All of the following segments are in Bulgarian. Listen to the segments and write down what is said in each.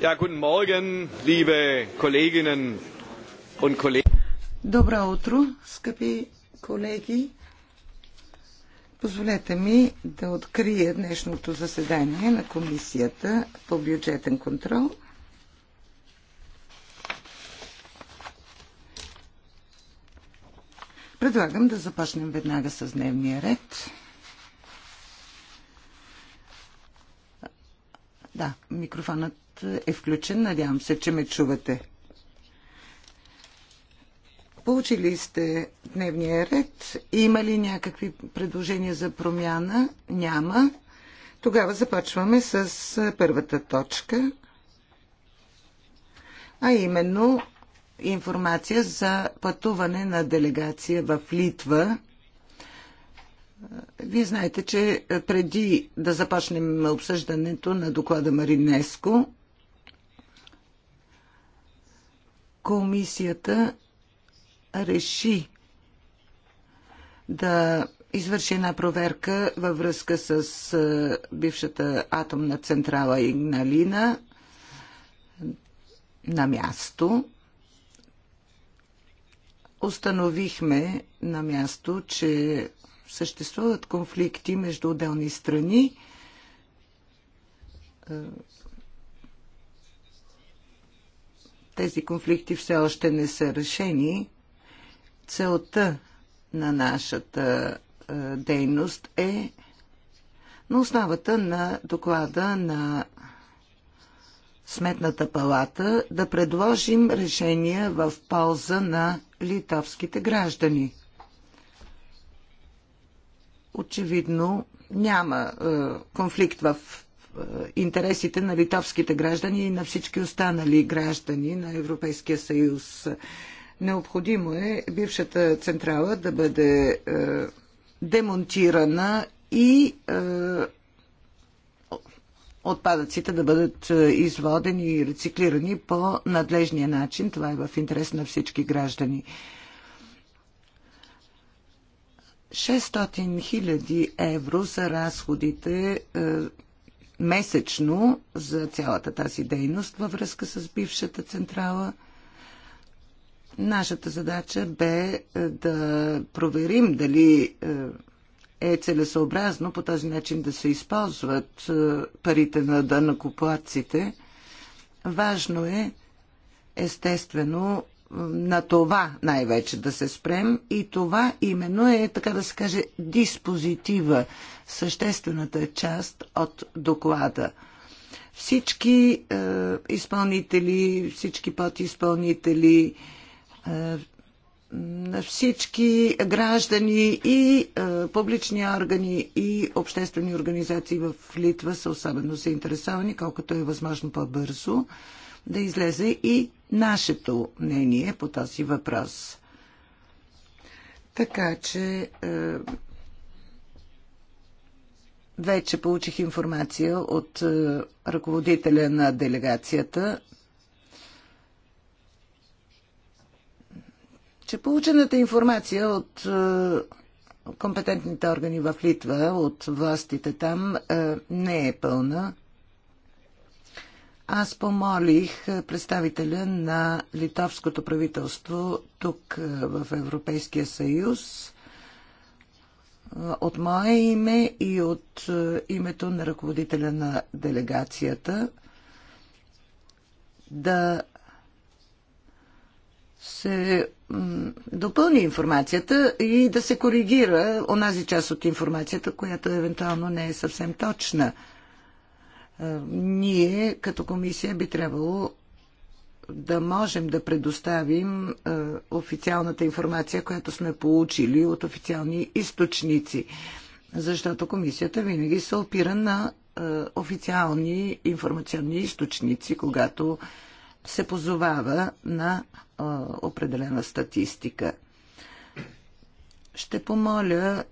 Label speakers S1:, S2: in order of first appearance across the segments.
S1: Ja, guten Morgen, liebe Kolleginnen und Kollegen.
S2: Добро утро, скъпи колеги. Позволете ми да открия днешното заседание на Комисията по бюджетен контрол. Предлагам да започнем веднага с дневния ред. Да, микрофонът е включен. Надявам се, че ме чувате. Получили сте дневния ред. Има ли някакви предложения за промяна? Няма. Тогава започваме с първата точка, а именно информация за пътуване на делегация в Литва. Вие знаете, че преди да започнем обсъждането на доклада Маринеско, комисията реши да извърши една проверка във връзка с бившата атомна централа Игналина на място. Установихме на място, че съществуват конфликти между отделни страни Тези конфликти все още не са решени. Целта на нашата е, дейност е на основата на доклада на Сметната палата да предложим решения в полза на литовските граждани. Очевидно няма е, конфликт в е, интересите на литовските граждани и на всички останали граждани на Европейския съюз. Необходимо е бившата централа да бъде е, демонтирана и е, отпадъците да бъдат е, изводени и рециклирани по надлежния начин. Това е в интерес на всички граждани. 600 000 евро са разходите е, месечно за цялата тази дейност във връзка с бившата централа. Нашата задача бе е, да проверим дали е, е целесообразно по този начин да се използват е, парите на дънакоплаците. Важно е, естествено, на това най-вече да се спрем и това именно е, така да се каже, диспозитива, съществената част от доклада. Всички е, изпълнители, всички подизпълнители, е, всички граждани и е, публични органи и обществени организации в Литва са особено заинтересовани, колкото е възможно по-бързо да излезе и нашето мнение по този въпрос. Така че е, вече получих информация от е, ръководителя на делегацията, че получената информация от е, компетентните органи в Литва, от властите там, не е пълна. Аз помолих е, представителя на литовското правителство тук е, в Европейския съюз е, от мое име и от името на ръководителя на делегацията да се допълни информацията и да се коригира онази част от информацията, която евентуално не е съвсем точна. Е, ние като комисия би трябвало да можем да предоставим е, официалната информация, която сме получили от официални източници. Защото комисията винаги се опира на е, официални информационни източници, когато се позовава на определена статистика. Ще помоля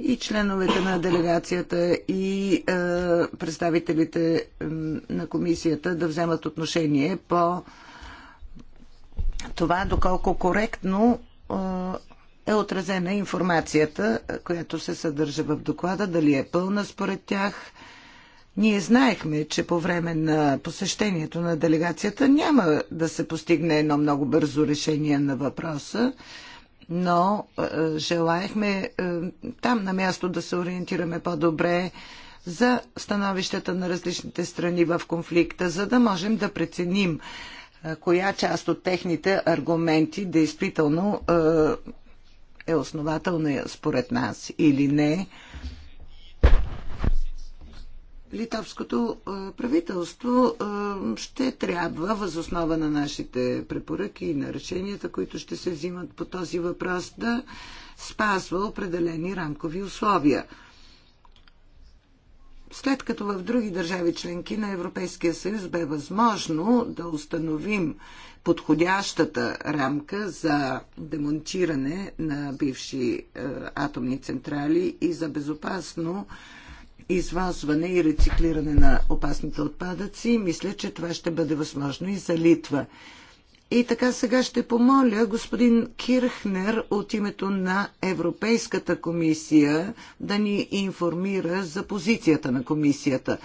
S2: и членовете на делегацията и е, представителите е, на комисията да вземат отношение по това доколко коректно е, е отразена информацията, която се съдържа в доклада, дали е пълна според тях. Ние знаехме, че по време на посещението на делегацията няма да се постигне едно много бързо решение на въпроса но е, желаехме е, там на място да се ориентираме по-добре за становищата на различните страни в конфликта, за да можем да преценим е, коя част от техните аргументи действително е основателна според нас или не литовското правителство ще трябва, възоснова на нашите препоръки и на решенията, които ще се взимат по този въпрос, да спазва определени рамкови условия. След като в други държави членки на Европейския съюз бе възможно да установим подходящата рамка за демонтиране на бивши атомни централи и за безопасно извазване и рециклиране на опасните отпадъци. Мисля, че това ще бъде възможно и за Литва. И така сега ще помоля господин Кирхнер от името на Европейската комисия да ни информира за позицията на комисията.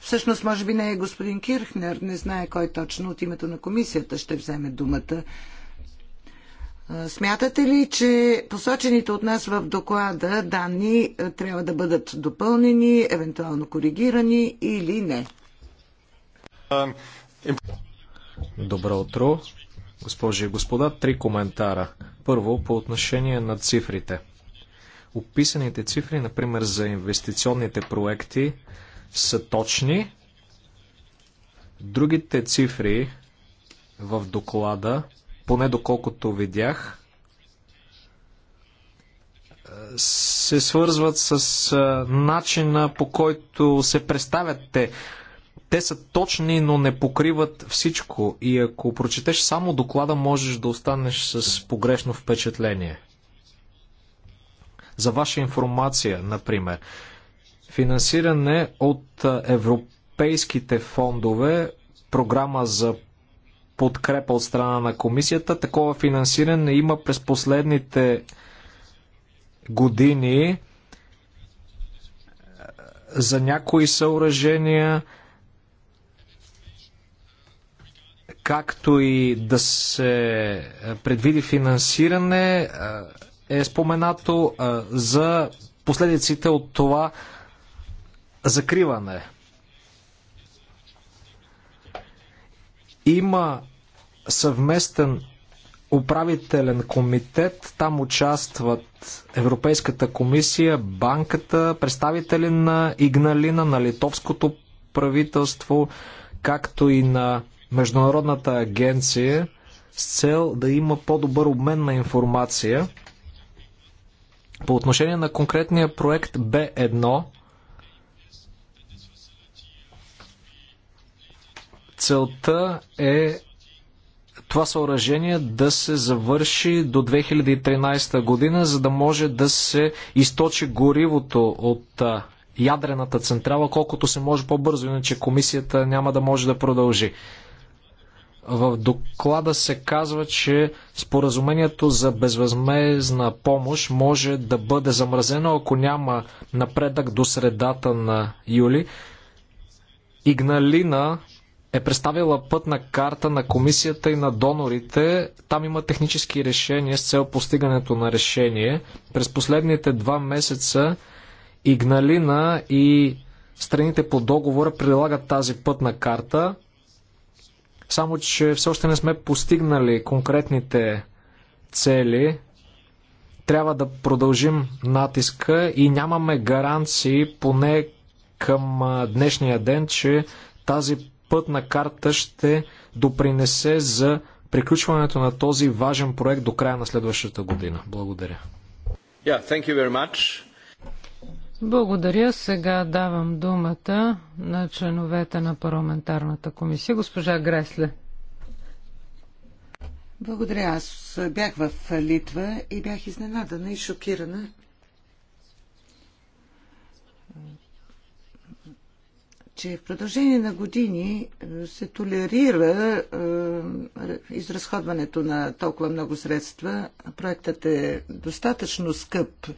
S2: Всъщност, може би не е господин Кирхнер, не знае кой точно от името на комисията ще вземе думата. Смятате ли, че посочените от нас в доклада данни трябва да бъдат допълнени, евентуално коригирани или не?
S1: Добро утро, госпожи и господа. Три коментара. Първо, по отношение на цифрите. Описаните цифри, например, за инвестиционните проекти са точни. Другите цифри в доклада поне доколкото видях, се свързват с начина по който се представят те. Те са точни, но не покриват всичко. И ако прочетеш само доклада, можеш да останеш с погрешно впечатление. За ваша информация, например, финансиране от европейските фондове, програма за подкрепа от страна на комисията. Такова финансиране има през последните години за някои съоръжения, както и да се предвиди финансиране, е споменато за последиците от това закриване. Има съвместен управителен комитет. Там участват Европейската комисия, банката, представители на Игналина, на литовското правителство, както и на Международната агенция с цел да има по-добър обмен на информация. По отношение на конкретния проект Б1, Целта е това съоръжение да се завърши до 2013 година, за да може да се източи горивото от ядрената централа, колкото се може по-бързо, иначе комисията няма да може да продължи. В доклада се казва, че споразумението за безвъзмезна помощ може да бъде замразено, ако няма напредък до средата на юли. Игналина е представила пътна карта на комисията и на донорите. Там има технически решения с цел постигането на решение. През последните два месеца Игналина и страните по договора прилагат тази пътна карта. Само, че все още не сме постигнали конкретните цели. Трябва да продължим натиска и нямаме гаранции, поне към днешния ден, че тази пътна карта ще допринесе за приключването на този важен проект до края на следващата година. Благодаря. Yeah, thank you very much.
S3: Благодаря. Сега давам думата на членовете на парламентарната комисия. Госпожа Гресле. Благодаря. Аз
S2: бях в Литва и бях изненадана и шокирана че в продължение на години е, се толерира е, изразходването на толкова много средства. Проектът е достатъчно скъп. Е,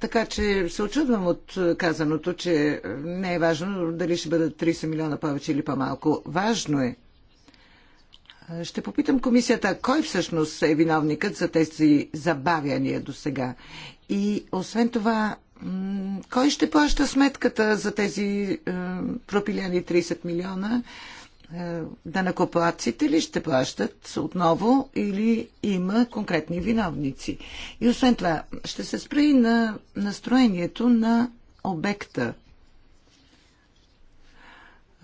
S2: така че се очудвам от казаното, че не е важно дали ще бъдат 30 милиона повече или по-малко. Важно е. Ще попитам комисията, кой всъщност е виновникът за тези забавяния до сега. И освен това, кой ще плаща сметката за тези е, пропиляни 30 милиона? Е, Данакоплаците ли ще плащат отново или има конкретни виновници? И освен това, ще се спра и на настроението на обекта,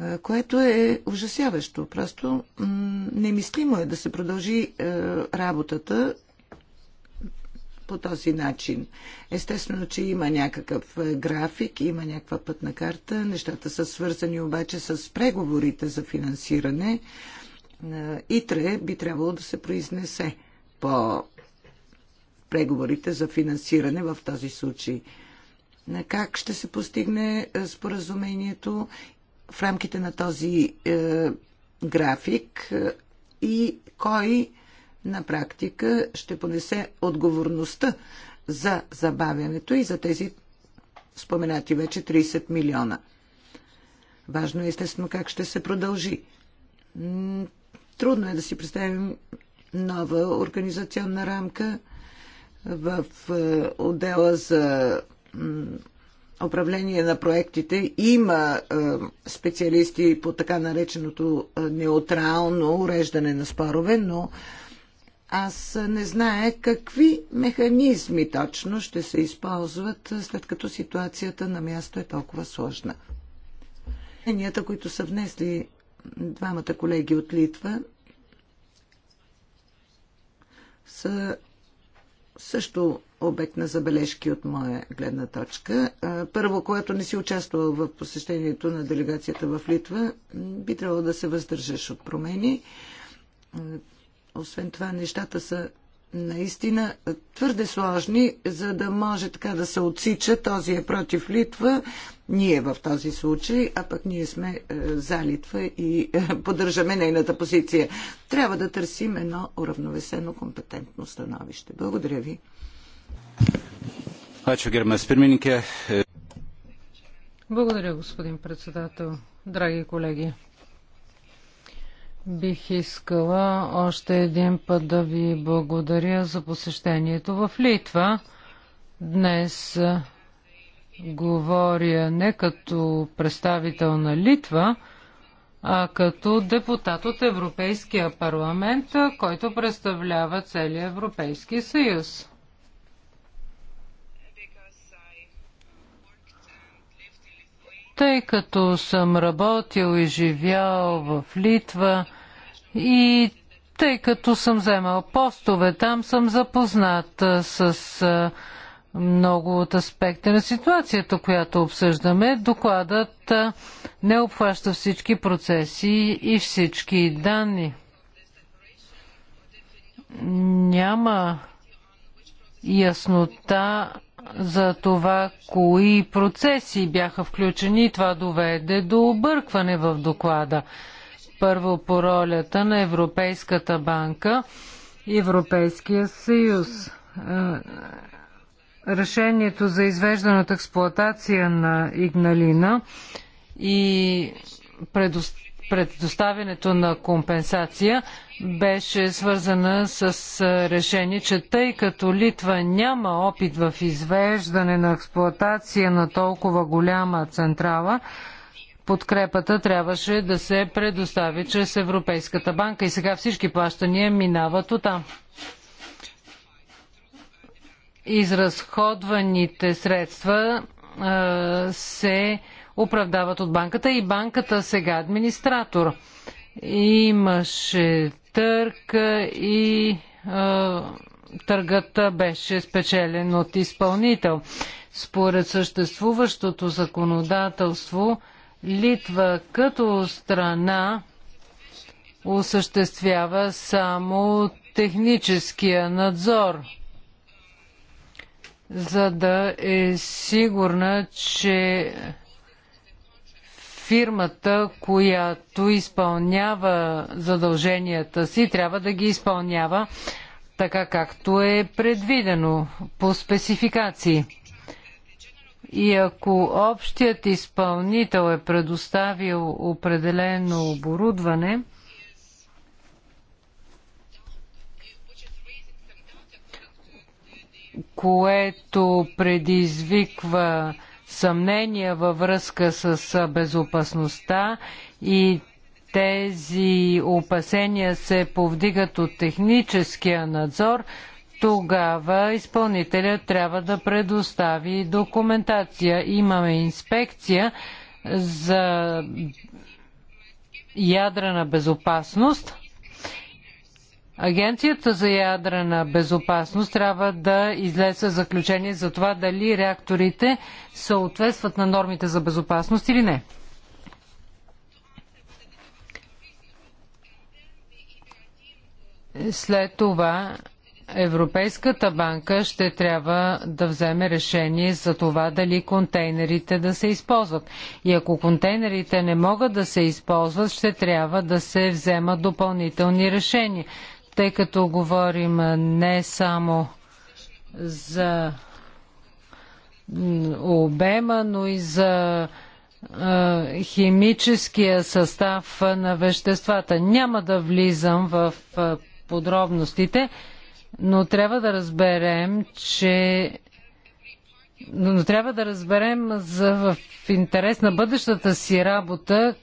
S2: е, което е ужасяващо. Просто немислимо е да се продължи работата по този начин. Естествено, че има някакъв е, график, има някаква пътна карта. Нещата са свързани обаче с преговорите за финансиране. ИТРЕ би трябвало да се произнесе по преговорите за финансиране в този случай. Как ще се постигне е, споразумението в рамките на този е, график и кой на практика ще понесе отговорността за забавянето и за тези споменати вече 30 милиона. Важно е естествено как ще се продължи. Трудно е да си представим нова организационна рамка в е, отдела за управление на проектите има е, специалисти по така нареченото е, неутрално уреждане на спорове, но аз не знае какви механизми точно ще се използват, след като ситуацията на място е толкова сложна. Мненията, които са внесли двамата колеги от Литва, са също обект на забележки от моя гледна точка. Първо, когато не си участвал в посещението на делегацията в Литва, би трябвало да се въздържаш от промени. Освен това, нещата са наистина твърде сложни, за да може така да се отсича. Този е против Литва, ние в този случай, а пък ние сме е, за Литва и е, поддържаме нейната позиция. Трябва да търсим едно уравновесено компетентно становище. Благодаря ви.
S3: Благодаря, господин председател. Драги колеги, Бих искала още един път да ви благодаря за посещението в Литва. Днес говоря не като представител на Литва, а като депутат от Европейския парламент, който представлява целия Европейски съюз. Тъй като съм работил и живял в Литва и тъй като съм вземал постове там, съм запознат с много от аспекти на ситуацията, която обсъждаме. Докладът не обхваща всички процеси и всички данни. Няма яснота за това, кои процеси бяха включени и това доведе до объркване в доклада. Първо по ролята на Европейската банка и Европейския съюз. Е, решението за извеждане от експлоатация на Игналина и предоставянето предоставянето на компенсация беше свързана с решение, че тъй като Литва няма опит в извеждане на експлоатация на толкова голяма централа, подкрепата трябваше да се предостави чрез Европейската банка и сега всички плащания минават от там. Изразходваните средства се управдават от банката и банката сега е администратор. Имаше търг и а, търгът беше спечелен от изпълнител. Според съществуващото законодателство, Литва като страна осъществява само техническия надзор, за да е сигурна, че фирмата, която изпълнява задълженията си, трябва да ги изпълнява така както е предвидено по спецификации. И ако общият изпълнител е предоставил определено оборудване, което предизвиква съмнения във връзка с безопасността и тези опасения се повдигат от техническия надзор, тогава изпълнителят трябва да предостави документация. Имаме инспекция за ядрена безопасност Агенцията за ядрена безопасност трябва да излезе заключение за това дали реакторите съответстват на нормите за безопасност или не. След това Европейската банка ще трябва да вземе решение за това дали контейнерите да се използват. И ако контейнерите не могат да се използват, ще трябва да се вземат допълнителни решения тъй като говорим не само за обема, но и за химическия състав на веществата. Няма да влизам в подробностите, но трябва да разберем, че но трябва да разберем за в интерес на бъдещата си работа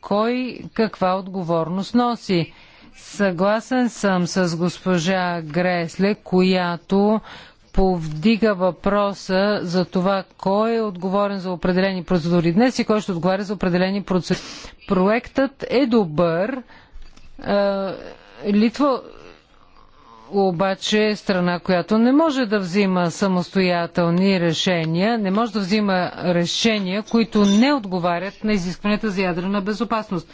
S3: кой каква отговорност носи. Съгласен съм с госпожа Гресле, която повдига въпроса за това кой е отговорен за определени процедури днес и кой ще отговаря за определени процедури. Проектът е добър. Литва обаче е страна, която не може да взима самостоятелни решения, не може да взима решения, които не отговарят на изискванията за ядрена безопасност.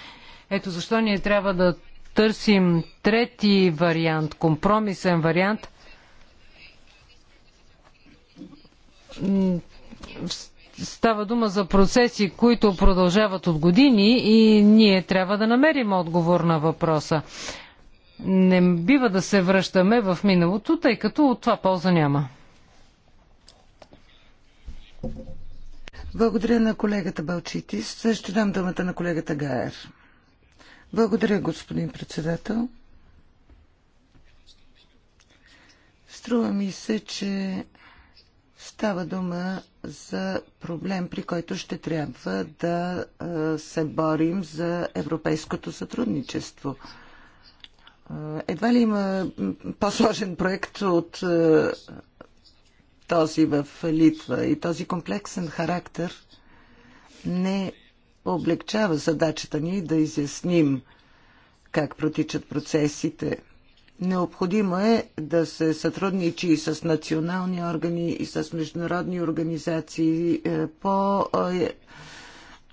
S3: Ето защо ние трябва да търсим трети вариант, компромисен вариант, става дума за процеси, които продължават от години и ние трябва да намерим отговор на въпроса. Не бива да се връщаме в миналото, тъй като от това полза няма.
S2: Благодаря на колегата Балчитис. Ще дам думата на колегата Гаер. Благодаря, господин председател. Струва ми се, че става дума за проблем, при който ще трябва да се борим за европейското сътрудничество. Едва ли има по-сложен проект от този в Литва и този комплексен характер не облегчава задачата ни да изясним как протичат процесите. Необходимо е да се сътрудничи и с национални органи, и с международни организации е, по е,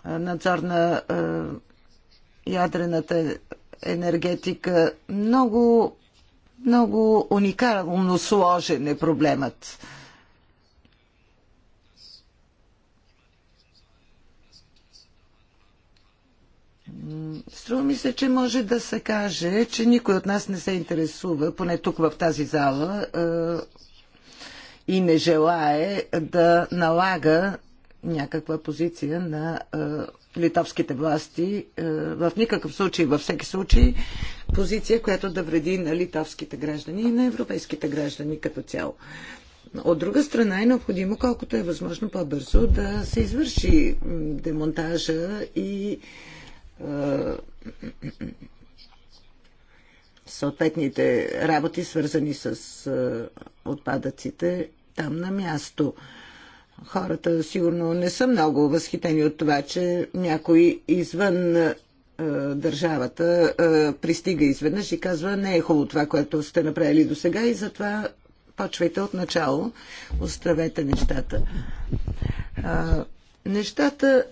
S2: надзор на е, ядрената енергетика. Много, много уникално сложен е проблемът. Струва ми се, че може да се каже, че никой от нас не се интересува, поне тук в тази зала, е, и не желае да налага някаква позиция на е, литовските власти. Е, в никакъв случай, във всеки случай, позиция, която да вреди на литовските граждани и на европейските граждани като цяло. От друга страна е необходимо, колкото е възможно по-бързо, да се извърши демонтажа и е, съответните работи, свързани с е, отпадъците там на място. Хората сигурно не са много възхитени от това, че някой извън е, държавата пристига изведнъж и казва не е хубаво това, което сте направили до сега и затова почвайте от начало, оставете нещата. нещата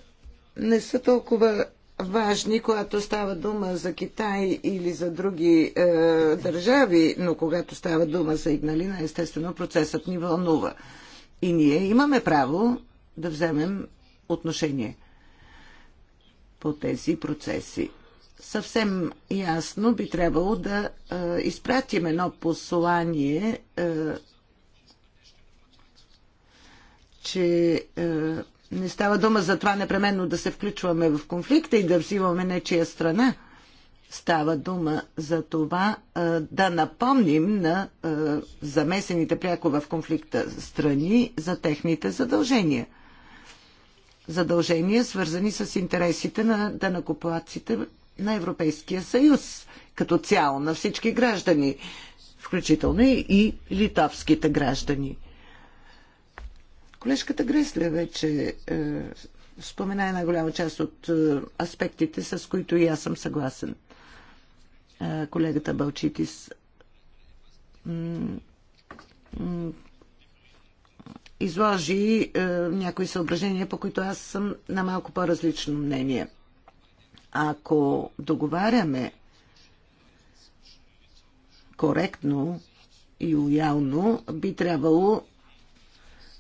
S2: не са толкова важни, когато става дума за Китай или за други е, държави, но когато става дума за Игналина, естествено процесът ни вълнува. И ние имаме право да вземем отношение по тези процеси. Съвсем ясно би трябвало да е, изпратим едно послание, е, че е, не става дума за това непременно да се включваме в конфликта и да взимаме нечия страна. Става дума за това да напомним на замесените пряко в конфликта страни за техните задължения. Задължения, свързани с интересите на данакоплаците на Европейския съюз, като цяло на всички граждани, включително и литовските граждани. Колежката Гресле вече е, спомена една голяма част от е, аспектите, с които и аз съм съгласен. Е, колегата Балчитис изложи е, някои съображения, по които аз съм на малко по-различно мнение. Ако договаряме коректно и лоялно, би трябвало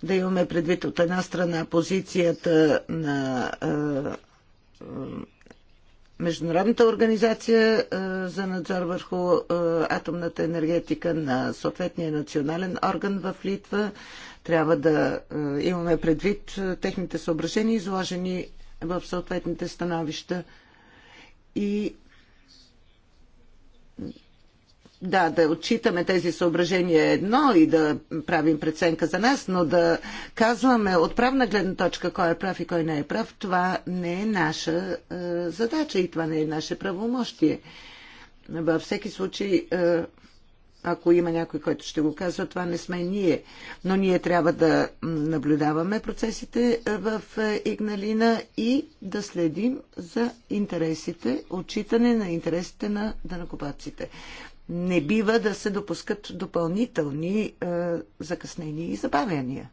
S2: да имаме предвид от една страна позицията на Международната организация за надзор върху атомната енергетика на съответния национален орган в Литва. Трябва да имаме предвид техните съображения, изложени в съответните становища. И да, да отчитаме тези съображения е едно и да правим преценка за нас, но да казваме от правна гледна точка кой е прав и кой не е прав, това не е наша е, задача и това не е наше правомощие. Във всеки случай, е, ако има някой, който ще го казва, това не сме ние. Но ние трябва да наблюдаваме процесите е, в е, Игналина и да следим за интересите, отчитане на интересите на данакопаците не бива да се допускат допълнителни е, закъснения и забавяния.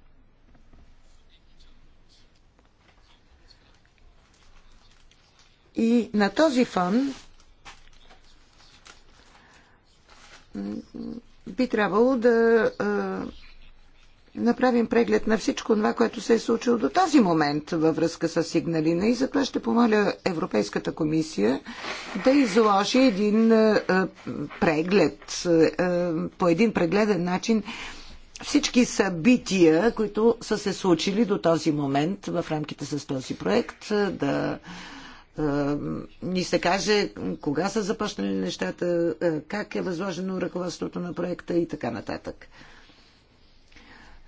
S2: И на този фон би трябвало да е, направим преглед на всичко това, което се е случило до този момент във връзка с сигналина и затова ще помоля Европейската комисия да изложи един е, преглед, е, по един прегледен начин всички събития, които са се случили до този момент в рамките с този проект, е, да ни се каже кога са започнали нещата, как е възложено ръководството на проекта и така нататък.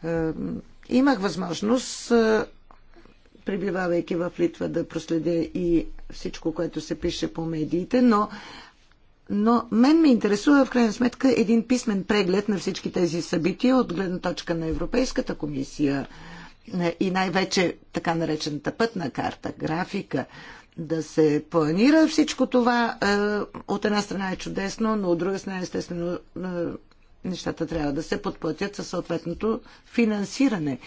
S2: Е, имах възможност, е, пребивавайки в Литва, да проследя и всичко, което се пише по медиите, но, но мен ме интересува в крайна сметка един писмен преглед на всички тези събития от гледна точка на Европейската комисия е, и най-вече така наречената пътна карта, графика, да се планира всичко това. От една страна е чудесно, но от друга страна естествено нещата трябва да се подплатят със съответното финансиране.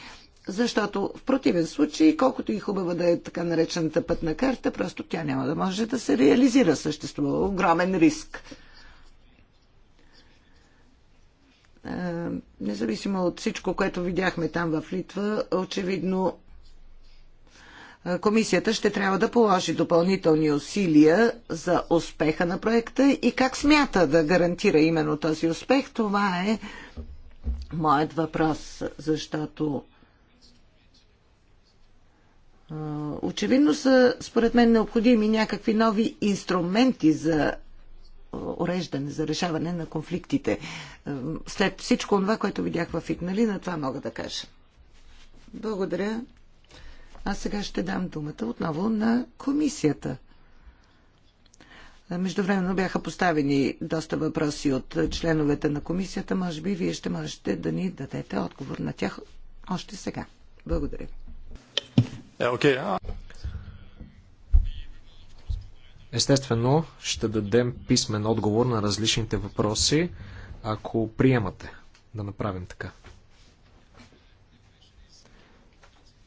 S2: Защото в противен случай, колкото и хубава да е така наречената пътна карта, просто тя няма да може да се реализира. Съществува огромен риск. Е, независимо от всичко, което видяхме там в Литва, очевидно комисията ще трябва да положи допълнителни усилия за успеха на проекта и как смята да гарантира именно този успех, това е моят въпрос, защото очевидно са според мен необходими някакви нови инструменти за уреждане, за решаване на конфликтите. След всичко това, което видях в Игналина, това мога да кажа. Благодаря. Аз сега ще дам думата отново на комисията. Междувременно бяха поставени доста въпроси от членовете на комисията. Може би вие ще можете да ни дадете отговор на тях още сега. Благодаря ви.
S1: Е, Естествено, ще дадем писмен отговор на различните въпроси, ако приемате да направим така.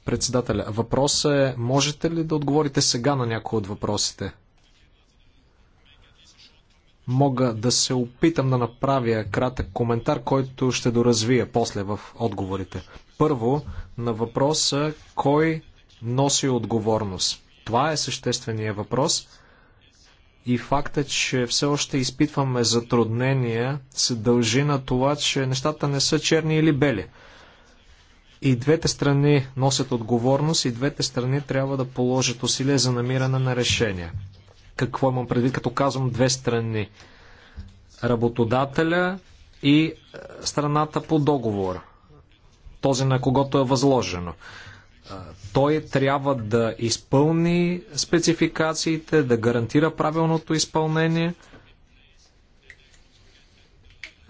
S1: Председателя, въпросът е, можете ли да отговорите сега на някои от въпросите? Мога да се опитам да направя кратък коментар, който ще доразвия после в отговорите. Първо, на въпроса кой носи отговорност. Това е съществения въпрос и факта, че все още изпитваме затруднения, се дължи на това, че нещата не са черни или бели. И двете страни носят отговорност и двете страни трябва да положат усилия за намиране на решение. Какво имам предвид, като казвам две страни? Работодателя и е, страната по договор. Този на когото е възложено е, той трябва да изпълни спецификациите, да гарантира правилното изпълнение.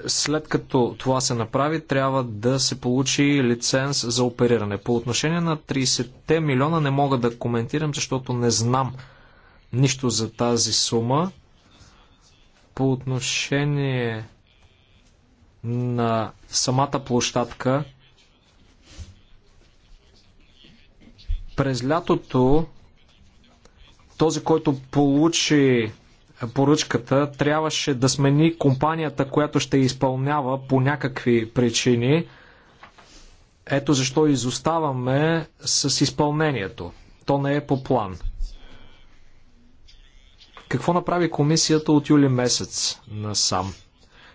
S1: След като това се направи, трябва да се получи лиценз за опериране. По отношение на 30-те милиона не мога да коментирам, защото не знам нищо за тази сума. По отношение на самата площадка, през лятото този, който получи поръчката, трябваше да смени компанията, която ще изпълнява по някакви причини. Ето защо изоставаме с изпълнението. То не е по план. Какво направи комисията от юли месец на сам?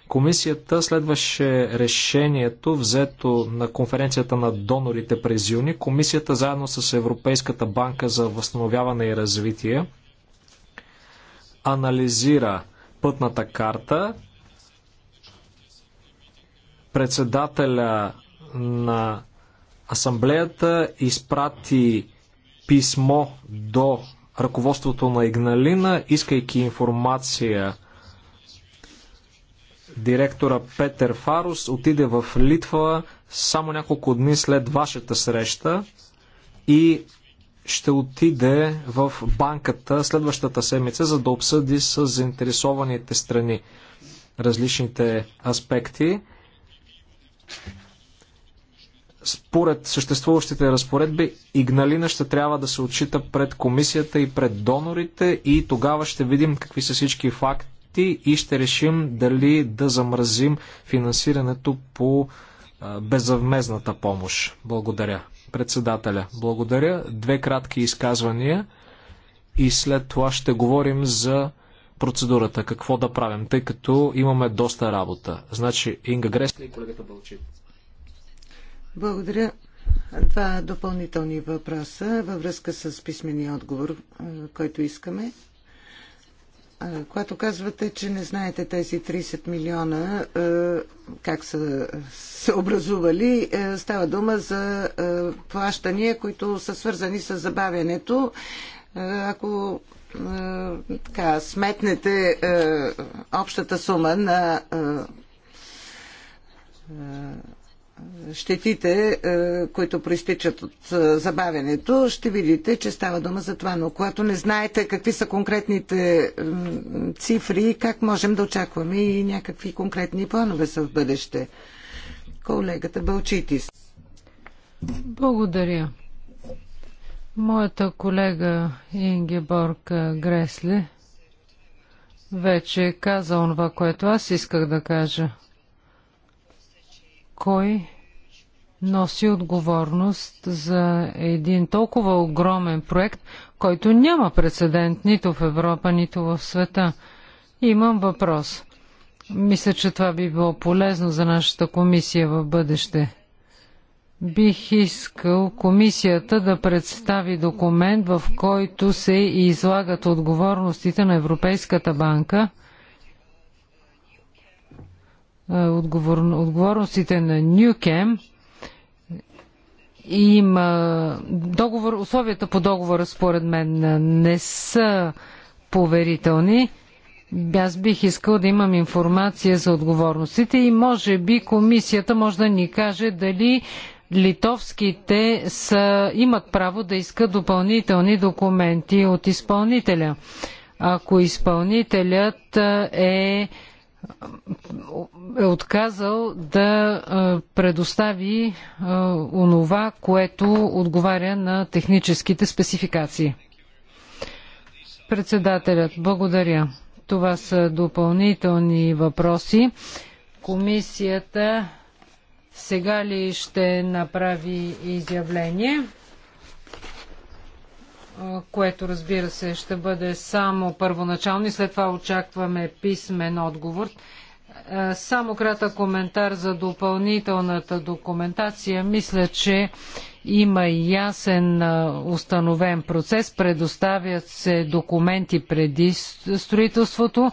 S1: Комисията следваше решението, взето на конференцията на донорите през юни. Комисията заедно с Европейската банка за възстановяване и развитие – анализира пътната карта. Председателя на асамблеята изпрати писмо до ръководството на Игналина, искайки информация. Директора Петър Фарус отиде в Литва само няколко дни след вашата среща и ще отиде в банката следващата седмица, за да обсъди с заинтересованите страни различните аспекти. Според съществуващите разпоредби, Игналина ще трябва да се отчита пред комисията и пред донорите и тогава ще видим какви са всички факти и ще решим дали да замразим финансирането по безвъзмезната помощ. Благодаря. Председателя, благодаря. Две кратки изказвания и след това ще говорим за процедурата, какво да правим, тъй като имаме доста работа. Значи Инга Гресли и колегата Бълчи.
S2: Благодаря. Два допълнителни въпроса във връзка с писмения отговор, който искаме. Когато казвате, че не знаете тези 30 милиона как са се образували, става дума за плащания, които са свързани с забавянето. Ако така, сметнете общата сума на щетите, е, които проистичат от е, забавянето, ще видите, че става дума за това. Но когато не знаете какви са конкретните цифри, как можем да очакваме и някакви конкретни планове са в бъдеще? Колегата Балчитис.
S3: Благодаря. Моята колега Ингеборг Гресли вече е каза това, което аз исках да кажа кой носи отговорност за един толкова огромен проект, който няма прецедент нито в Европа, нито в света. Имам въпрос. Мисля, че това би било полезно за нашата комисия в бъдеще. Бих искал комисията да представи документ, в който се излагат отговорностите на Европейската банка – е, отговор, отговорностите на Нюкем има договор, условията по договора според мен не са поверителни. Аз бих искал да имам информация за отговорностите и може би комисията може да ни каже дали литовските са, имат право да искат допълнителни документи от изпълнителя. Ако изпълнителят е е отказал да предостави онова, което отговаря на техническите спецификации. Председателят, благодаря. Това са допълнителни въпроси. Комисията сега ли ще направи изявление? което разбира се ще бъде само първоначално и след това очакваме писмен отговор. Само кратък коментар за допълнителната документация. Мисля, че има ясен установен процес. Предоставят се документи преди строителството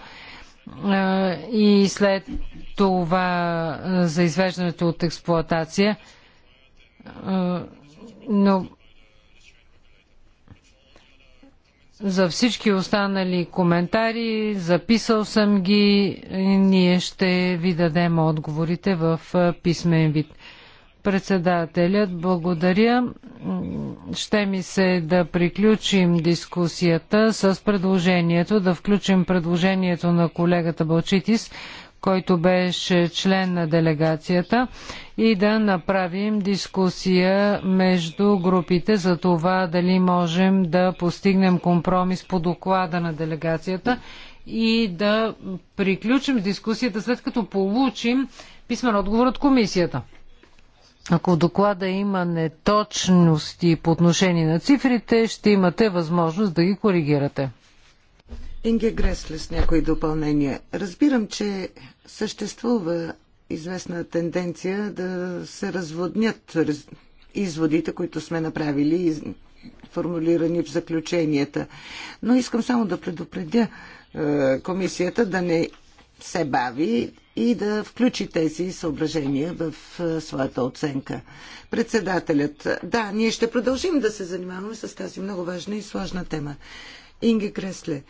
S3: и след това за извеждането от експлоатация. Но За всички останали коментари записал съм ги. Ние ще ви дадем отговорите в писмен вид. Председателят, благодаря. Ще ми се да приключим дискусията с предложението, да включим предложението на колегата Балчитис който беше член на делегацията, и да направим дискусия между групите за това дали можем да постигнем компромис по доклада на делегацията и да приключим дискусията след като получим писмен отговор от комисията. Ако в доклада има неточности по отношение на цифрите, ще имате възможност да ги коригирате. Инге
S2: Гресле с някои допълнения. Разбирам, че съществува известна тенденция да се разводнят изводите, които сме направили и формулирани в заключенията. Но искам само да предупредя е, комисията да не се бави и да включи тези съображения в е, своята оценка. Председателят, да, ние ще продължим да се занимаваме с тази много важна и сложна тема. Инги Кресле.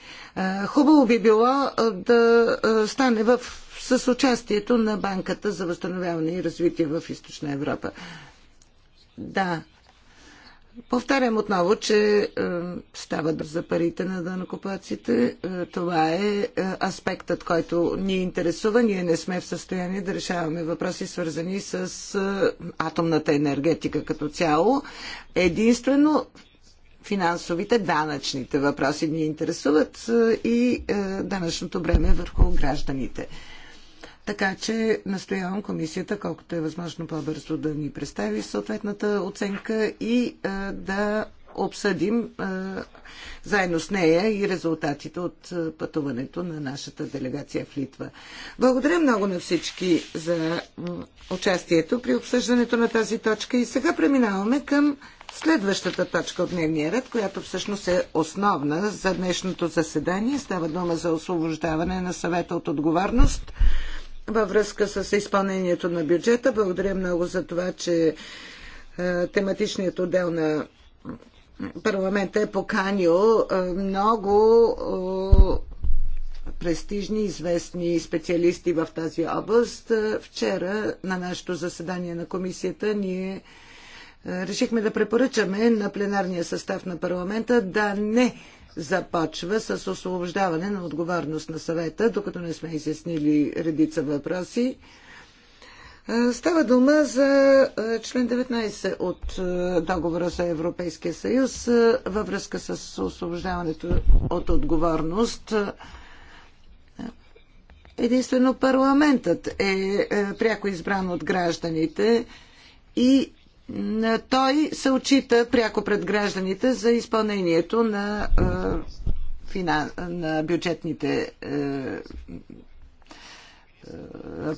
S2: Хубаво би било да стане в, с участието на Банката за възстановяване и развитие в Източна Европа. Да. Повтарям отново, че е, става за парите на данокопаците. Е, това е, е аспектът, който ни интересува. Ние не сме в състояние да решаваме въпроси, свързани с е, атомната енергетика като цяло. Единствено финансовите, данъчните въпроси ни интересуват е, и е, данъчното бреме върху гражданите. Така че настоявам комисията, колкото е възможно по-бързо да ни представи съответната оценка и е, да обсъдим заедно с нея и резултатите от пътуването на нашата делегация в Литва. Благодаря много на всички за участието при обсъждането на тази точка и сега преминаваме към Следващата точка от дневния ред, която всъщност е основна за днешното заседание, става дума за освобождаване на съвета от отговорност във връзка с изпълнението на бюджета. Благодаря много за това, че е, тематичният отдел на парламента е поканил е, много е, престижни, известни специалисти в тази област. Вчера на нашето заседание на комисията ние решихме да препоръчаме на пленарния състав на парламента да не започва с освобождаване на отговорност на съвета, докато не сме изяснили редица въпроси. Става дума за член 19 от договора за Европейския съюз във връзка с освобождаването от отговорност. Единствено парламентът е, е пряко избран от гражданите и той се отчита пряко пред гражданите за изпълнението на, на бюджетните е, е,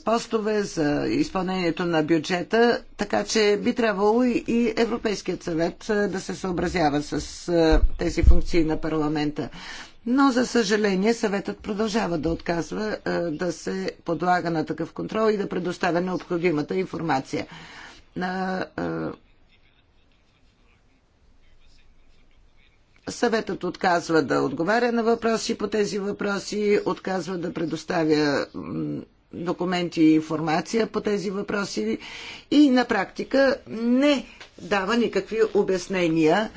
S2: постове за изпълнението на бюджета, така че би трябвало и Европейският съвет е, да се съобразява с тези функции на парламента. Но, за съжаление, съветът продължава да отказва да се подлага на такъв контрол и да предоставя необходимата информация на е, Съветът отказва да отговаря на въпроси по тези въпроси, отказва да предоставя документи и информация по тези въпроси и на практика не дава никакви обяснения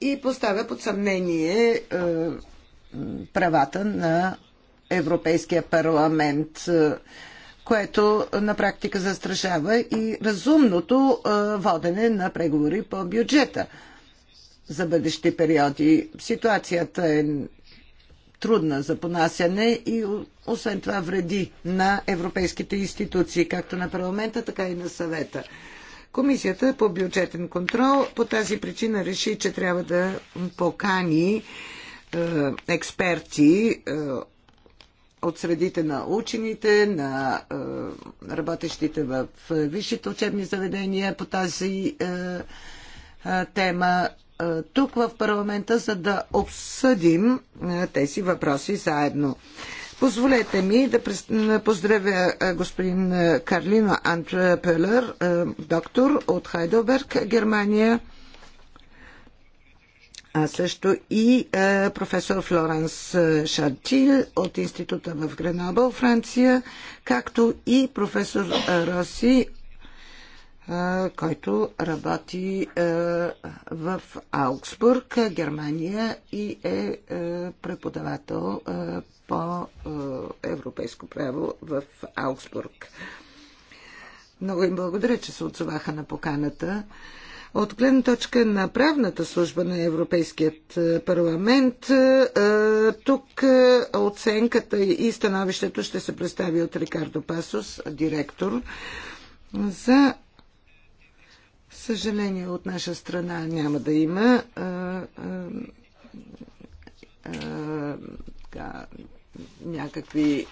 S2: и поставя под съмнение е, правата на Европейския парламент което на практика застрашава и разумното водене на преговори по бюджета за бъдещи периоди. Ситуацията е трудна за понасяне и освен това вреди на европейските институции, както на парламента, така и на съвета. Комисията по бюджетен контрол по тази причина реши, че трябва да покани е, експерти е, от средите на учените, на е, работещите в висшите учебни заведения по тази е, е, тема тук в парламента, за да обсъдим тези въпроси заедно. Позволете ми да поздравя господин Карлино Антрепелер, доктор от Хайдоберг, Германия а също и е, професор Флоренс Шарчил от института в Гренобъл, Франция, както и професор Роси, е, който работи е, в Аугсбург, Германия и е, преподавател по европейско право в Аугсбург. Много им благодаря, че се отзоваха на поканата. От гледна точка на правната служба на Европейският е, парламент, е, е, тук оценката и становището ще се представи от Рикардо Пасос, директор. За съжаление от наша страна няма да има някакви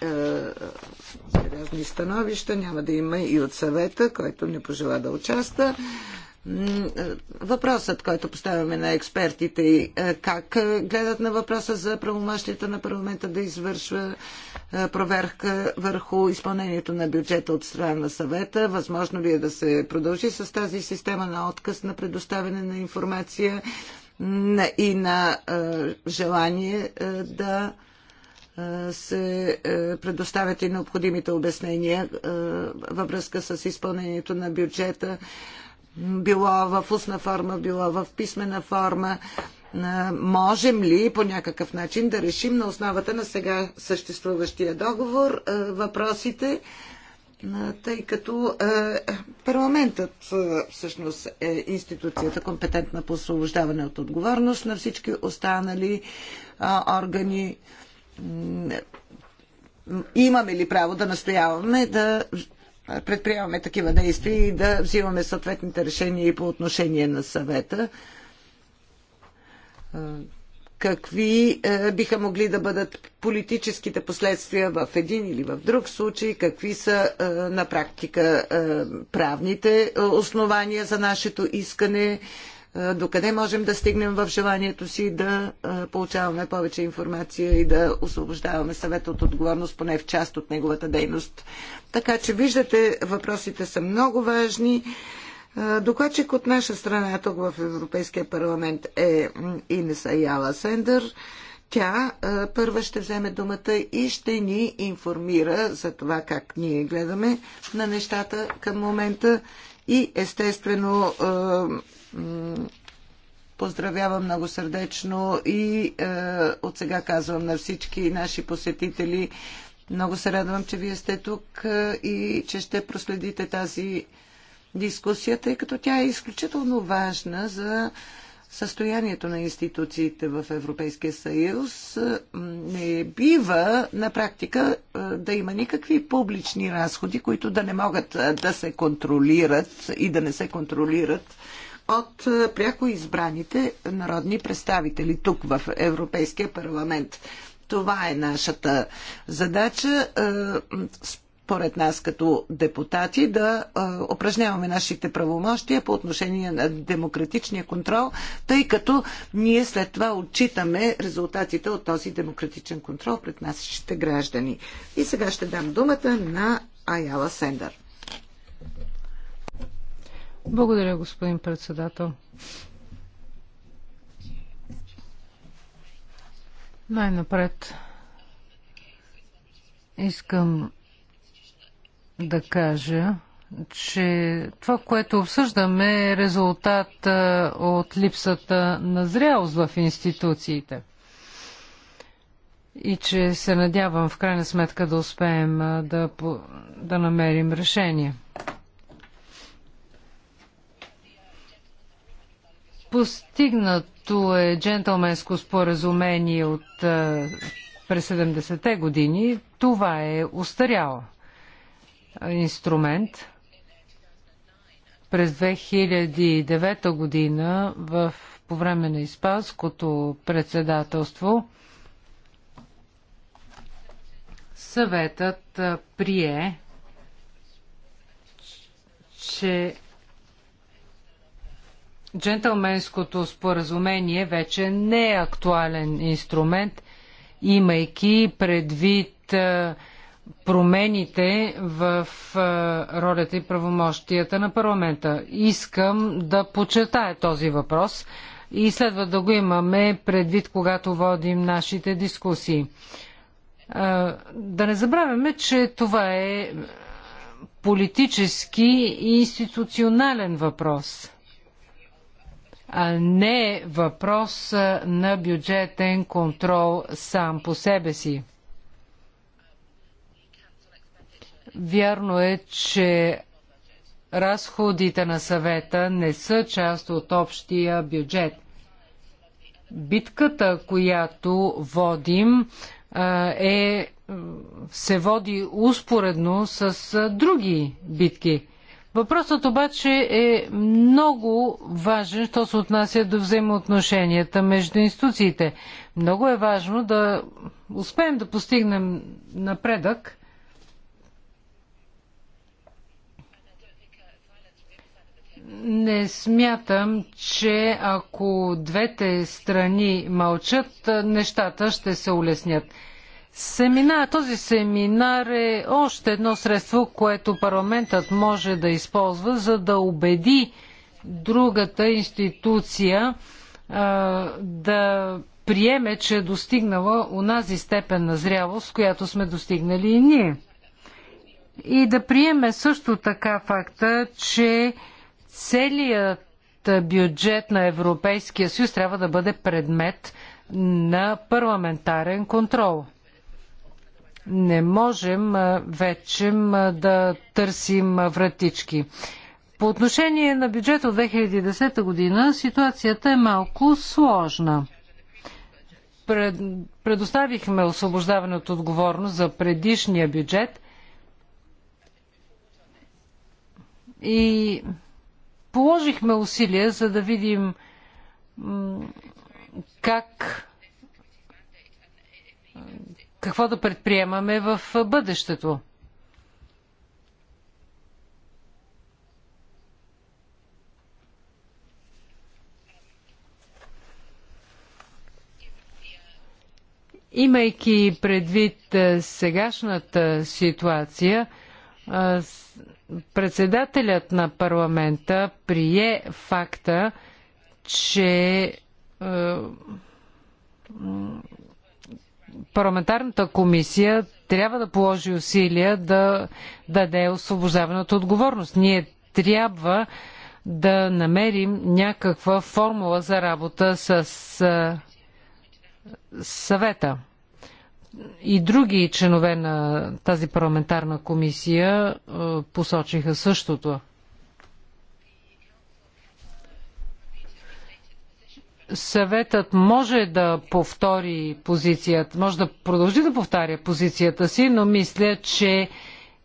S2: сериозни становища, няма да има и от съвета, който не пожела да участва. Е, въпросът, който поставяме на експертите и е, как е, гледат на въпроса за правомощията на парламента да извършва проверка върху изпълнението на бюджета от страна на съвета, възможно ли е да се продължи с тази система на отказ на предоставяне на информация и на желание да се предоставят и необходимите обяснения във връзка с изпълнението на бюджета било в устна форма, било в писмена форма. Можем ли по някакъв начин да решим на основата на сега съществуващия договор въпросите, тъй като парламентът всъщност е институцията компетентна по освобождаване от отговорност на всички останали органи имаме ли право да настояваме да предприемаме такива действия и да взимаме съответните решения и по отношение на съвета. Какви биха могли да бъдат политическите последствия в един или в друг случай? Какви са на практика правните основания за нашето искане? докъде можем да стигнем в желанието си да получаваме повече информация и да освобождаваме съвет от отговорност, поне в част от неговата дейност. Така че виждате, въпросите са много важни. Докладчик от наша страна тук в Европейския парламент е Инеса Яла Сендър. Тя първа ще вземе думата и ще ни информира за това как ние гледаме на нещата към момента и естествено Поздравявам много сърдечно и е, от сега казвам на всички наши посетители. Много се радвам, че вие сте тук е, и че ще проследите тази дискусия, тъй като тя е изключително важна за състоянието на институциите в Европейския съюз. Не бива на практика е, да има никакви публични разходи, които да не могат е, да се контролират и да не се контролират от е, пряко избраните народни представители тук в Европейския парламент. Това е нашата задача. Е, според нас като депутати да е, упражняваме нашите правомощия по отношение на демократичния контрол, тъй като ние след това отчитаме резултатите от този демократичен контрол пред нашите граждани. И сега ще дам думата на Аяла Сендър.
S3: Благодаря, господин председател. Най-напред искам да кажа, че това, което обсъждаме е резултат от липсата на зрялост в институциите. И че се надявам в крайна сметка да успеем да, да намерим решение. Постигнато е джентълменско споразумение от е, през 70-те години. Това е устарял инструмент. През 2009 година в, по време на Испанското председателство съветът е, прие, че Джентълменското споразумение вече не е актуален инструмент, имайки предвид е, промените в е, ролята и правомощията на парламента. Искам да подчертая този въпрос и следва да го имаме предвид, когато водим нашите дискусии. Е, да не забравяме, че това е политически и институционален въпрос – а не е въпрос на бюджетен контрол сам по себе си. Вярно е, че разходите на съвета не са част от общия бюджет. Битката, която водим, е, се води успоредно с други битки. Въпросът обаче е много важен, що се отнася до взаимоотношенията между институциите. Много е важно да успеем да постигнем напредък. Не смятам, че ако двете страни мълчат, нещата ще се улеснят. Семинар, този семинар е още едно средство, което парламентът може да използва, за да убеди другата институция а, да приеме, че е достигнала унази степен на зрялост, която сме достигнали и ние. И да приеме също така факта, че целият бюджет на Европейския съюз трябва да бъде предмет на парламентарен контрол не можем вече да търсим вратички. По отношение на бюджета от 2010 година ситуацията е малко сложна. Пред, предоставихме освобождаване от отговорност за предишния бюджет и положихме усилия за да видим как какво да предприемаме в бъдещето. Имайки предвид е, сегашната ситуация, е, председателят на парламента прие факта, че е, парламентарната комисия трябва да положи усилия да даде освобождаване от отговорност. Ние трябва да намерим някаква формула за работа с съвета. И други членове на тази парламентарна комисия посочиха същото. съветът може да повтори позицията, може да продължи да повтаря позицията си, но мисля, че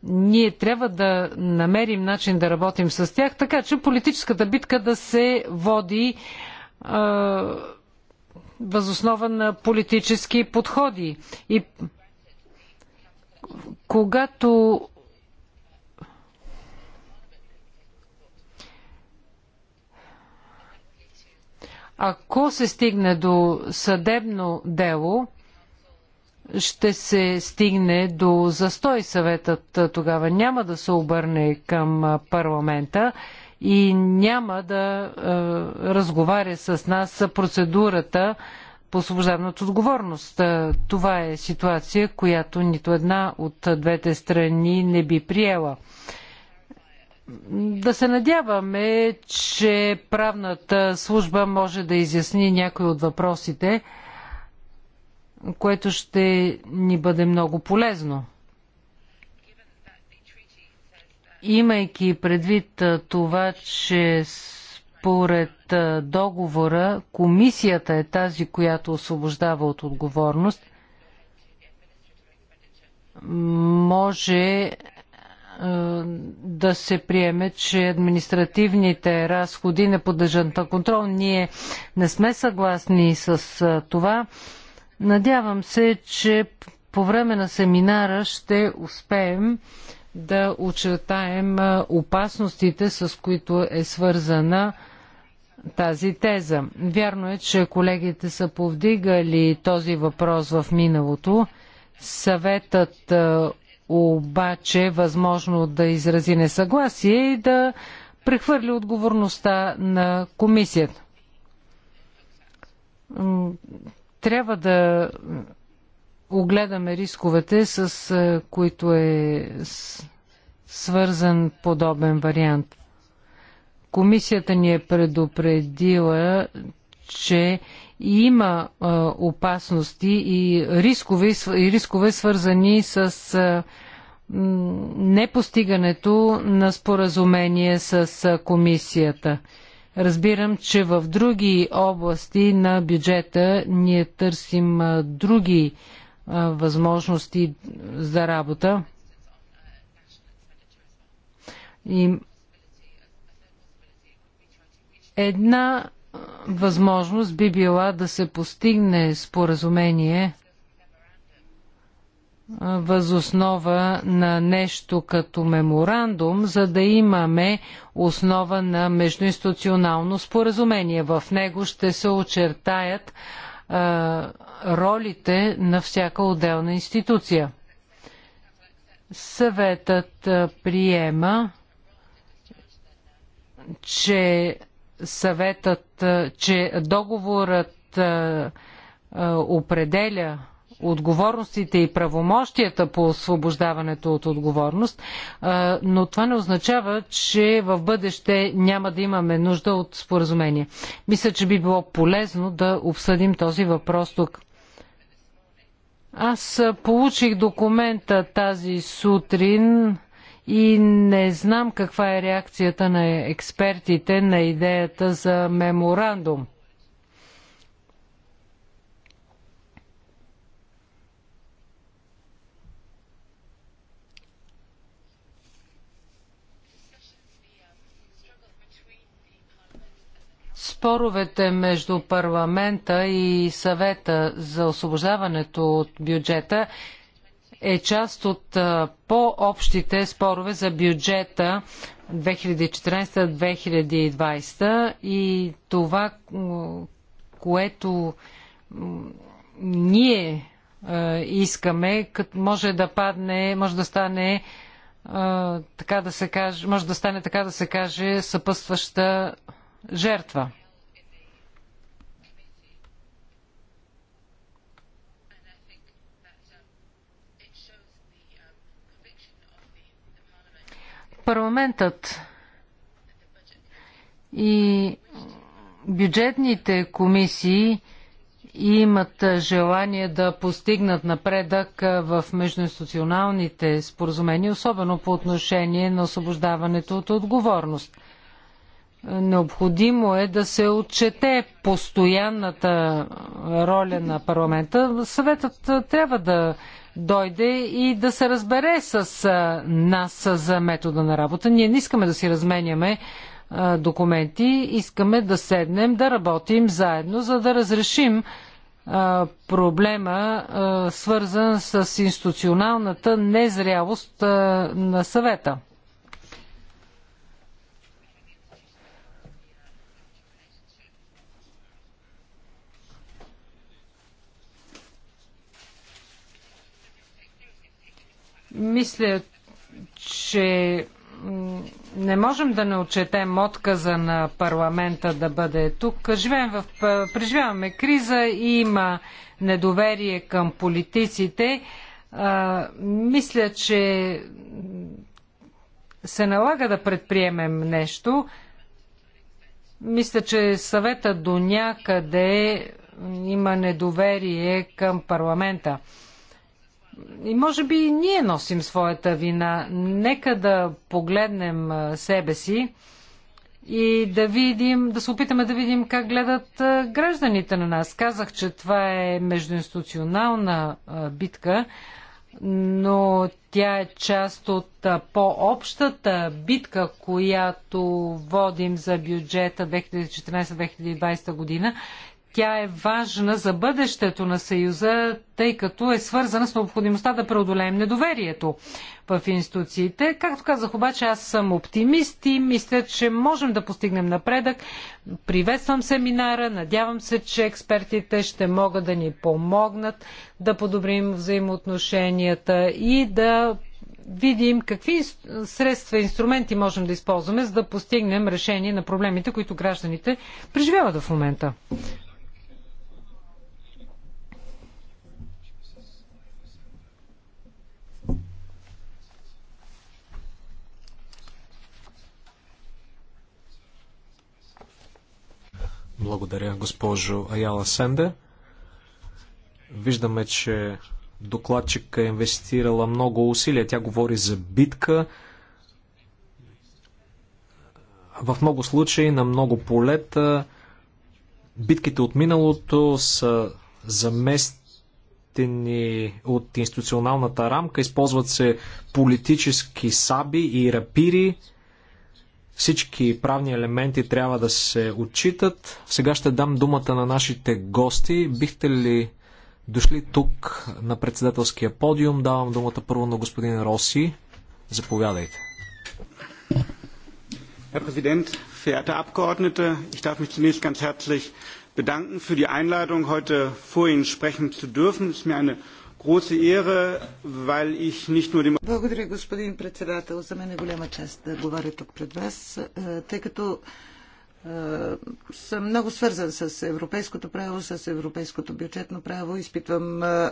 S3: ние трябва да намерим начин да работим с тях, така че политическата битка да се води е, възоснова на политически подходи. И когато Ако се стигне до съдебно дело, ще се стигне до застой съветът тогава. Няма да се обърне към парламента и няма да е, разговаря с нас процедурата по освобождаването отговорност. Това е ситуация, която нито една от двете страни не би приела да се надяваме, че правната служба може да изясни някои от въпросите, което ще ни бъде много полезно. Имайки предвид това, че според договора комисията е тази, която освобождава от отговорност, може е, да се приеме, че административните разходи не подлежат на контрол. Ние не сме съгласни с е, това. Надявам се, че по време на семинара ще успеем да очертаем е, опасностите, с които е свързана тази теза. Вярно е, че колегите са повдигали този въпрос в миналото. Съветът обаче възможно да изрази несъгласие и да прехвърли отговорността на комисията. Трябва да огледаме рисковете, с които е свързан подобен вариант. Комисията ни е предупредила, че има опасности и рискове, и рискове свързани с непостигането на споразумение с комисията. Разбирам, че в други области на бюджета ние търсим други възможности за работа. И една възможност би била да се постигне споразумение възоснова на нещо като меморандум, за да имаме основа на междуинституционално споразумение. В него ще се очертаят а, ролите на всяка отделна институция. Съветът приема, че съветът, че договорът определя отговорностите и правомощията по освобождаването от отговорност, но това не означава, че в бъдеще няма да имаме нужда от споразумение. Мисля, че би било полезно да обсъдим този въпрос тук. Аз получих документа тази сутрин и не знам каква е реакцията на експертите на идеята за меморандум. споровете между парламента и съвета за освобождаването от бюджета е част от по-общите спорове за бюджета 2014-2020 и това, което ние искаме, може да падне, може да стане така да се каже, може да стане така да се каже съпъстваща жертва. парламентът и бюджетните комисии имат желание да постигнат напредък в междуинституционалните споразумения, особено по отношение на освобождаването от отговорност. Необходимо е да се отчете постоянната роля на парламента. Съветът трябва да дойде и да се разбере с нас за метода на работа. Ние не искаме да си разменяме документи, искаме да седнем, да работим заедно, за да разрешим проблема, свързан с институционалната незрялост на съвета. Мисля, че не можем да не отчетем отказа на парламента да бъде тук. Живеем в, преживяваме криза и има недоверие към политиците. А, мисля, че се налага да предприемем нещо. Мисля, че съвета до някъде има недоверие към парламента. И може би и ние носим своята вина. Нека да погледнем себе си и да видим, да се опитаме да видим как гледат гражданите на нас. Казах, че това е междуинституционална битка, но тя е част от по-общата битка, която водим за бюджета 2014-2020 година тя е важна за бъдещето на Съюза, тъй като е свързана с необходимостта да преодолеем недоверието в институциите. Както казах обаче, аз съм оптимист и мисля, че можем да постигнем напредък. Приветствам семинара, надявам се, че експертите ще могат да ни помогнат да подобрим взаимоотношенията и да видим какви средства и инструменти можем да използваме, за да постигнем решение на проблемите, които гражданите преживяват в момента.
S1: Благодаря, госпожо Аяла Сенде. Виждаме, че докладчика е инвестирала много усилия. Тя говори за битка. В много случаи, на много полета, битките от миналото са заместени от институционалната рамка, използват се политически саби и рапири. Всички правни елементи трябва да се отчитат. Сега ще дам думата на нашите гости. Бихте ли дошли тук на председателския подиум? Давам думата първо на господин Роси. Заповядайте.
S2: Herr Präsident, verehrte Abgeordnete, ich darf mich zunächst ganz herzlich bedanken für die Einladung, heute vor Ihnen sprechen zu dürfen. Es ist mir eine благодаря, господин председател. За мен е голяма чест да говоря тук пред вас, е, тъй като е, съм много свързан с европейското право, с европейското бюджетно право. Изпитвам е,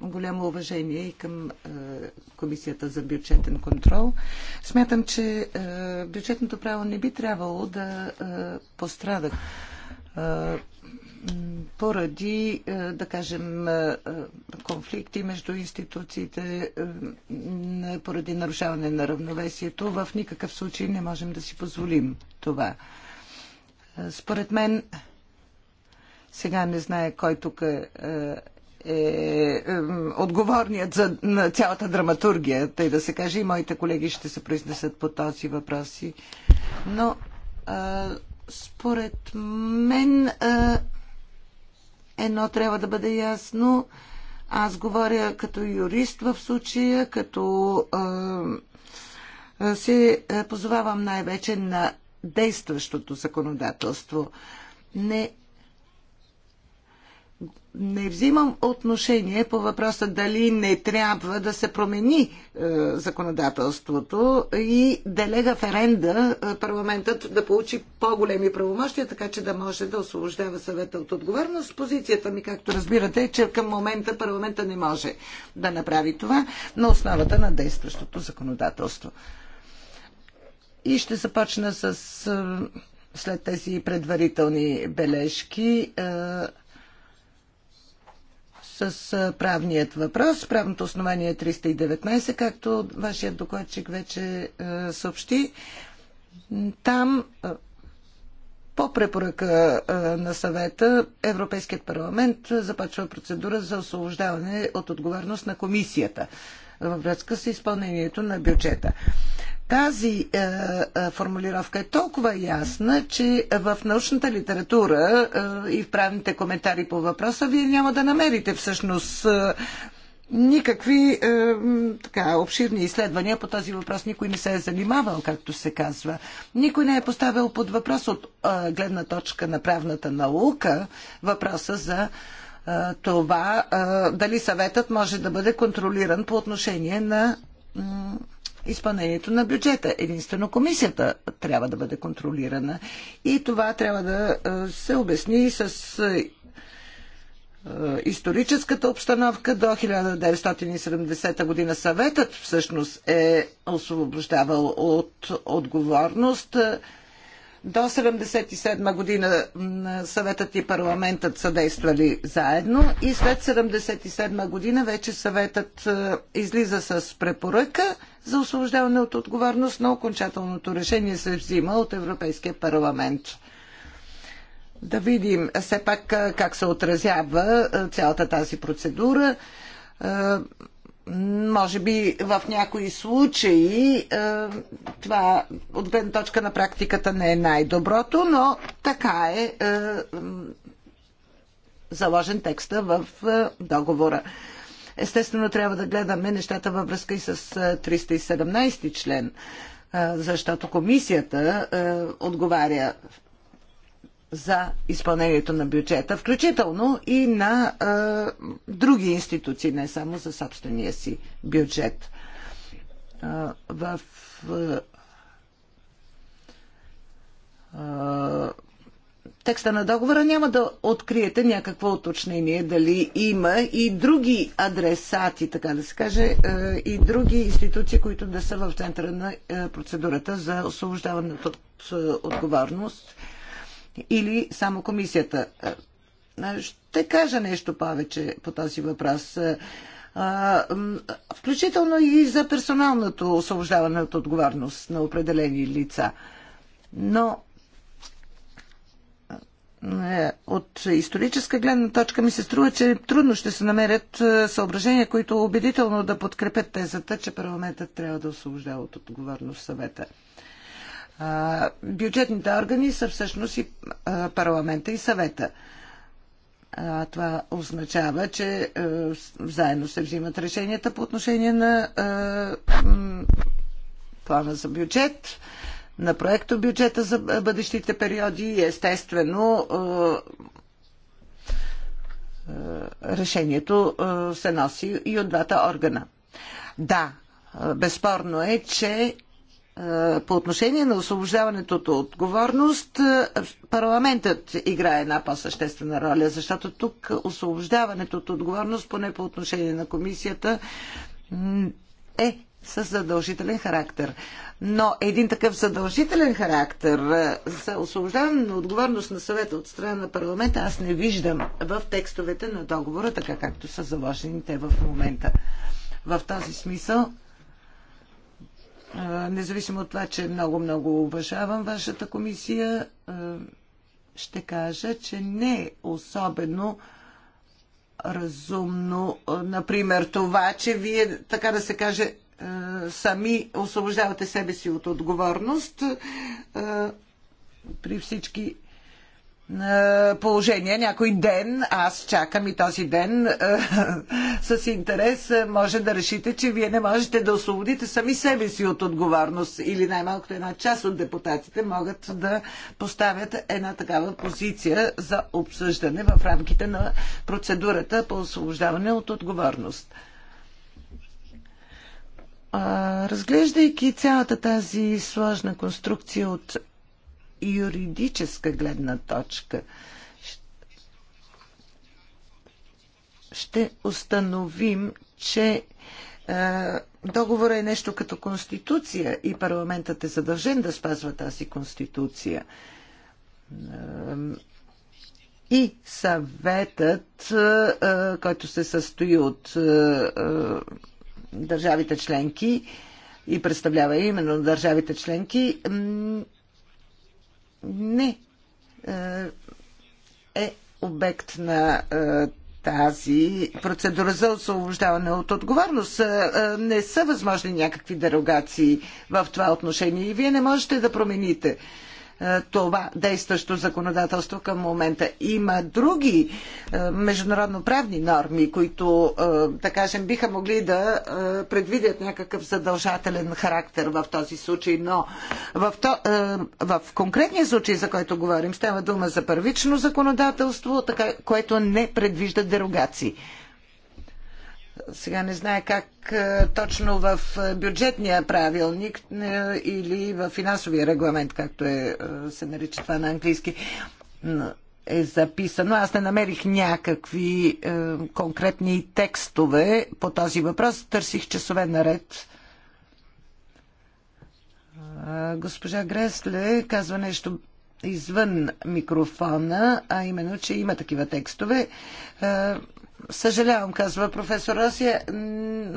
S2: голямо уважение и към Комисията за бюджетен контрол. Смятам, че бюджетното право не би трябвало да пострада поради, е, да кажем, е, е, конфликти между институциите, поради нарушаване на равновесието, в никакъв случай не можем да си позволим това. Според мен, сега не знае кой тук е, е отговорният за на цялата драматургия, тъй да се каже, и моите колеги ще се произнесат по този въпроси. Но, е, според мен, е, едно трябва да бъде ясно. Аз говоря като юрист в случая, като а, се позовавам най-вече на действащото законодателство. Не не взимам отношение по въпроса дали не трябва да се промени е, законодателството и делега в еренда е, парламентът да получи по-големи правомощия, така че да може да освобождава съвета от отговорност. Позицията ми, както разбирате, е, че към момента парламента не може да направи това на основата на действащото законодателство. И ще започна с, е, след тези предварителни бележки, е, с правният въпрос. Правното основание е 319, както вашият докладчик вече е, съобщи. Там по препоръка на съвета Европейският парламент започва процедура за освобождаване от отговорност на комисията във връзка с изпълнението на бюджета. Тази е, е, формулировка е толкова ясна, че в научната литература е, и в правните коментари по въпроса вие няма да намерите всъщност е, никакви е, така, обширни изследвания по този въпрос. Никой не се е занимавал, както се казва. Никой не е поставил под въпрос от е, гледна точка на правната наука въпроса за е, това е, дали съветът може да бъде контролиран по отношение на изпълнението на бюджета. Единствено комисията трябва да бъде контролирана и това трябва да се обясни с историческата обстановка до 1970 година съветът всъщност е освобождавал от отговорност до 1977 година съветът и парламентът са действали заедно и след 1977 година вече съветът е, излиза с препоръка за освобождаване от отговорност, но окончателното решение се взима от Европейския парламент. Да видим все пак е, как се отразява е, цялата тази процедура може би в някои случаи е, това от гледна точка на практиката не е най-доброто, но така е, е заложен текста в е, договора. Естествено, трябва да гледаме нещата във връзка и с 317 член, защото комисията отговаря за изпълнението на бюджета, включително и на е, други институции, не само за собствения си бюджет. Е, в е, текста на договора няма да откриете някакво уточнение дали има и други адресати, така да се каже, и други институции, които да са в центъра на процедурата за освобождаването от отговорност или само комисията. Ще кажа нещо повече по този въпрос. Включително и за персоналното освобождаване от отговорност на определени лица. Но е, от историческа гледна точка ми се струва, че трудно ще се намерят съображения, които убедително да подкрепят тезата, че парламентът трябва да освобождава от отговорност съвета бюджетните органи са всъщност и парламента и съвета. това означава, че е, заедно се взимат решенията по отношение на е, плана за бюджет, на проекто бюджета за бъдещите периоди и естествено е, решението се носи и от двата органа. Да, безспорно е, че по отношение на освобождаването от отговорност, е, парламентът играе една по-съществена роля, защото тук освобождаването от отговорност, поне по отношение на комисията, е със задължителен характер. Но един такъв задължителен характер е, за освобождаване на отговорност на съвета от страна на парламента аз не виждам в текстовете на договора, така както са заложени те в момента. В този смисъл независимо от това, че много-много уважавам вашата комисия, ще кажа, че не е особено разумно, например, това, че вие, така да се каже, сами освобождавате себе си от отговорност при всички е, положение някой ден, аз чакам и този ден е, с интерес, е, може да решите, че вие не можете да освободите сами себе си от отговорност или най-малкото една част от депутатите могат да поставят една такава позиция за обсъждане в рамките на процедурата по освобождаване от отговорност. Разглеждайки цялата тази сложна конструкция от юридическа гледна точка ще установим, че е, договора е нещо като конституция и парламентът е задължен да спазва тази конституция. Е, и съветът, е, който се състои от държавите членки и представлява именно държавите членки, не е, е обект на е, тази процедура за освобождаване от отговорност. Е, не са възможни някакви дерогации в това отношение и вие не можете да промените е, това действащо законодателство към момента. Има други е, международноправни норми, които, е, да кажем, биха могли да предвидят някакъв задължателен характер в този случай, но в, то, в конкретния случай, за който говорим, става дума за първично законодателство, което не предвижда дерогации. Сега не знае как е, точно в е, бюджетния правилник е, или в финансовия регламент, както е, се нарича това на английски, е записано. Аз не намерих някакви конкретни текстове по този въпрос. Търсих часове наред. госпожа Гресле казва нещо извън микрофона, а именно, че има такива текстове. Съжалявам, казва професор Росия. Е,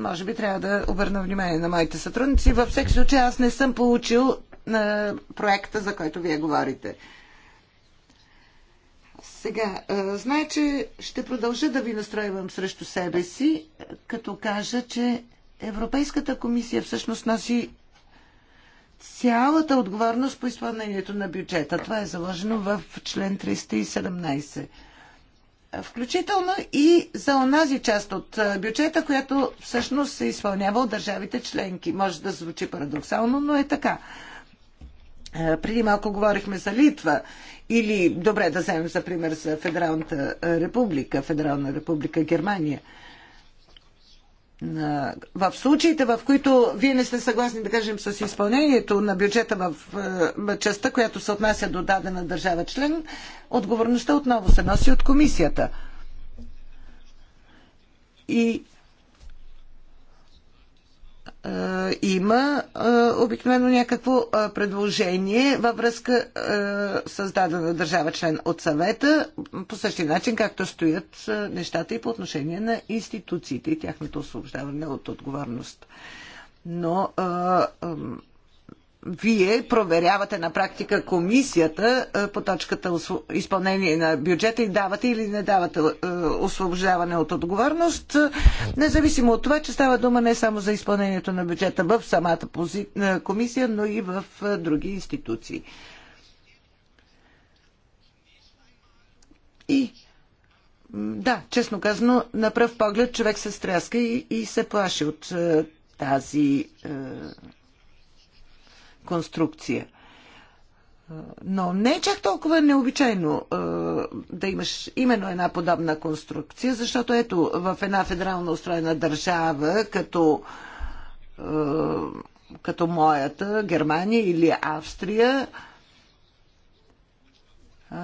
S2: може би трябва да обърна внимание на моите сътрудници. Във всеки случай аз не съм получил на е, проекта, за който вие говорите. Сега, е, знае, че ще продължа да ви настройвам срещу себе си, като кажа, че Европейската комисия всъщност носи цялата отговорност по изпълнението на бюджета. Това е заложено в член 317 включително и за онази част от бюджета, която всъщност се изпълнява от държавите членки. Може да звучи парадоксално, но е така. Преди малко говорихме за Литва или, добре да вземем за пример за Федералната република, Федерална република Германия – в случаите, в които вие не сте съгласни, да кажем, с изпълнението на бюджета в е, частта, която се отнася до дадена държава член, отговорността отново се носи от комисията. И е, има е, обикновено някакво е, предложение във връзка с дадена държава член от съвета, по същия начин както стоят нещата и по отношение на институциите и тяхното освобождаване от отговорност. Но вие проверявате на практика комисията е, по точката изпълнение на бюджета и давате или не давате е, освобождаване от отговорност, независимо от това, че става дума не само за изпълнението на бюджета в самата е, комисия, но и в други институции. И да, честно казано, на пръв поглед човек се стряска и, и се плаши от тази конструкция. Но не е чак толкова необичайно е, да имаш именно една подобна конструкция, защото ето в една федерално устроена държава, като, е, като моята, Германия или Австрия, е,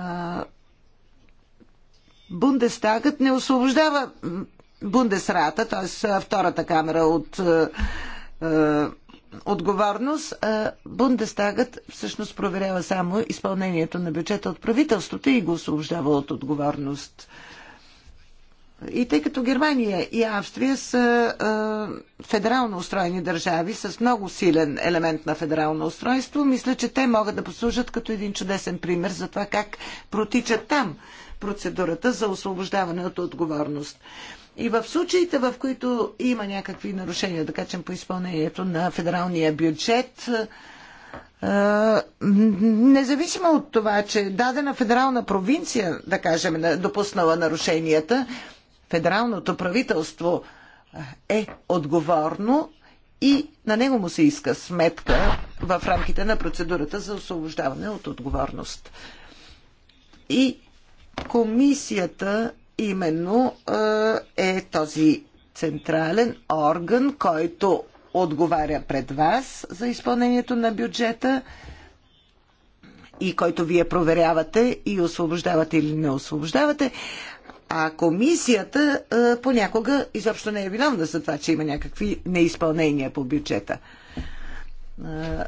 S2: Бундестагът не освобождава Бундесрата, т.е. втората камера от отговорност. Бундестагът всъщност проверява само изпълнението на бюджета от правителството и го освобождава от отговорност. И тъй като Германия и Австрия са е, федерално устроени държави с много силен елемент на федерално устройство, мисля, че те могат да послужат като един чудесен пример за това как протича там процедурата за освобождаване от отговорност. И в случаите, в които има някакви нарушения, да кажем по изпълнението на федералния бюджет, е, независимо от това, че дадена федерална провинция, да кажем, допуснала нарушенията, федералното правителство е отговорно и на него му се иска сметка в рамките на процедурата за освобождаване от отговорност. И комисията именно е, е този централен орган, който отговаря пред вас за изпълнението на бюджета и който вие проверявате и освобождавате или не освобождавате. А комисията а, е, понякога изобщо не е виновна за това, че има някакви неизпълнения по бюджета. Е, а,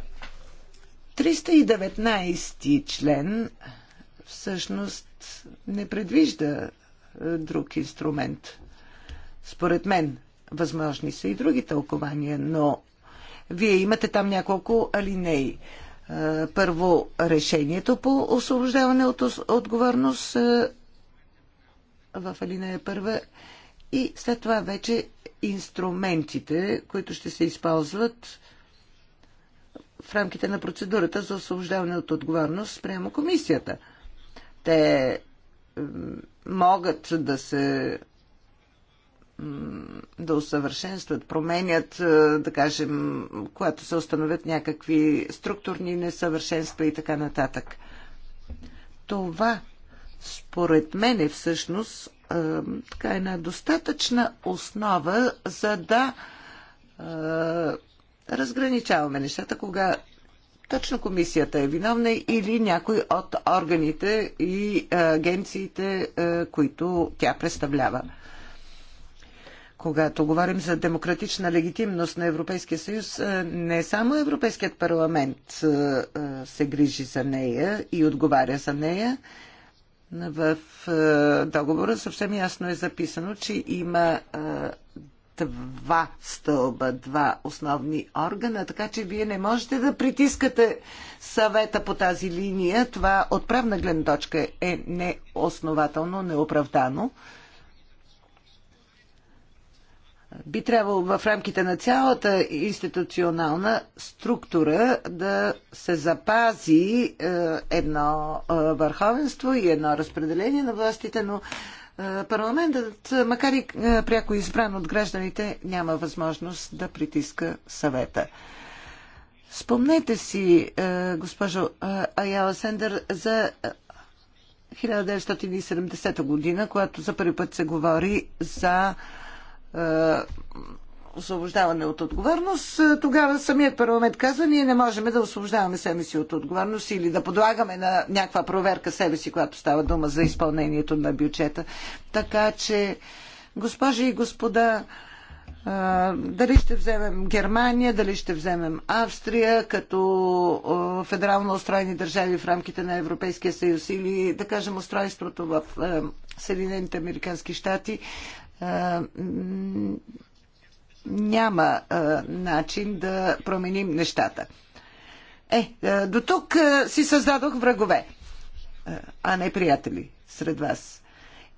S2: 319 член всъщност не предвижда е, друг инструмент. Според мен, възможни са и други тълкования, но вие имате там няколко алинеи. Е, първо, решението по освобождаване от отговорност е, в алинея първа и след това вече инструментите, които ще се използват в рамките на процедурата за освобождаване от отговорност прямо комисията. Те могат да се да усъвършенстват, променят, е, да кажем, когато се установят някакви структурни несъвършенства и така нататък. Това, според мен, е всъщност така една достатъчна основа, за да е, разграничаваме нещата, кога точно комисията е виновна или някой от органите и е, агенциите, е, които тя представлява. Когато говорим за демократична легитимност на Европейския съюз, е, не само Европейският парламент се грижи за нея и отговаря за нея. В договора съвсем ясно е записано, че има два стълба, два основни органа, така че вие не можете да притискате съвета по тази линия. Това от правна гледна точка е неоснователно, неоправдано. Би трябвало в рамките на цялата институционална структура да се запази е, едно е, върховенство и едно разпределение на властите, но Парламентът, макар и пряко избран от гражданите, няма възможност да притиска съвета. Спомнете си, госпожо Аяла Сендер, за 1970 година, когато за първи път се говори за освобождаване от отговорност, тогава самият парламент казва, ние не можем да освобождаваме себе си от отговорност или да подлагаме на някаква проверка себе си, когато става дума за изпълнението на бюджета. Така че, госпожи и господа, дали ще вземем Германия, дали ще вземем Австрия като федерално устроени държави в рамките на Европейския съюз или да кажем устройството в Съединените Американски щати, няма начин да променим нещата. Е, до тук си създадох врагове, а не приятели сред вас.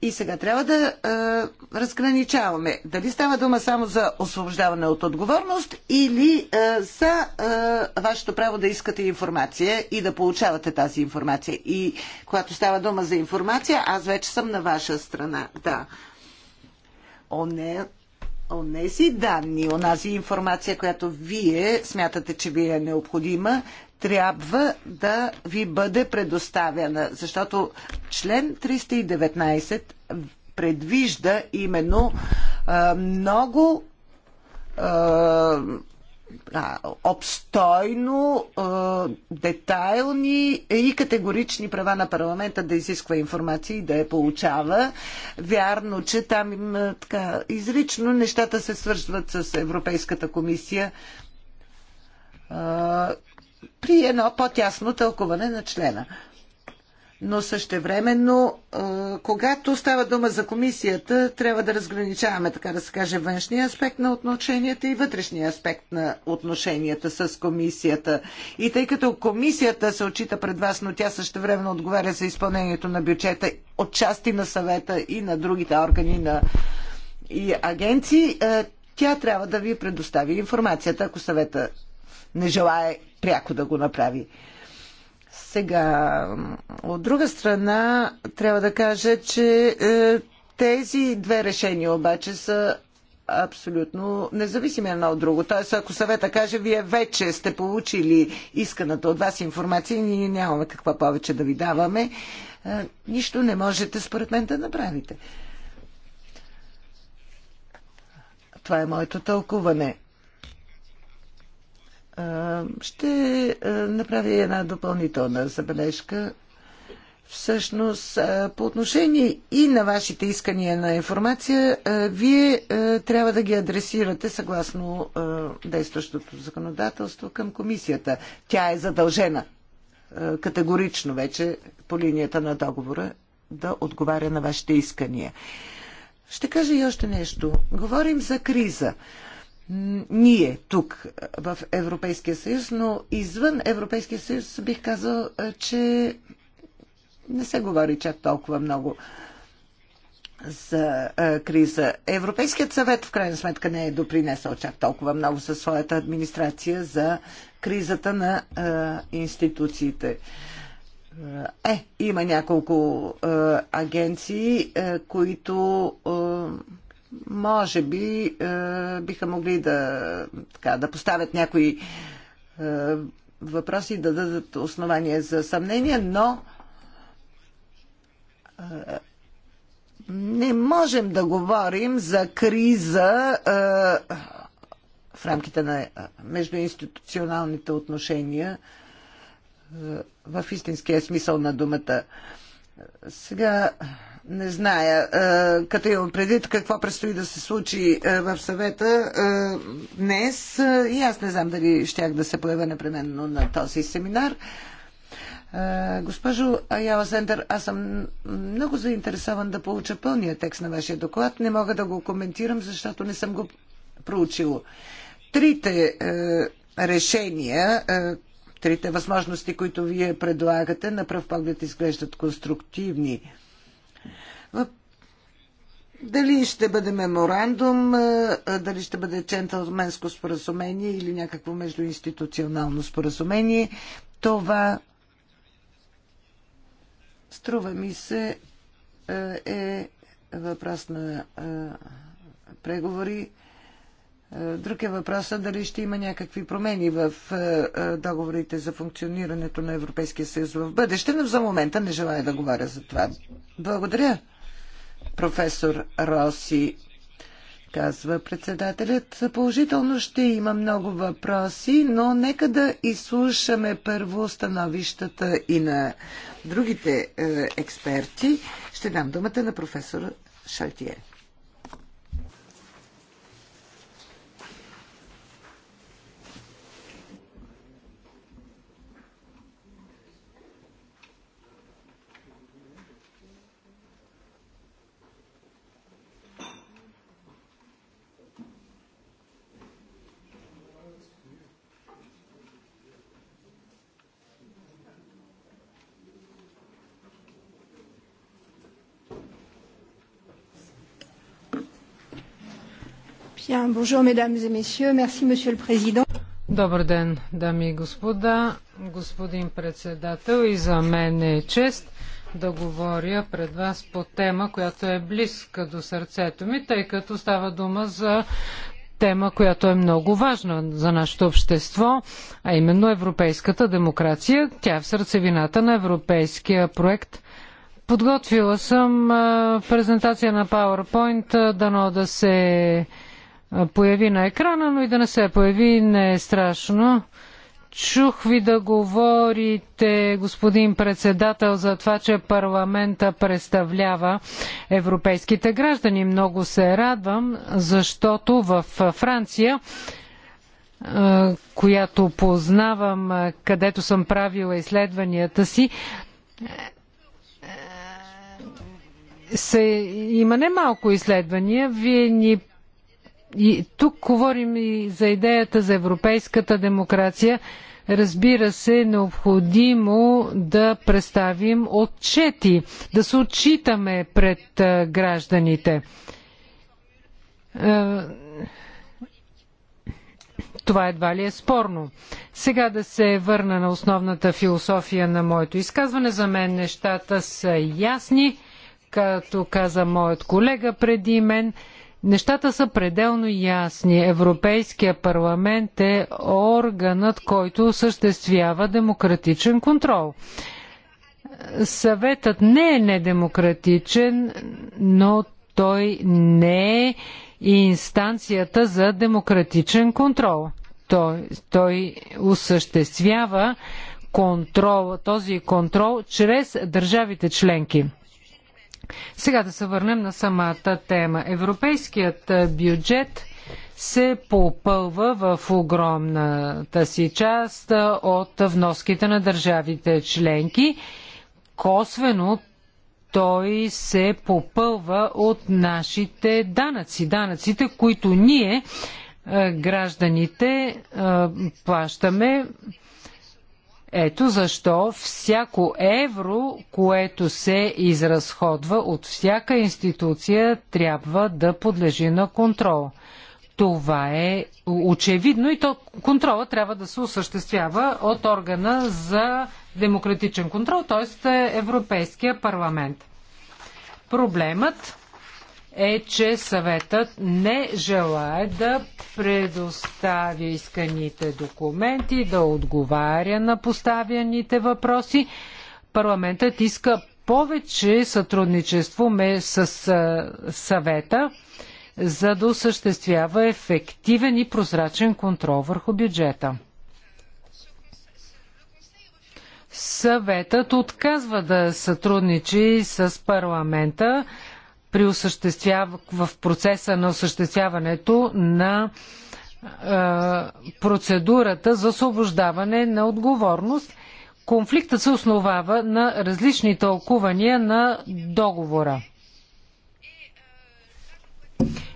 S2: И сега трябва да а, разграничаваме дали става дума само за освобождаване от отговорност или а, за а, вашето право да искате информация и да получавате тази информация. И когато става дума за информация, аз вече съм на ваша страна. Да. О, не, онези данни, онази информация, която вие смятате, че ви е необходима, трябва да ви бъде предоставена, защото член 319 предвижда именно много обстойно, детайлни и категорични права на парламента да изисква информация и да я получава. Вярно, че там има така, изрично нещата се свързват с Европейската комисия при едно по-тясно тълкуване на члена но същевременно, когато става дума за комисията, трябва да разграничаваме, така да се каже, външния аспект на отношенията и вътрешния аспект на отношенията с комисията. И тъй като комисията се отчита пред вас, но тя същевременно отговаря за изпълнението на бюджета от части на съвета и на другите органи на и агенции, тя трябва да ви предостави информацията, ако съвета не желая пряко да го направи. Сега, от друга страна, трябва да кажа, че е, тези две решения обаче са абсолютно независими едно от друго. Т.е. ако съвета каже, вие вече сте получили исканата от вас информация и ние нямаме каква повече да ви даваме, е, нищо не можете според мен да направите. Това е моето тълкуване. Ще направя една допълнителна забележка. Всъщност, по отношение и на вашите искания на информация, вие трябва да ги адресирате съгласно действащото законодателство към комисията. Тя е задължена категорично вече по линията на договора да отговаря на вашите искания. Ще кажа и още нещо. Говорим за криза ние тук в Европейския съюз, но извън Европейския съюз бих казал, че не се говори чак толкова много за а, криза. Европейският съвет в крайна сметка не е допринесъл чак толкова много със своята администрация за кризата на а, институциите. Е, има няколко а, агенции, а, които А, може би е, биха могли да, така, да поставят някои е, въпроси, да дадат основания за съмнение, но е, не можем да говорим за криза е, в рамките на е, междуинституционалните отношения е, в истинския смисъл на думата. Сега не зная, е, като имам предвид какво предстои да се случи е, в съвета е, днес, и аз не знам дали щях да се появя непременно на този семинар. Госпожо Аяла Сендер, аз съм много заинтересован да получа пълния текст на вашия доклад. Не мога да го коментирам, защото не съм го проучила. Трите решения, трите възможности, които вие предлагате, на пръв поглед изглеждат конструктивни. Дали ще бъде меморандум, дали ще бъде джентълменско споразумение или някакво междуинституционално споразумение, това струва ми се е въпрос на преговори Друг е въпросът дали ще има някакви промени в е, е, договорите за функционирането на Европейския съюз в бъдеще, но за момента не желая да говоря за това. Благодаря, професор Роси, казва председателят. Положително ще има много въпроси, но нека да изслушаме първо становищата и на другите е, експерти. Ще дам думата на професор Шалтиер.
S3: Bien, bonjour, mesdames et messieurs. Merci, monsieur le président. Добър ден, дами и господа, господин председател и за мен е чест да говоря пред вас по тема, която е близка до сърцето ми, тъй като става дума за тема, която е много важна за нашето общество, а именно европейската демокрация. Тя е в сърцевината на европейския проект. Подготвила съм презентация на PowerPoint, дано да се появи на екрана, но и да не се появи не е страшно. Чух ви да говорите, господин председател, за това, че парламента представлява европейските граждани. Много се радвам, защото в Франция, която познавам, където съм правила изследванията си, се, има немалко изследвания. Вие ни и тук говорим и за идеята за европейската демокрация. Разбира се, е необходимо да представим отчети, да се отчитаме пред гражданите. Това едва ли е спорно. Сега да се върна на основната философия на моето изказване. За мен нещата са ясни, като каза моят колега преди мен. Нещата са пределно ясни. Европейския парламент е органът, който осъществява демократичен контрол. Съветът не е недемократичен, но той не е инстанцията за демократичен контрол. Той, той осъществява контрол, този контрол чрез държавите членки. Сега да се върнем на самата тема. Европейският бюджет се попълва в огромната си част от вноските на държавите членки. Косвено той се попълва от нашите данъци. Данъците, които ние, гражданите, плащаме ето защо всяко евро, което се изразходва от всяка институция, трябва да подлежи на контрол. Това е очевидно и то контрола трябва да се осъществява от органа за демократичен контрол, т.е. Европейския парламент. Проблемът е, че съветът не желая да предоставя исканите документи, да отговаря на поставяните въпроси. Парламентът иска повече сътрудничество с съвета, за да осъществява ефективен и прозрачен контрол върху бюджета. Съветът отказва да сътрудничи с парламента при осъществява, в процеса на осъществяването на процедурата за освобождаване на отговорност. Конфликтът се основава на различни тълкувания на договора.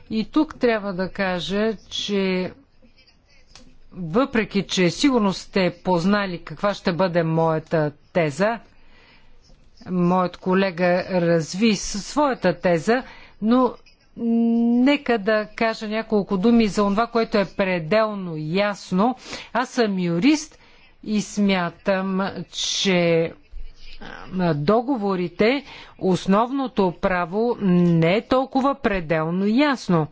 S3: И тук трябва да кажа, че въпреки, че сигурно сте познали каква ще бъде моята теза, Моят колега разви своята теза, но нека да кажа няколко думи за това, което е пределно ясно. Аз съм юрист и смятам, че договорите, основното право не е толкова пределно ясно.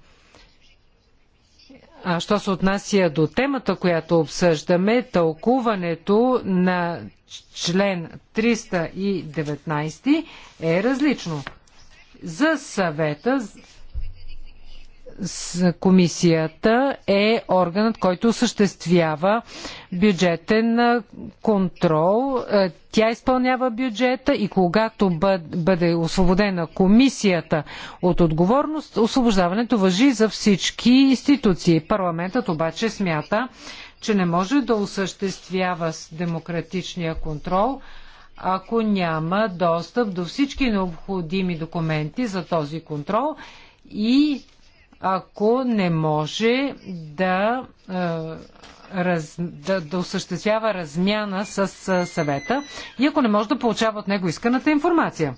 S3: А що се отнася до темата, която обсъждаме, тълкуването на член 319 е различно. За съвета комисията е органът, който осъществява бюджетен контрол. Тя изпълнява бюджета и когато бъде освободена комисията от отговорност, освобождаването въжи за всички институции. Парламентът обаче смята, че не може да осъществява демократичния контрол, ако няма достъп до всички необходими документи за този контрол и ако не може да, е, раз, да, да осъществява размяна с е, съвета и ако не може да получава от него исканата информация.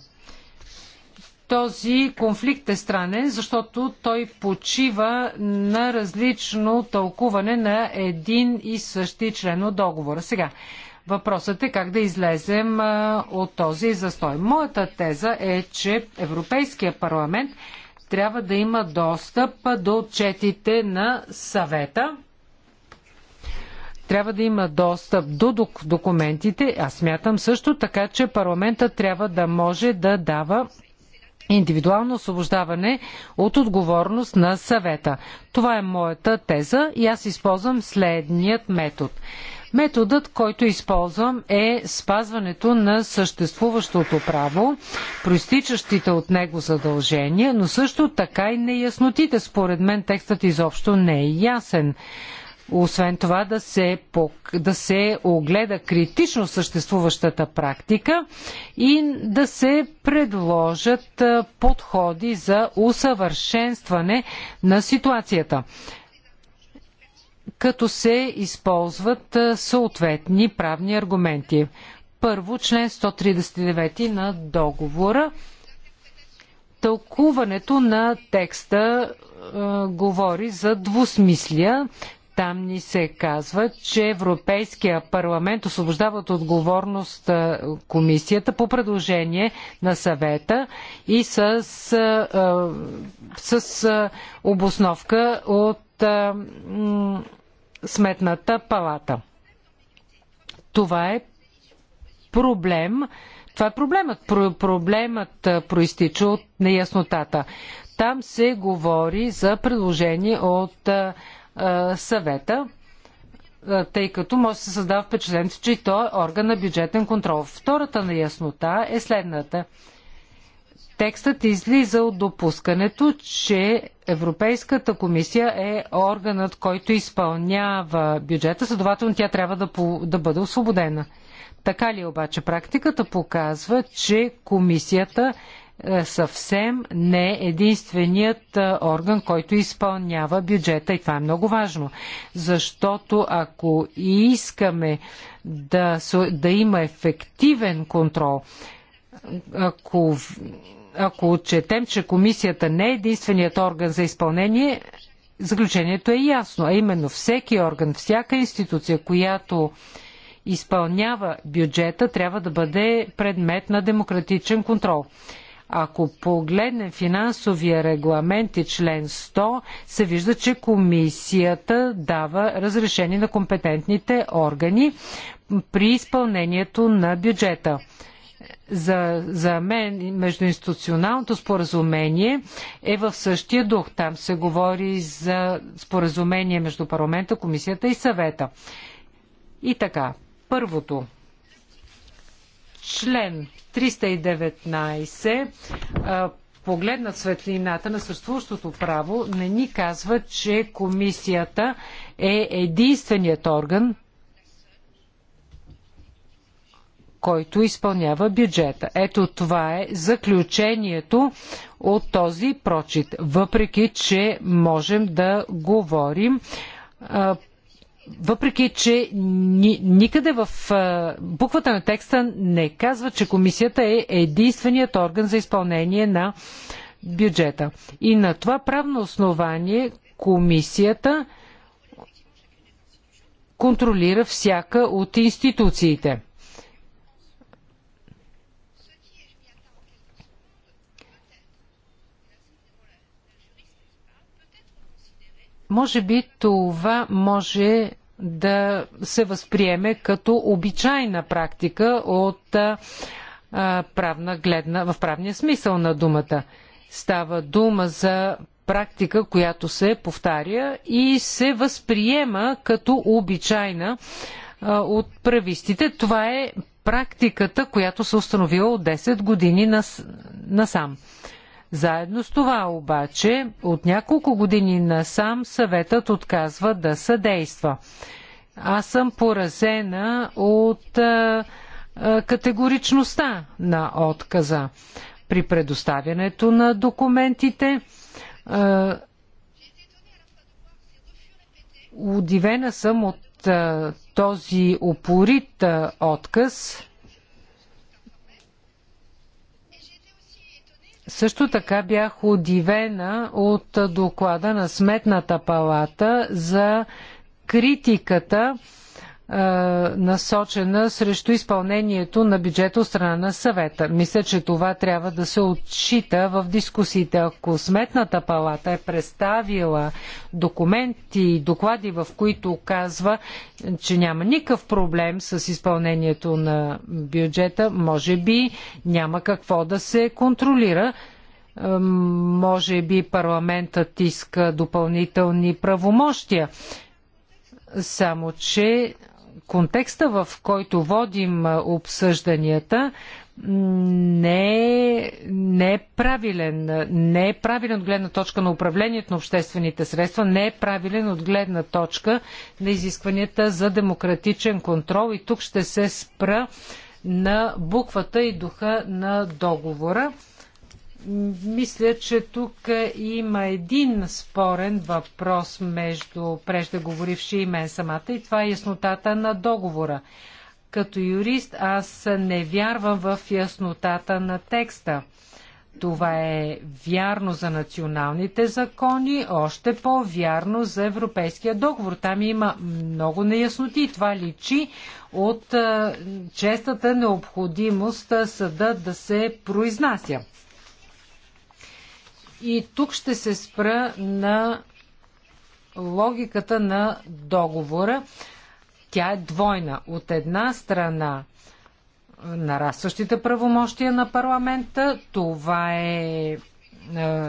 S3: Този конфликт е странен, защото той почива на различно тълкуване на един и същи член от договора. Сега, Въпросът е как да излезем е, от този застой. Моята теза е, че Европейския парламент трябва да има достъп до отчетите на съвета. Трябва да има достъп до документите. Аз смятам също така, че парламента трябва да може да дава индивидуално освобождаване от отговорност на съвета. Това е моята теза и аз използвам следният метод. Методът, който използвам е спазването на съществуващото право, проистичащите от него задължения, но също така и неяснотите. Според мен текстът изобщо не е ясен. Освен това да се, да се огледа критично съществуващата практика и да се предложат подходи за усъвършенстване на ситуацията като се използват съответни правни аргументи. Първо, член 139 на договора. Тълкуването на текста е, говори за двусмислия. Там ни се казва, че Европейския парламент освобождава от отговорност комисията по предложение на съвета и с, с обосновка от сметната палата. Това е проблем. Това е проблемът. Про проблемът проистича от неяснотата. Там се говори за предложение от а, а, съвета, а, тъй като може да се създава впечатление, че и той е орган на бюджетен контрол. Втората неяснота е следната. Текстът излиза от допускането, че Европейската комисия е органът, който изпълнява бюджета, следователно тя трябва да, да бъде освободена. Така ли е обаче практиката показва, че комисията е, съвсем не е единственият е, орган, който изпълнява бюджета. И това е много важно, защото ако искаме да, да има ефективен контрол, ако ако отчетем, че комисията не е единственият орган за изпълнение, заключението е ясно, а именно всеки орган, всяка институция, която изпълнява бюджета, трябва да бъде предмет на демократичен контрол. Ако погледнем финансовия регламент и член 100, се вижда, че комисията дава разрешение на компетентните органи при изпълнението на бюджета за, за мен междуинституционалното споразумение е в същия дух. Там се говори за споразумение между парламента, комисията и съвета. И така, първото. Член 319 поглед на светлината на съществуващото право, не ни казва, че комисията е единственият орган, който изпълнява бюджета. Ето това е заключението от този прочит. Въпреки, че можем да говорим въпреки, че никъде в буквата на текста не казва, че комисията е единственият орган за изпълнение на бюджета. И на това правно основание комисията контролира всяка от институциите. Може би това може да се възприеме като обичайна практика от а, правна гледна, в правния смисъл на думата. Става дума за практика, която се повтаря и се възприема като обичайна а, от правистите. Това е практиката, която се установила от 10 години нас, насам. На заедно с това обаче от няколко години насам съветът отказва да съдейства. Аз съм поразена от а, а, категоричността на отказа при предоставянето на документите. А, удивена съм от този упорит отказ Също така бях удивена от доклада на Сметната палата за критиката е, насочена срещу изпълнението на бюджета от страна на съвета. Мисля, че това трябва да се отчита в дискусиите. Ако Сметната палата е представила документи и доклади, в които казва, че няма никакъв проблем с изпълнението на бюджета, може би няма какво да се контролира. Е, може би парламентът иска допълнителни правомощия. Само, че контекста, в който водим обсъжданията, не е, не е правилен. Не е правилен от гледна точка на управлението на обществените средства, не е правилен от гледна точка на изискванията за демократичен контрол. И тук ще се спра на буквата и духа на договора. Мисля, че тук има един спорен въпрос между преждеговоривши и мен самата и това е яснотата на договора. Като юрист аз не вярвам в яснотата на текста. Това е вярно за националните закони, още по-вярно за Европейския договор. Там има много неясноти и това личи от честата необходимост съда да се произнася. И тук ще се спра на логиката на договора. Тя е двойна. От една страна нарастващите правомощия на парламента. Това е, е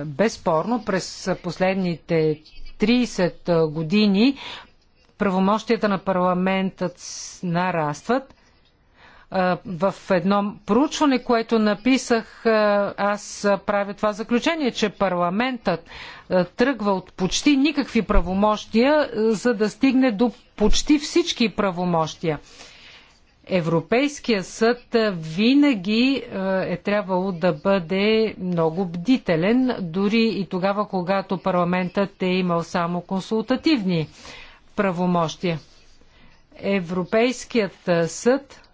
S3: безспорно. През последните 30 е, години правомощията на парламентът нарастват в едно проучване, което написах, аз правя това заключение, че парламентът тръгва от почти никакви правомощия, за да стигне до почти всички правомощия. Европейския съд винаги е трябвало да бъде много бдителен, дори и тогава, когато парламентът е имал само консултативни правомощия. Европейският съд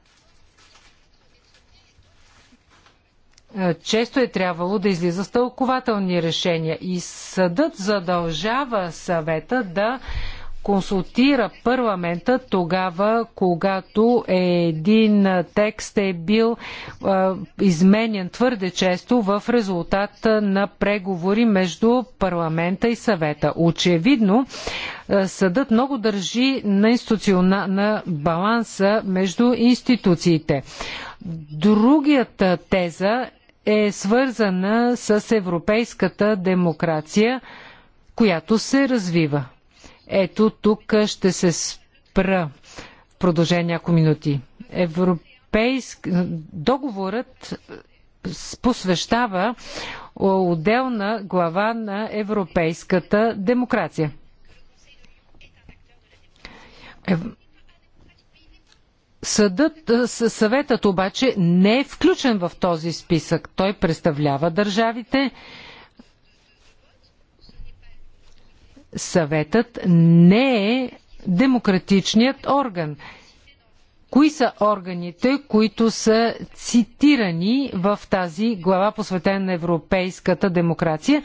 S3: Е, често е трябвало да излиза с тълкователни решения и съдът задължава съвета да консултира парламента тогава, когато един текст е бил е, изменен твърде често в резултат на преговори между парламента и съвета. Очевидно, е, съдът много държи на, институциона... на баланса между институциите. Другията теза е свързана с европейската демокрация, която се развива. Ето тук ще се спра в продължение няколко минути. Европейск... Договорът посвещава отделна глава на европейската демокрация. Съдът, съветът обаче не е включен в този списък. Той представлява държавите. Съветът не е демократичният орган. Кои са органите, които са цитирани в тази глава, посветена на европейската демокрация?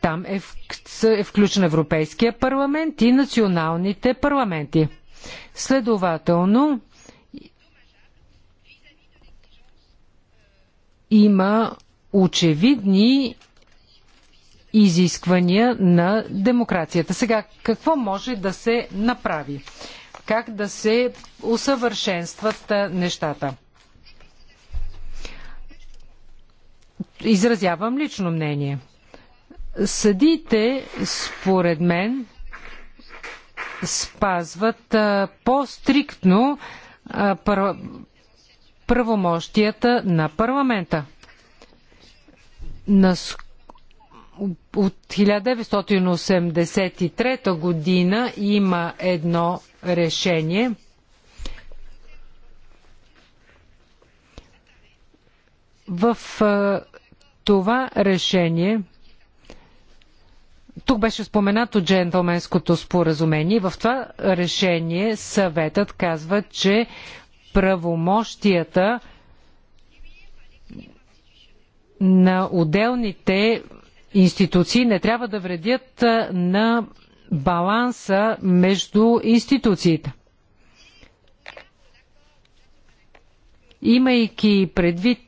S3: Там е, е включен Европейския парламент и националните парламенти. Следователно, има очевидни изисквания на демокрацията. Сега, какво може да се направи? Как да се усъвършенстват нещата? Изразявам лично мнение. Съдите, според мен, спазват по-стриктно правомощията на парламента. На от 1983 година има едно решение. В това решение тук беше споменато джентълменското споразумение. В това решение съветът казва, че правомощията на отделните институции не трябва да вредят на баланса между институциите. Имайки предвид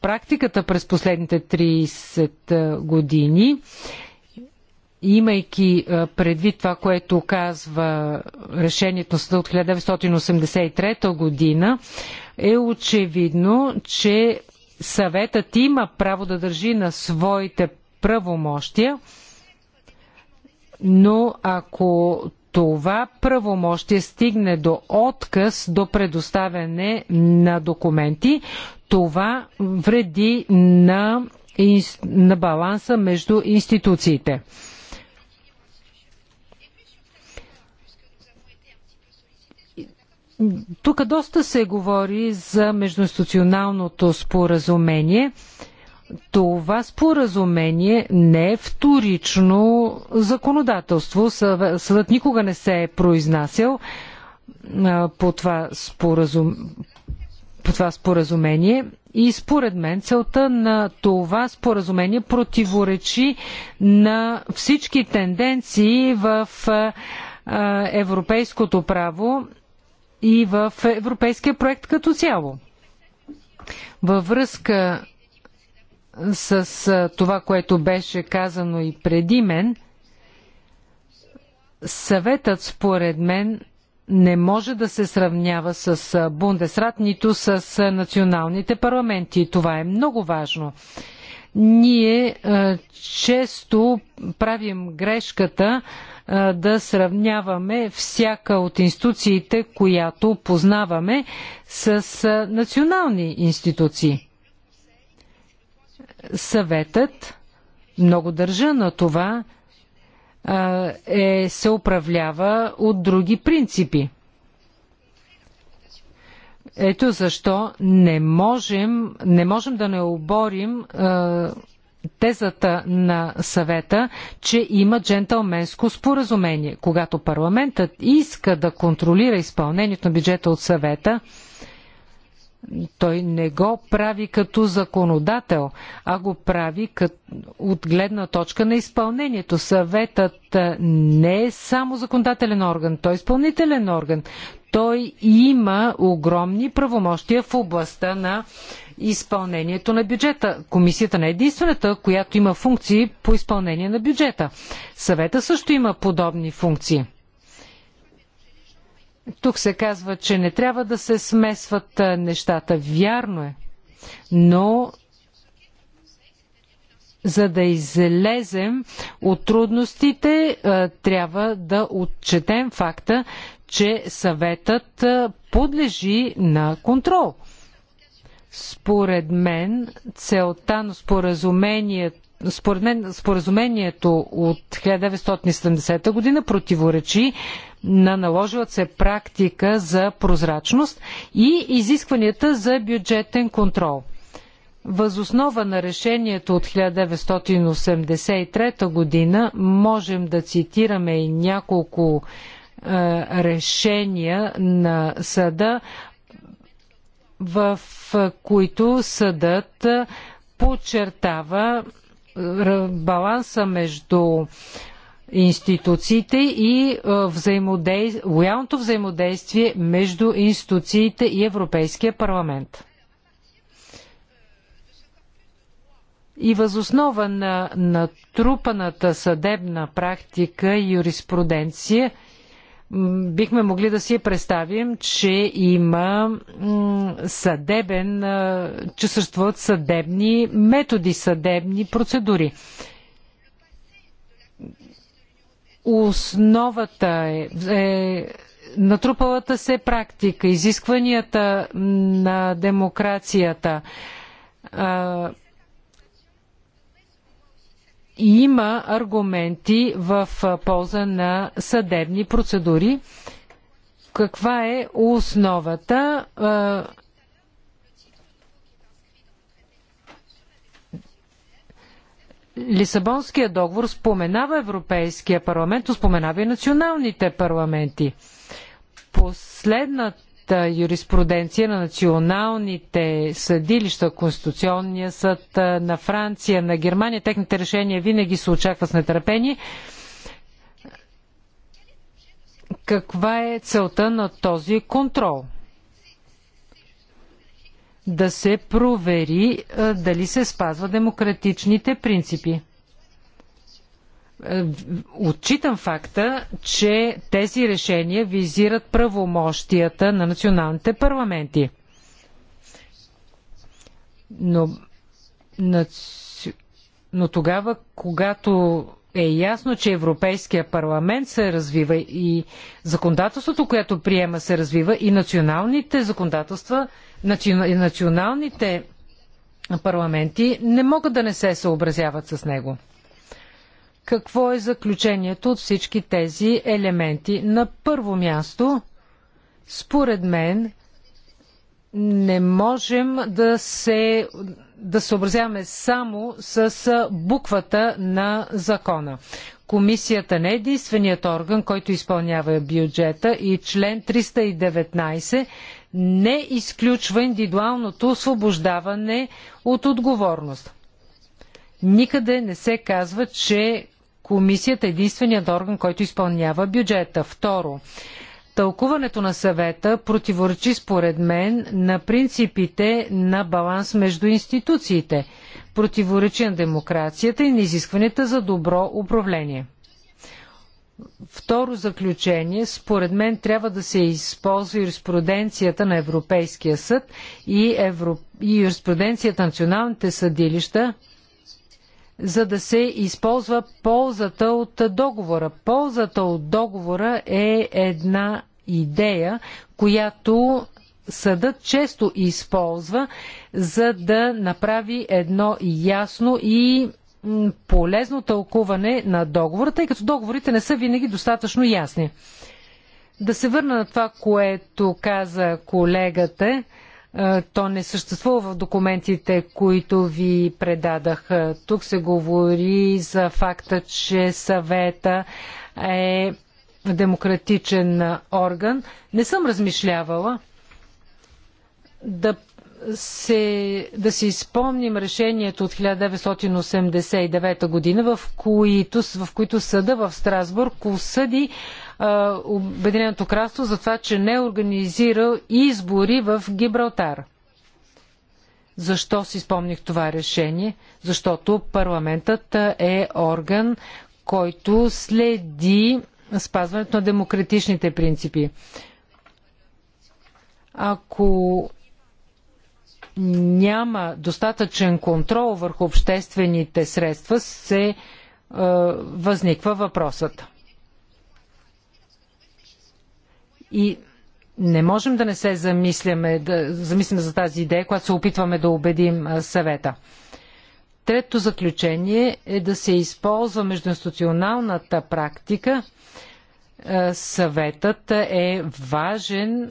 S3: практиката през последните 30 години, имайки предвид това, което казва решението на съда от 1983 година, е очевидно, че съветът има право да държи на своите правомощия, но ако това правомощие стигне до отказ до предоставяне на документи, това вреди на, на баланса между институциите. Тук доста се говори за междуинституционалното споразумение. Това споразумение не е вторично законодателство. Съдът никога не се е произнасял по това, споразум... по това споразумение. И според мен целта на това споразумение противоречи на всички тенденции в европейското право и в европейския проект като цяло. Във връзка с това, което беше казано и преди мен, съветът според мен не може да се сравнява с Бундесрат, нито с националните парламенти. Това е много важно. Ние често правим грешката, да сравняваме всяка от институциите, която познаваме, с национални институции. Съветът, много държа на това, е, се управлява от други принципи. Ето защо не можем, не можем да не оборим тезата на съвета, че има джентълменско споразумение. Когато парламентът иска да контролира изпълнението на бюджета от съвета, той не го прави като законодател, а го прави като, от гледна точка на изпълнението. Съветът не е само законодателен орган, той е изпълнителен орган. Той има огромни правомощия в областта на изпълнението на бюджета. Комисията не е единствената, която има функции по изпълнение на бюджета. Съвета също има подобни функции. Тук се казва, че не трябва да се смесват нещата. Вярно е. Но за да излезем от трудностите, трябва да отчетем факта, че съветът подлежи на контрол. Според мен целта на споразумението според мен споразумението от 1970 година противоречи на наложилата се практика за прозрачност и изискванията за бюджетен контрол. Възоснова на решението от 1983 година можем да цитираме и няколко е, решения на съда, в които съдът подчертава баланса между институциите и е, взаимодействие, лоялното взаимодействие между институциите и Европейския парламент. И възоснова на натрупаната съдебна практика и юриспруденция – бихме могли да си представим, че има съдебен, че съществуват съдебни методи, съдебни процедури. Основата е, е натрупалата се практика, изискванията на демокрацията, има аргументи в полза на съдебни процедури. Каква е основата? Лисабонския договор споменава Европейския парламент, споменава и националните парламенти. Последната юриспруденция на националните съдилища, Конституционния съд на Франция, на Германия, техните решения винаги се очаква с нетърпение. Каква е целта на този контрол? Да се провери дали се спазва демократичните принципи. Е, отчитам факта, че тези решения визират правомощията на националните парламенти. Но, но тогава, когато е ясно, че Европейския парламент се развива и законодателството, което приема, се развива и националните законодателства, националните парламенти не могат да не се съобразяват с него. Какво е заключението от всички тези елементи? На първо място, според мен, не можем да се да съобразяваме само с буквата на закона. Комисията не е единственият орган, който изпълнява бюджета и член 319 не изключва индивидуалното освобождаване от отговорност. Никъде не се казва, че комисията е единственият орган, който изпълнява бюджета. Второ, Тълкуването на съвета противоречи според мен на принципите на баланс между институциите, противоречи на демокрацията и на изискванията за добро управление. Второ заключение, според мен трябва да се използва юриспруденцията на Европейския съд и, и юриспруденцията на националните съдилища за да се използва ползата от договора. Ползата от договора е една идея, която съдът често използва, за да направи едно ясно и полезно тълкуване на договора, тъй като договорите не са винаги достатъчно ясни. Да се върна на това, което каза колегата е, то не съществува в документите, които ви предадах. Е, тук се говори за факта, че съвета е демократичен орган. Не съм размишлявала да се, да си изпомним решението от 1989 година, в, които, в които съда в Страсбург осъди Обединеното кралство за това, че не е организирал избори в Гибралтар. Защо си спомних това решение? Защото парламентът е орган, който следи спазването на демократичните принципи. Ако няма достатъчен контрол върху обществените средства, се е, възниква въпросът. И не можем да не се замисляме, да замислим за тази идея, която се опитваме да убедим съвета. Трето заключение е да се използва междуинституционалната практика. Съветът е важен,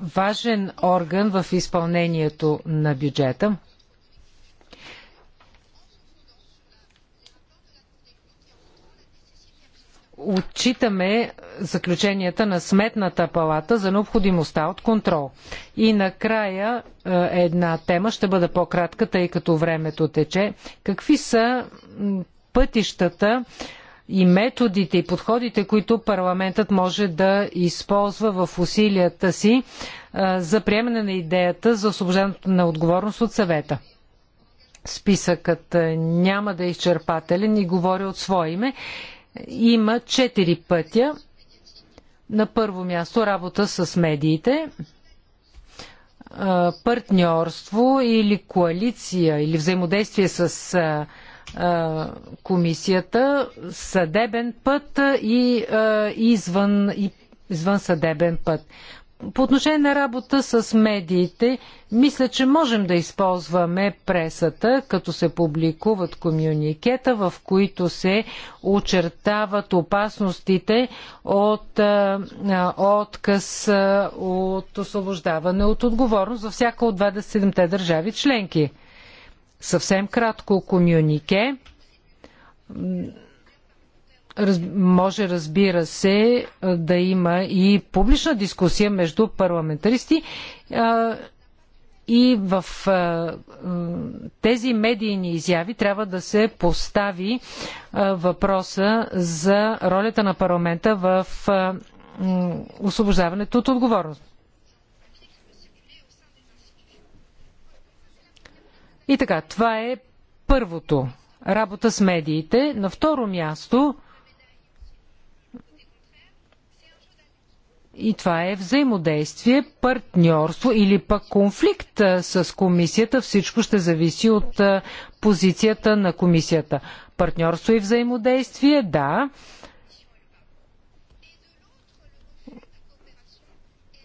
S3: важен орган в изпълнението на бюджета. отчитаме заключенията на Сметната палата за необходимостта от контрол. И накрая е, една тема ще бъда по-кратка, тъй като времето тече. Какви са пътищата и методите и подходите, които парламентът може да използва в усилията си е, за приемане на идеята за освобождането на отговорност от съвета? Списъкът е, няма да е изчерпателен и говори от свое име има четири пътя. На първо място работа с медиите, партньорство или коалиция или взаимодействие с комисията, съдебен път и извън, и извън съдебен път. По отношение на работа с медиите, мисля, че можем да използваме пресата, като се публикуват комюникета, в които се очертават опасностите от отказ от освобождаване от отговорност за всяка от 27-те държави членки. Съвсем кратко комюнике Раз, може, разбира се, да има и публична дискусия между парламентаристи а, и в а, тези медийни изяви трябва да се постави а, въпроса за ролята на парламента в а, освобождаването от отговорност. И така, това е първото. Работа с медиите. На второ място И това е взаимодействие, партньорство или пък конфликт с комисията. Всичко ще зависи от позицията на комисията. Партньорство и взаимодействие, да.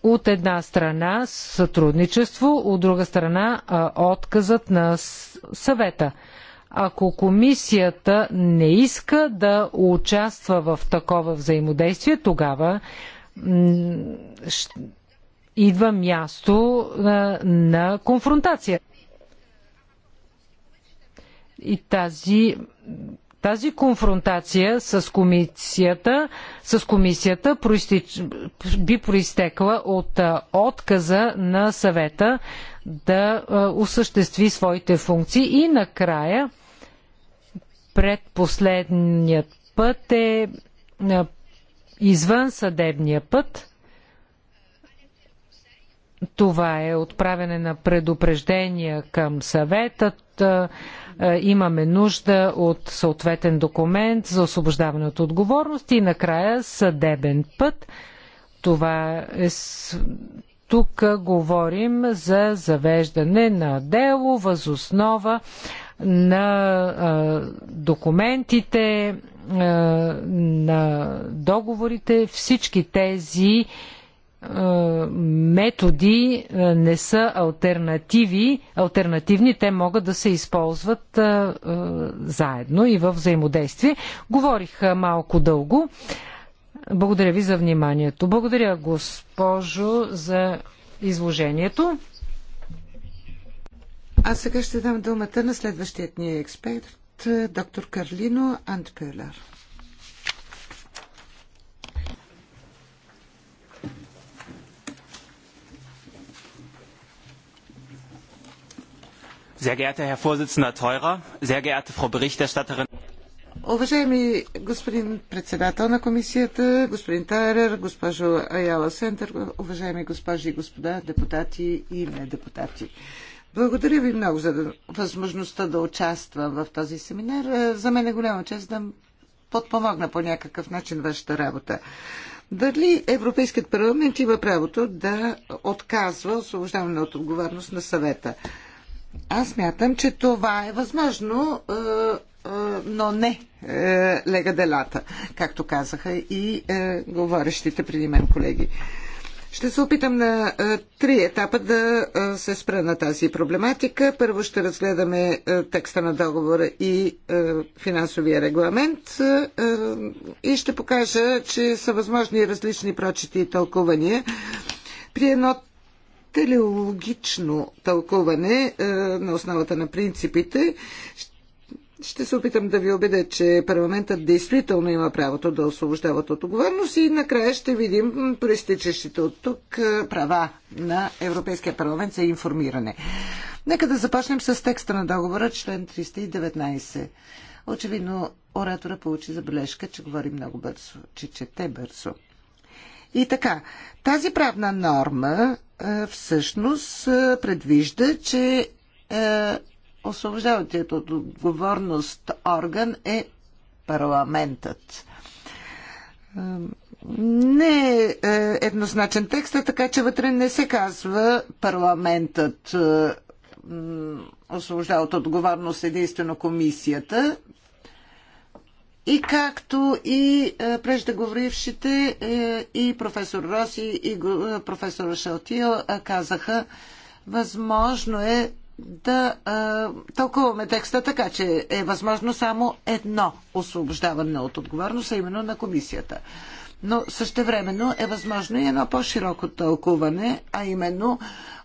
S3: От една страна сътрудничество, от друга страна отказът на съвета ако комисията не иска да участва в такова взаимодействие, тогава идва място на конфронтация. И тази, тази конфронтация с комисията, с комисията проистич, би проистекла от отказа на съвета да осъществи своите функции. И накрая, предпоследният път е извън съдебния път. Това е отправяне на предупреждения към съветът. Имаме нужда от съответен документ за освобождаване от отговорност и накрая съдебен път. Това е тук говорим за завеждане на дело възоснова на документите, на договорите, всички тези методи не са альтернативи, альтернативни, те могат да се използват заедно и в взаимодействие. Говорих малко дълго. Благодаря ви за вниманието. Благодаря, госпожо, за изложението.
S2: А сега ще дам думата на следващият ни експерт, доктор Карлино Антпюлер. Sehr geehrter Herr Vorsitzender Theurer, sehr geehrte Frau Berichterstatterin. Уважаеми господин председател на комисията, господин Тайрер, госпожо Аяла Сентър, уважаеми госпожи и господа депутати и недепутати. Благодаря ви много за възможността да участвам в този семинар. Е, за мен е голяма чест да подпомогна по някакъв начин вашата работа. Дали Европейският парламент има правото да отказва освобождаване от отговорност на съвета? Аз мятам, че това е възможно, е, е, но не лега делата, както казаха и говорещите преди мен колеги. Ще се опитам на три етапа да се спра на тази проблематика. Първо ще разгледаме текста на договора и финансовия регламент и ще покажа, че са възможни различни прочити и тълкувания. При едно телеологично тълкуване на основата на принципите ще ще се опитам да ви убедя, че парламентът действително има правото да освобождават от отговорност и накрая ще видим проистичащите от тук права на Европейския парламент за информиране. Нека да започнем с текста на договора, член 319. Очевидно, оратора получи забележка, че говори много бързо, че чете бързо. И така, тази правна норма всъщност предвижда, че освобождаващият от отговорност орган е парламентът. Не е, е еднозначен текст, така че вътре не се казва парламентът е, освобождава от отговорност единствено комисията. И както и е, преждеговорившите и професор Роси и професор Шалтио казаха, възможно е да а, тълкуваме текста така, че е възможно само едно освобождаване от отговорност, а именно на комисията. Но същевременно е възможно и едно по-широко тълкуване, а именно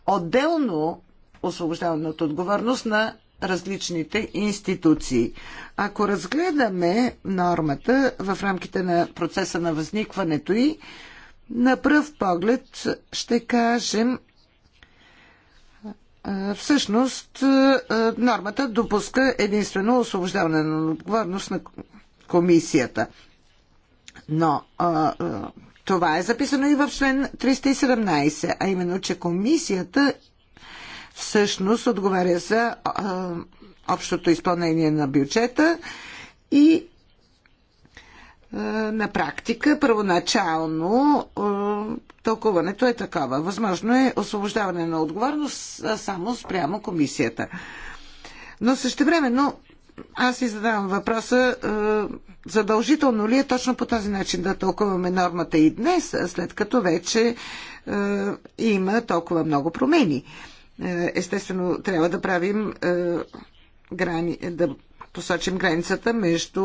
S2: отделно освобождаване от отговорност на различните институции. Ако разгледаме нормата в рамките на процеса на възникването и на пръв поглед ще кажем, Всъщност нормата допуска единствено освобождаване на отговорност на комисията. Но това е записано и в член 317, а именно, че комисията всъщност отговаря за общото изпълнение на бюджета и е, на практика първоначално е, тълкуването е такова. Възможно е освобождаване на отговорност само спрямо комисията. Но същевременно аз си задавам въпроса е, задължително ли е точно по този начин да тълкуваме нормата и днес, след като вече има толкова много промени. Естествено, трябва да правим да посочим границата между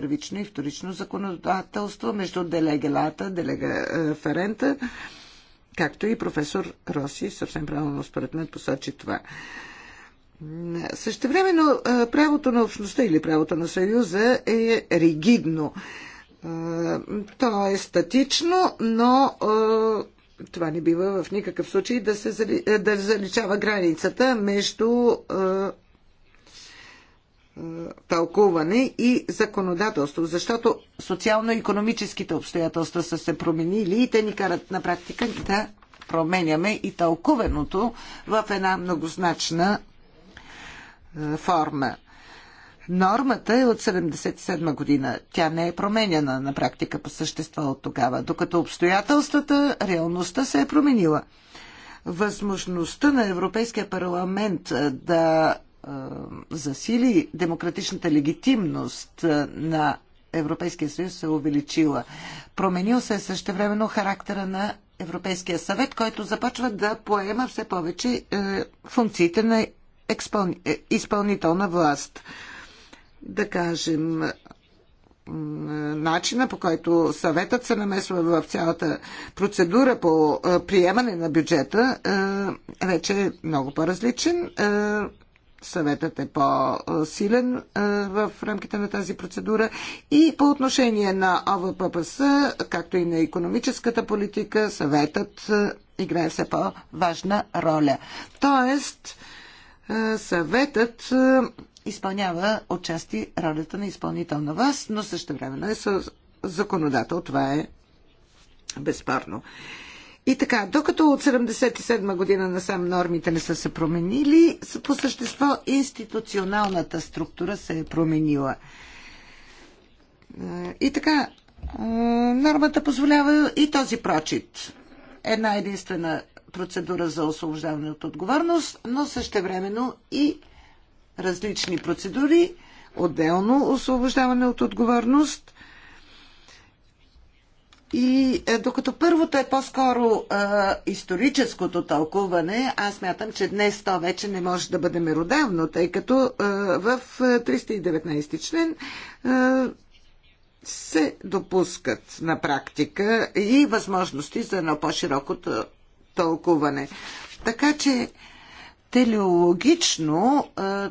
S2: първично и вторично законодателство между делегелата, делега е, както и професор Роси съвсем правилно според мен посочи това. времено е, правото на общността или правото на съюза е ригидно. Е, то е статично, но това не бива в никакъв случай да, се, да заличава границата между тълкуване и законодателство, защото социално-економическите обстоятелства са се променили и те ни карат на практика да променяме и тълкуваното в една многозначна е, форма. Нормата е от 1977 година. Тя не е променена на практика по същество от тогава, докато обстоятелствата, реалността се е променила. Възможността на Европейския парламент е, да засили демократичната легитимност на Европейския съюз се е увеличила. Променил се същевременно характера на Европейския съвет, който започва да поема все повече е, функциите на е, изпълнителна власт. Да кажем, начина по който съветът се намесва в цялата процедура по приемане на бюджета вече е много по-различен съветът е по-силен в рамките на тази процедура. И по отношение на ОВППС, както и на економическата политика, съветът играе все по-важна роля. Тоест, съветът изпълнява отчасти ролята на изпълнителна власт, но също времено е законодател. Това е безспорно. И така, докато от 77 година насам нормите не са се променили, по същество институционалната структура се е променила. Е, и така, е, нормата позволява и този прочит. Една единствена процедура за освобождаване от отговорност, но същевременно и различни процедури, отделно освобождаване от отговорност – и е, докато първото е по-скоро е, историческото тълкуване, аз мятам, че днес то вече не може да бъде меродавно, тъй като а, е, в 319 член а, се допускат на практика и възможности за едно по-широко тълкуване. Така че телеологично а,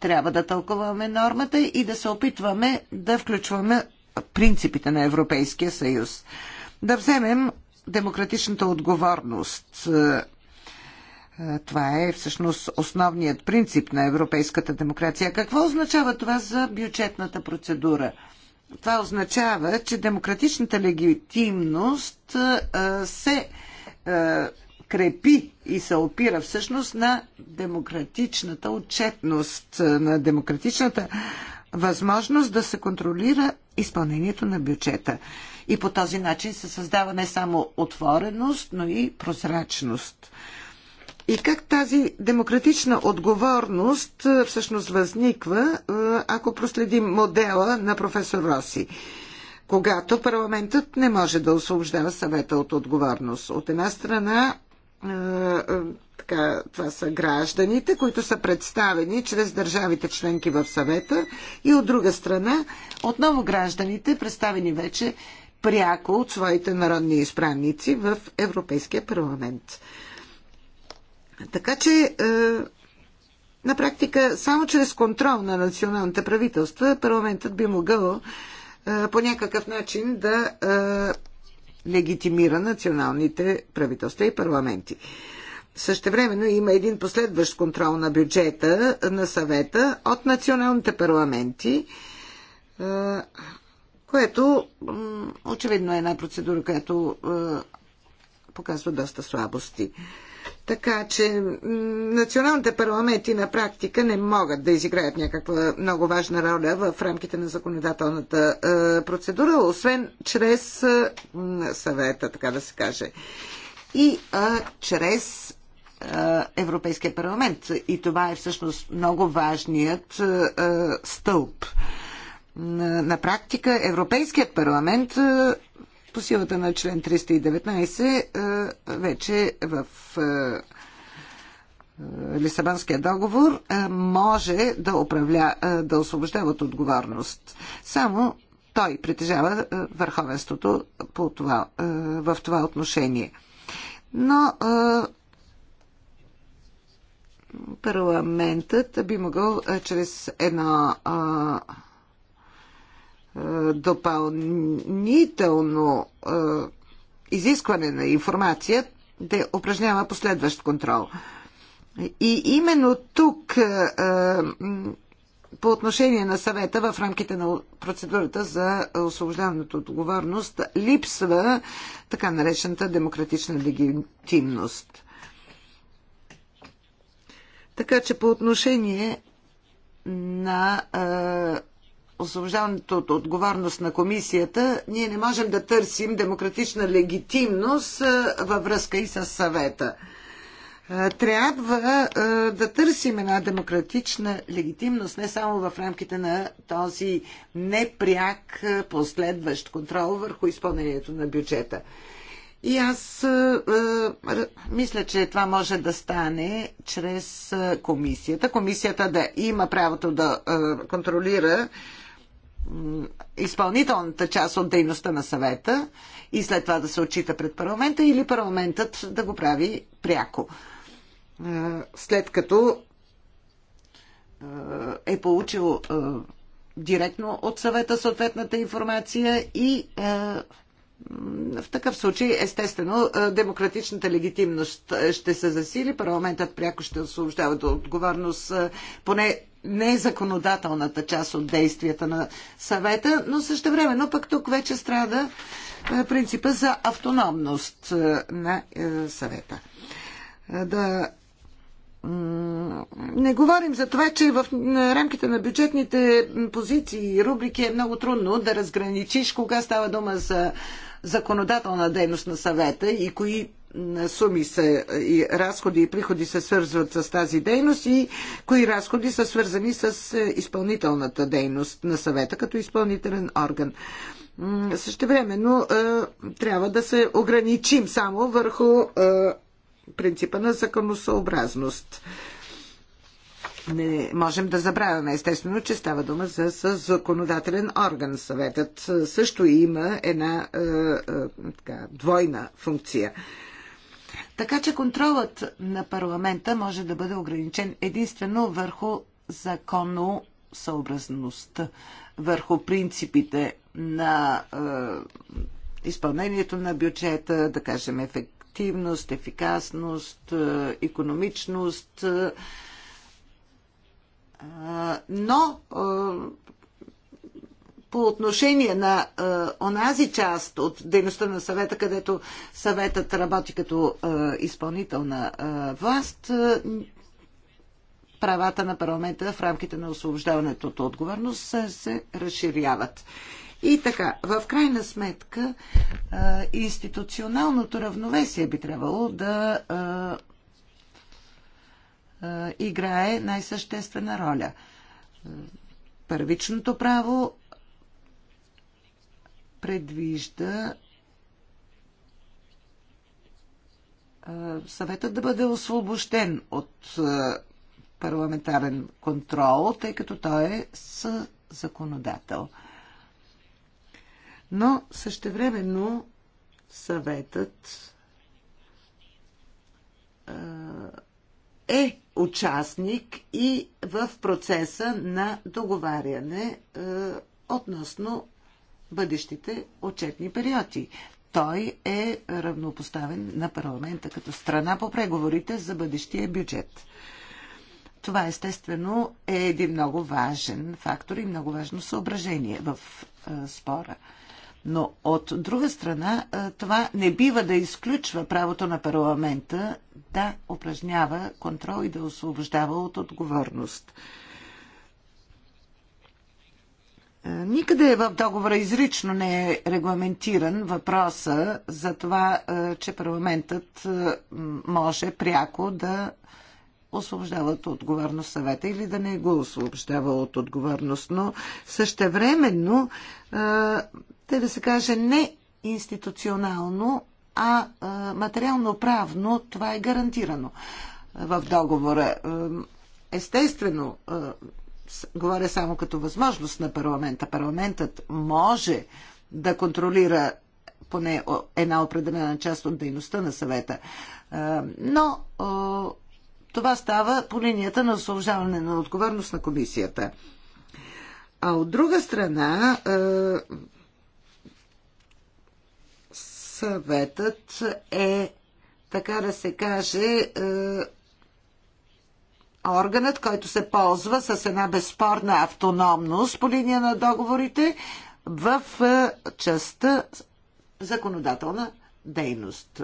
S2: трябва да тълкуваме нормата и да се опитваме да включваме принципите на Европейския съюз. Да вземем демократичната отговорност. Е, е, това е всъщност основният принцип на европейската демокрация. Какво означава това за бюджетната процедура? Това означава, че демократичната легитимност е, се крепи и се опира всъщност на демократичната отчетност, на демократичната възможност да се контролира изпълнението на бюджета. И по този начин се създава не само отвореност, но и прозрачност. И как тази демократична отговорност е, всъщност възниква, е, ако проследим модела на професор Роси? Когато парламентът не може да освобождава съвета от отговорност. От една страна е, така, това са гражданите, които са представени чрез държавите членки в съвета и от друга страна отново гражданите, представени вече пряко от своите народни избранници в Европейския парламент. Така че е, на практика, само чрез контрол на националните правителства, парламентът би могъл е, по някакъв начин да е, легитимира националните правителства и парламенти. Същевременно има един последващ контрол на бюджета на съвета от националните парламенти, е, което очевидно е една процедура, която е, показва доста слабости. Така че националните парламенти на практика не могат да изиграят някаква много важна роля в рамките на законодателната е, процедура, освен чрез съвета, така да се каже. И а, чрез е, Европейския парламент. И това е всъщност много важният е, е, стълб. На практика Европейският парламент по силата на член 319 вече в Лисабонския договор може да, управля, да освобождава от отговорност. Само той притежава върховенството по това, в това отношение. Но парламентът би могъл чрез едно допълнително изискване на информация да упражнява последващ контрол. И именно тук по отношение на съвета в рамките на процедурата за освобождаването от отговорност липсва така наречената демократична легитимност. Така че по отношение на е, освобождаването от отговорност на комисията, ние не можем да търсим демократична легитимност е, във връзка и с съвета. Е, трябва е, да търсим една демократична легитимност не само в рамките на този непряк последващ контрол върху изпълнението на бюджета. И аз а, е, е мисля, че това може да стане чрез е, комисията. Комисията да има правото да а, е, контролира изпълнителната част от дейността на съвета и след това да се отчита пред парламента или парламентът да го прави пряко. Е, след като е, е получил директно от съвета съответната информация и в такъв случай, естествено, е, демократичната легитимност ще се засили, парламентът пряко ще освобождава до отговорност е, поне незаконодателната част от действията на съвета, но също времено пък тук вече страда е, принципа за автономност на съвета. Да не говорим за това, че в рамките на бюджетните позиции и рубрики е много трудно да разграничиш кога става дума за законодателна дейност на съвета и кои суми са и разходи и приходи се свързват с тази дейност и кои разходи са свързани с е, изпълнителната дейност на съвета като изпълнителен орган. Същевременно е, трябва да се ограничим само върху е, принципа на законосъобразност. Не можем да забравяме, естествено, че става дума за, законодателен орган. Съветът също има една е, е, така, двойна функция. Така че контролът на парламента може да бъде ограничен единствено върху законосъобразността, върху принципите на е, изпълнението на бюджета, да кажем, ефект ефективност, ефикасност, економичност. Е, но е, по отношение на е, онази част от дейността на съвета, където съветът работи като изпълнителна власт, правата на парламента в рамките на освобождаването от отговорност се разширяват. И така, в крайна сметка, институционалното равновесие би трябвало да играе най-съществена роля. Първичното право предвижда съветът да бъде освобожден от парламентарен контрол, тъй като той е с законодател но същевременно съветът е, е участник и в процеса на договаряне е, относно бъдещите отчетни периоди. Той е равнопоставен на парламента като страна по преговорите за бъдещия бюджет. Това естествено е един много важен фактор и много важно съображение в е, спора. Но от друга страна, това не бива да изключва правото на парламента да упражнява контрол и да освобождава от отговорност. Никъде в договора изрично не е регламентиран въпроса за това, че парламентът може пряко да освобождава от отговорност съвета или да не го освобождава от отговорност. Но същевременно те да се каже не институционално, а материално-правно това е гарантирано в договора. Естествено, говоря само като възможност на парламента. Парламентът може да контролира поне една определена част от дейността на съвета. Но това става по линията на освобождаване на отговорност на комисията. А от друга страна, съветът е, така да се каже, е, органът, който се ползва с една безспорна автономност по линия на договорите в е, частта законодателна дейност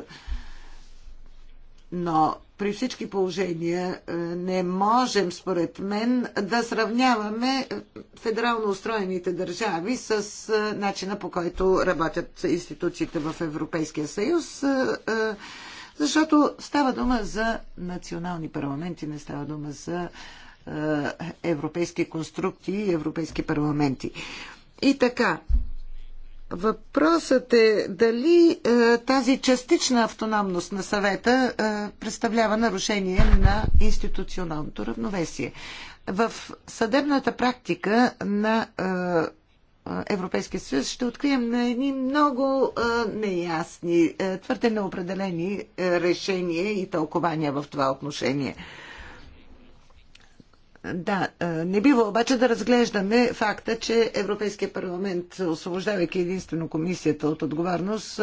S2: но при всички положения е, не можем, според мен, да сравняваме е, федерално устроените държави с е, начина по който работят институциите в Европейския съюз, защото става дума за национални парламенти, не става дума за европейски конструкти и европейски парламенти. И така, Въпросът е дали е, тази частична автономност на съвета е, представлява нарушение на институционалното равновесие. В съдебната практика на е, Европейския съюз ще открием на едни много е, неясни, е, твърде неопределени е, решения и тълкования в това отношение. Да, е, не бива обаче да разглеждаме факта, че Европейския парламент, освобождавайки единствено комисията от отговорност е,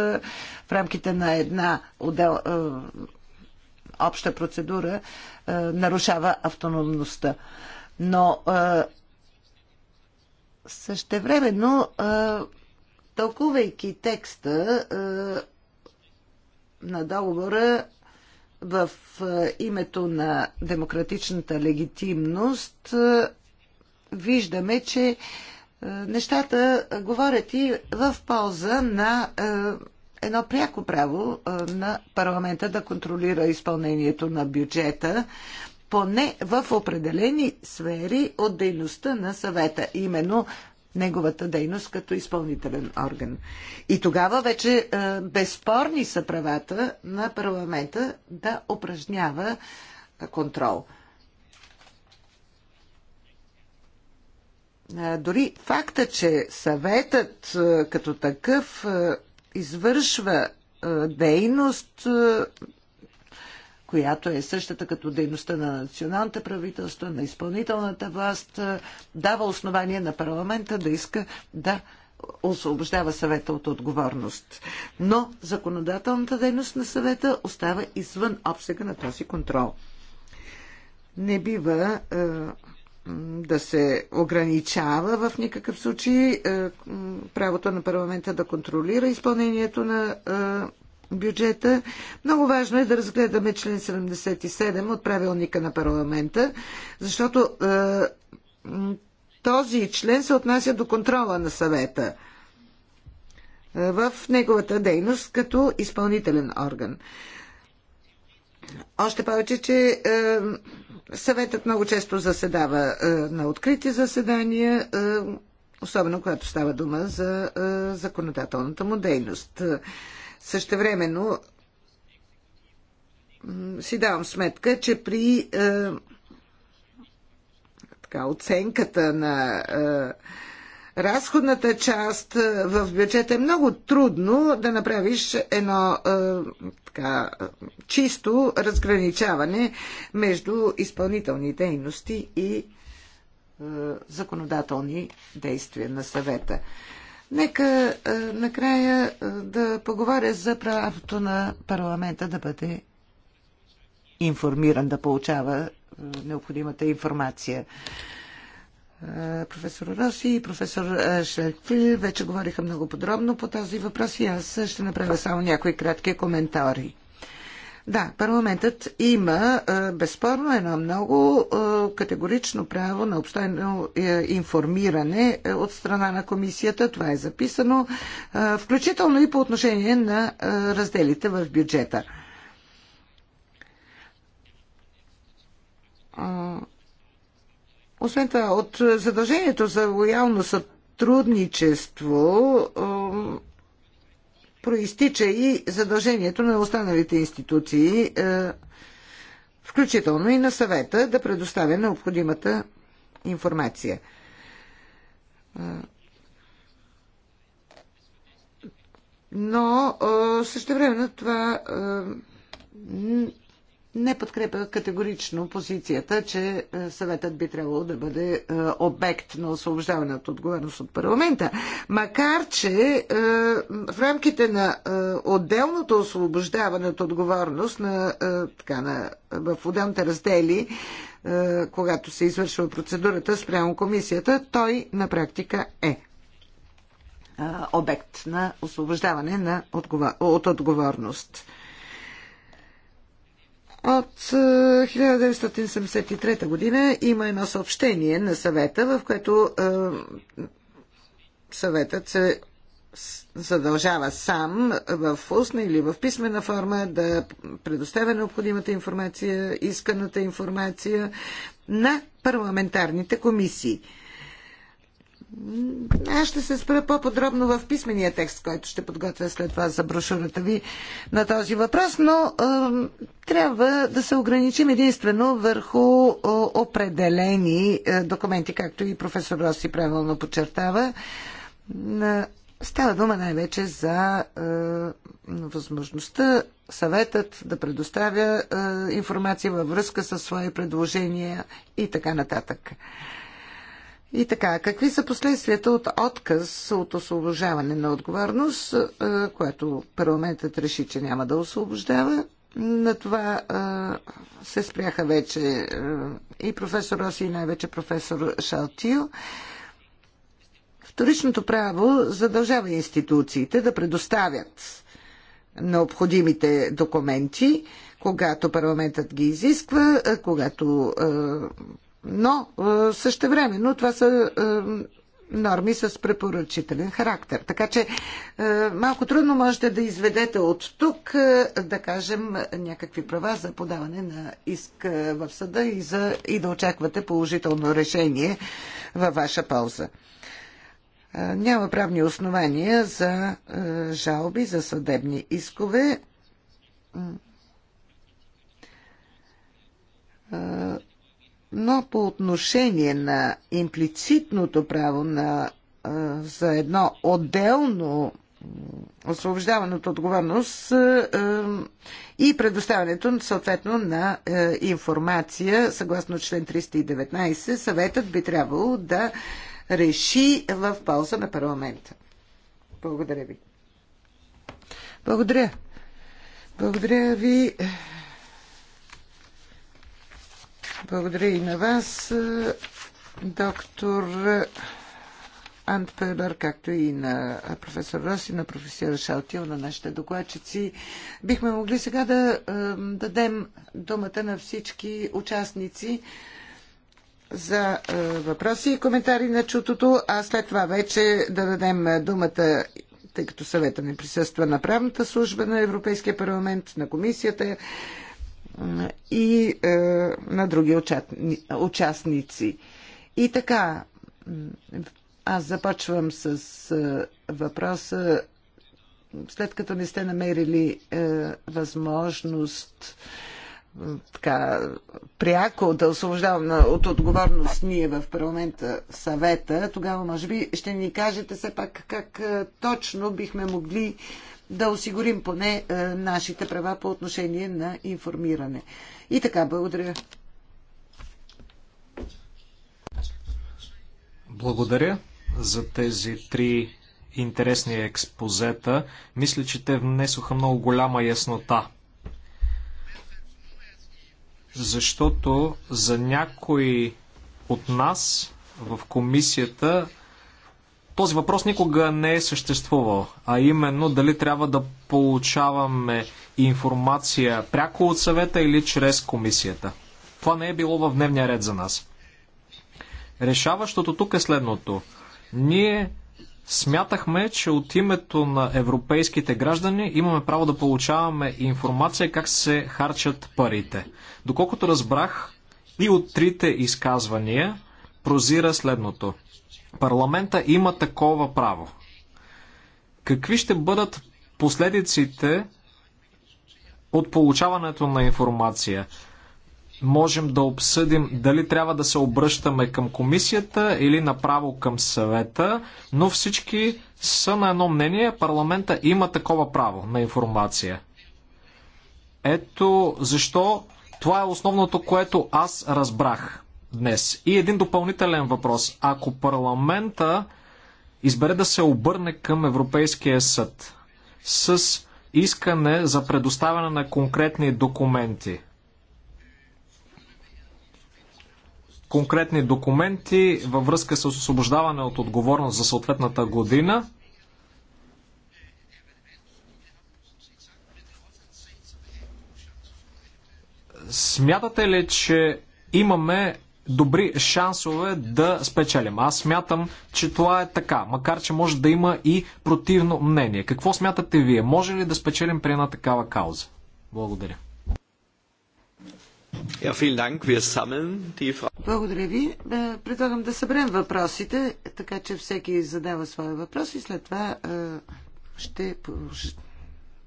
S2: в рамките на една отдел, е, обща процедура, нарушава автономността. Но същевременно, тълкувайки текста на договора, в името на демократичната легитимност виждаме, че нещата говорят и в полза на едно пряко право на парламента да контролира изпълнението на бюджета, поне в определени сфери от дейността на съвета, именно неговата дейност като изпълнителен орган. И тогава вече е, безспорни са правата на парламента да упражнява е, контрол. Е, дори факта, че съветът е, като такъв извършва дейност която е същата като дейността на националните правителства, на изпълнителната власт, е, дава основание на парламента да иска да освобождава съвета от отговорност. Но законодателната дейност на съвета остава извън обсега на този контрол. Не бива е, да се ограничава в никакъв случай е, правото на парламента да контролира изпълнението на бюджета. Много важно е да разгледаме член 77 от правилника на парламента, защото е, този член се отнася до контрола на съвета е, в неговата дейност като изпълнителен орган. Още повече, че е, съветът много често заседава е, на открити заседания. Е, особено когато става дума за е, законодателната му дейност. Същевременно си давам сметка, че при е, така, оценката на е, разходната част е, в бюджета е много трудно да направиш едно е, така, чисто разграничаване между изпълнителни дейности и е, законодателни действия на съвета. Нека а, е, накрая а, е, да поговоря за правото на парламента да бъде информиран, да получава а, е, необходимата информация. А, професор Роси и професор Шлекфил вече говориха много подробно по този въпрос и аз ще направя само някои кратки коментари. Да, парламентът има е, безспорно едно много е, категорично право на обстойно е, информиране от страна на комисията. Това е записано, включително и по отношение на разделите в бюджета. Освен това, от задължението за лоялно сътрудничество проистича и задължението на останалите институции, е, включително и на съвета, да предоставя необходимата информация. Е, но е, също време това не подкрепя категорично позицията, че е, съветът би трябвало да бъде е, обект на освобождаване от отговорност от парламента. Макар, че е, в рамките на отделното освобождаване от отговорност на, така, на, в отделните раздели, когато се извършва процедурата спрямо комисията, той на практика е обект на освобождаване на отговор... от отговорност. От 1973 е, година има едно съобщение на съвета, в което е, съветът се задължава сам в устна или в писмена форма да предоставя необходимата информация, исканата информация на парламентарните комисии. Аз ще се спра по-подробно в писмения текст, който ще подготвя след това за брошурата ви на този въпрос, но е, трябва да се ограничим единствено върху е, определени е, документи, както и професор Роси правилно подчертава. На, е, става дума най-вече за е, възможността съветът да предоставя е, информация във връзка с свои предложения и така нататък. И така, какви са последствията от отказ от освобождаване на отговорност, е, което парламентът реши, че няма да освобождава? На това е, се спряха вече е, и професор Роси, и най-вече професор Шалтио. Вторичното право задължава институциите да предоставят необходимите документи, когато парламентът ги изисква, когато но е, също време, но това са е, норми с препоръчителен характер. Така че е, малко трудно можете да изведете от тук, да кажем, някакви права за подаване на иск в съда и, за, и да очаквате положително решение във ваша полза. Няма правни основания за жалби, за съдебни искове но по отношение на имплицитното право на, за едно отделно освобождаване от отговорност и предоставянето съответно на информация съгласно член 319 съветът би трябвало да реши в полза на парламента. Благодаря ви. Благодаря. Благодаря ви, благодаря и на вас, доктор Ант Пебер, както и на професор Рос и на професор Шалтил, на нашите докладчици. Бихме могли сега да дадем думата на всички участници за е, въпроси и коментари на чутото, а след това вече да дадем думата тъй като съвета не присъства на правната служба на Европейския парламент, на комисията и е, на други участници. И така, аз започвам с е, въпроса, след като не сте намерили е, възможност така, пряко да освобождаваме от отговорност ние в парламента съвета, тогава може би ще ни кажете все пак как точно бихме могли да осигурим поне е, нашите права по отношение на информиране. И така, благодаря.
S1: Благодаря за тези три интересни експозета. Мисля, че те внесоха много голяма яснота. Защото за някои от нас в комисията този въпрос никога не е съществувал, а именно дали трябва да получаваме информация пряко от съвета или чрез комисията. Това не е било в дневния ред за нас. Решаващото тук е следното. Ние смятахме, че от името на европейските граждани имаме право да получаваме информация как се харчат парите. Доколкото разбрах и от трите изказвания, прозира следното – Парламента има такова право. Какви ще бъдат последиците от получаването на информация? Можем да обсъдим дали трябва да се обръщаме към комисията или направо към съвета, но всички са на едно мнение, парламента има такова право на информация. Ето защо това е основното, което аз разбрах днес. И един допълнителен въпрос. Ако парламента избере да се обърне към Европейския съд с искане за предоставяне на конкретни документи, конкретни документи във връзка с освобождаване от отговорност за съответната година, смятате ли, че имаме добри шансове да спечелим. Аз смятам, че това е така, макар че може да има и противно мнение. Какво смятате вие? Може ли да спечелим при една такава кауза? Благодаря.
S2: Благодаря ви. Е, предлагам да съберем въпросите, така че всеки задава своя въпрос и след това е, ще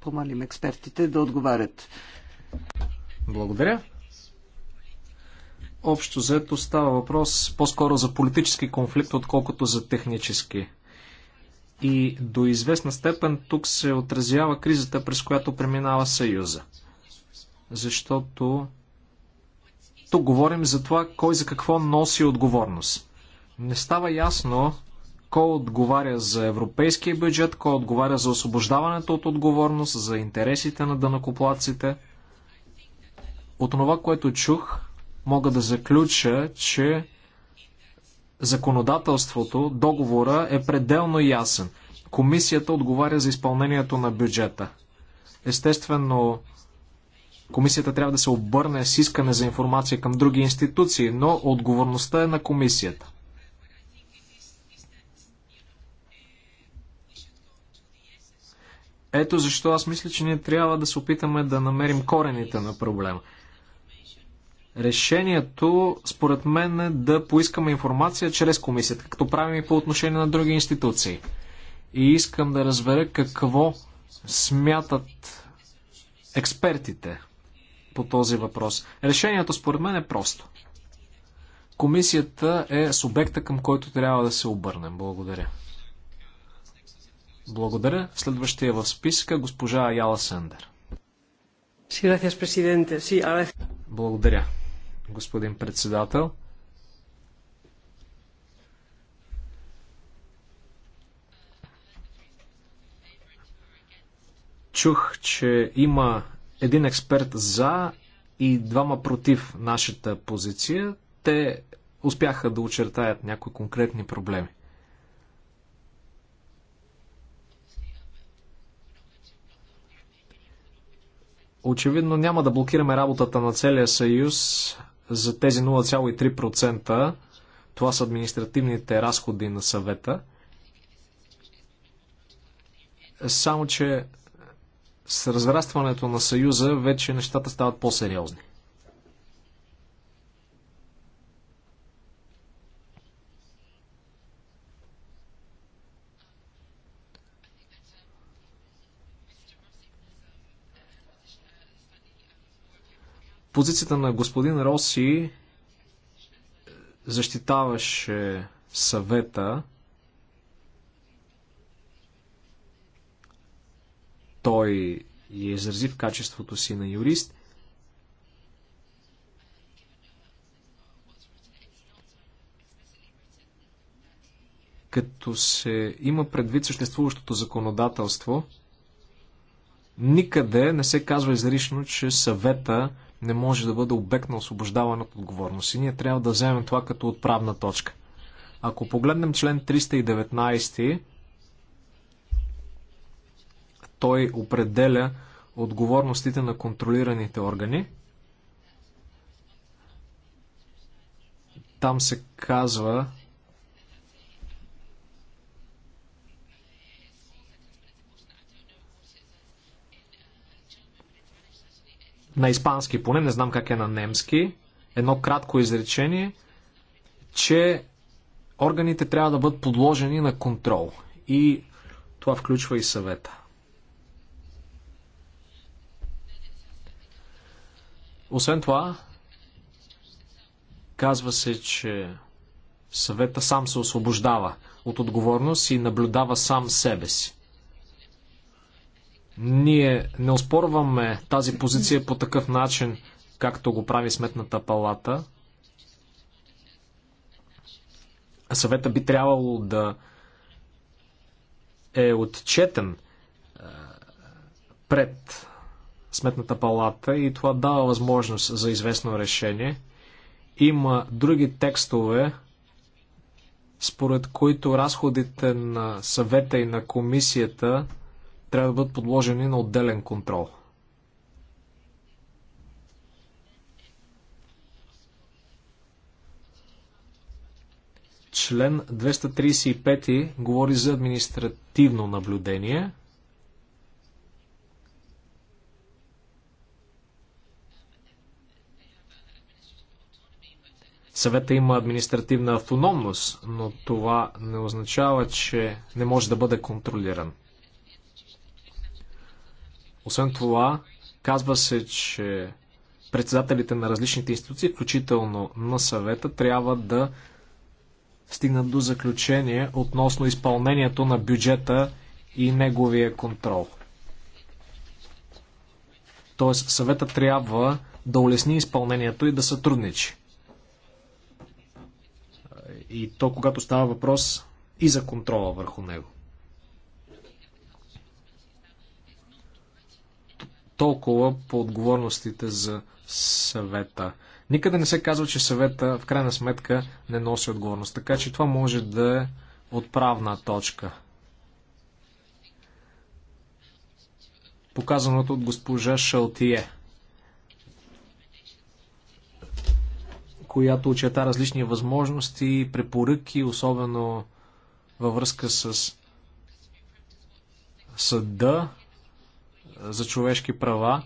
S2: помолим експертите да
S1: отговарят. Благодаря. Общо заето става въпрос по-скоро за политически конфликт, отколкото за технически. И до известна степен тук се отразява кризата, през която преминава Съюза. Защото тук говорим за това кой за какво носи отговорност. Не става ясно кой отговаря за европейския бюджет, кой отговаря за освобождаването от отговорност, за интересите на дънакоплаците. От това, което чух, мога да заключа, че законодателството, договора е пределно ясен. Комисията отговаря за изпълнението на бюджета. Естествено, комисията трябва да се обърне с искане за информация към други институции, но отговорността е на комисията. Ето защо аз мисля, че ние трябва да се опитаме да намерим корените на проблема. Решението, според мен, е да поискаме информация чрез комисията, както правим и по отношение на други институции. И искам да разбера какво смятат експертите по този въпрос. Решението, според мен, е просто. Комисията е субекта, към който трябва да се обърнем. Благодаря. Благодаря. Следващия в списка госпожа Яла Сендер. Благодаря господин председател. Чух, че има един експерт за и двама против нашата позиция. Те успяха да очертаят някои конкретни проблеми. Очевидно няма да блокираме работата на целия съюз, за тези 0,3%. Това са административните разходи на съвета. Само, че с разрастването на Съюза вече нещата стават по-сериозни. Позицията на господин Роси защитаваше съвета. Той я изрази в качеството си на юрист. Като се има предвид съществуващото законодателство, никъде не се казва изрично, че съвета не може да бъде обект на освобождаване от отговорност. И ние трябва да вземем това като отправна точка. Ако погледнем член 319, той определя отговорностите на контролираните органи. Там се казва, на испански поне, не знам как е на немски, едно кратко изречение, че органите трябва да бъдат подложени на контрол. И това включва и съвета. Освен това, казва се, че съвета сам се освобождава от отговорност и наблюдава сам себе си. Ние не оспорваме тази позиция по такъв начин, както го прави Сметната палата. Съвета би трябвало да е отчетен е, пред Сметната палата и това дава възможност за известно решение. Има други текстове, според които разходите на съвета и на комисията трябва да бъдат подложени на отделен контрол. Член 235 говори за административно наблюдение. Съвета има административна автономност, но това не означава, че не може да бъде контролиран. Освен това, казва се, че председателите на различните институции, включително на съвета, трябва да стигнат до заключение относно изпълнението на бюджета и неговия контрол. Тоест, съвета трябва да улесни изпълнението и да сътрудничи. И то, когато става въпрос и за контрола върху него. Толкова по отговорностите за съвета. Никъде не се казва, че съвета в крайна сметка не носи отговорност, така че това може да е отправна точка. Показаното от госпожа Шалтие, която очета различни възможности препоръки, особено във връзка с съда, за човешки права.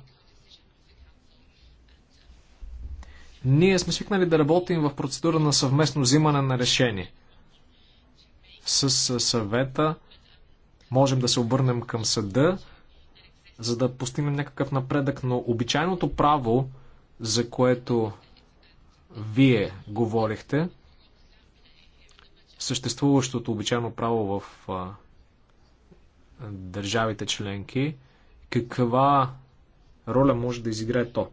S1: Ние сме свикнали да работим в процедура на съвместно взимане на решение. С съвета можем да се обърнем към съда, за да постигнем някакъв напредък, но обичайното право, за което вие говорихте, съществуващото обичайно право в а, държавите членки, каква роля може да изиграе то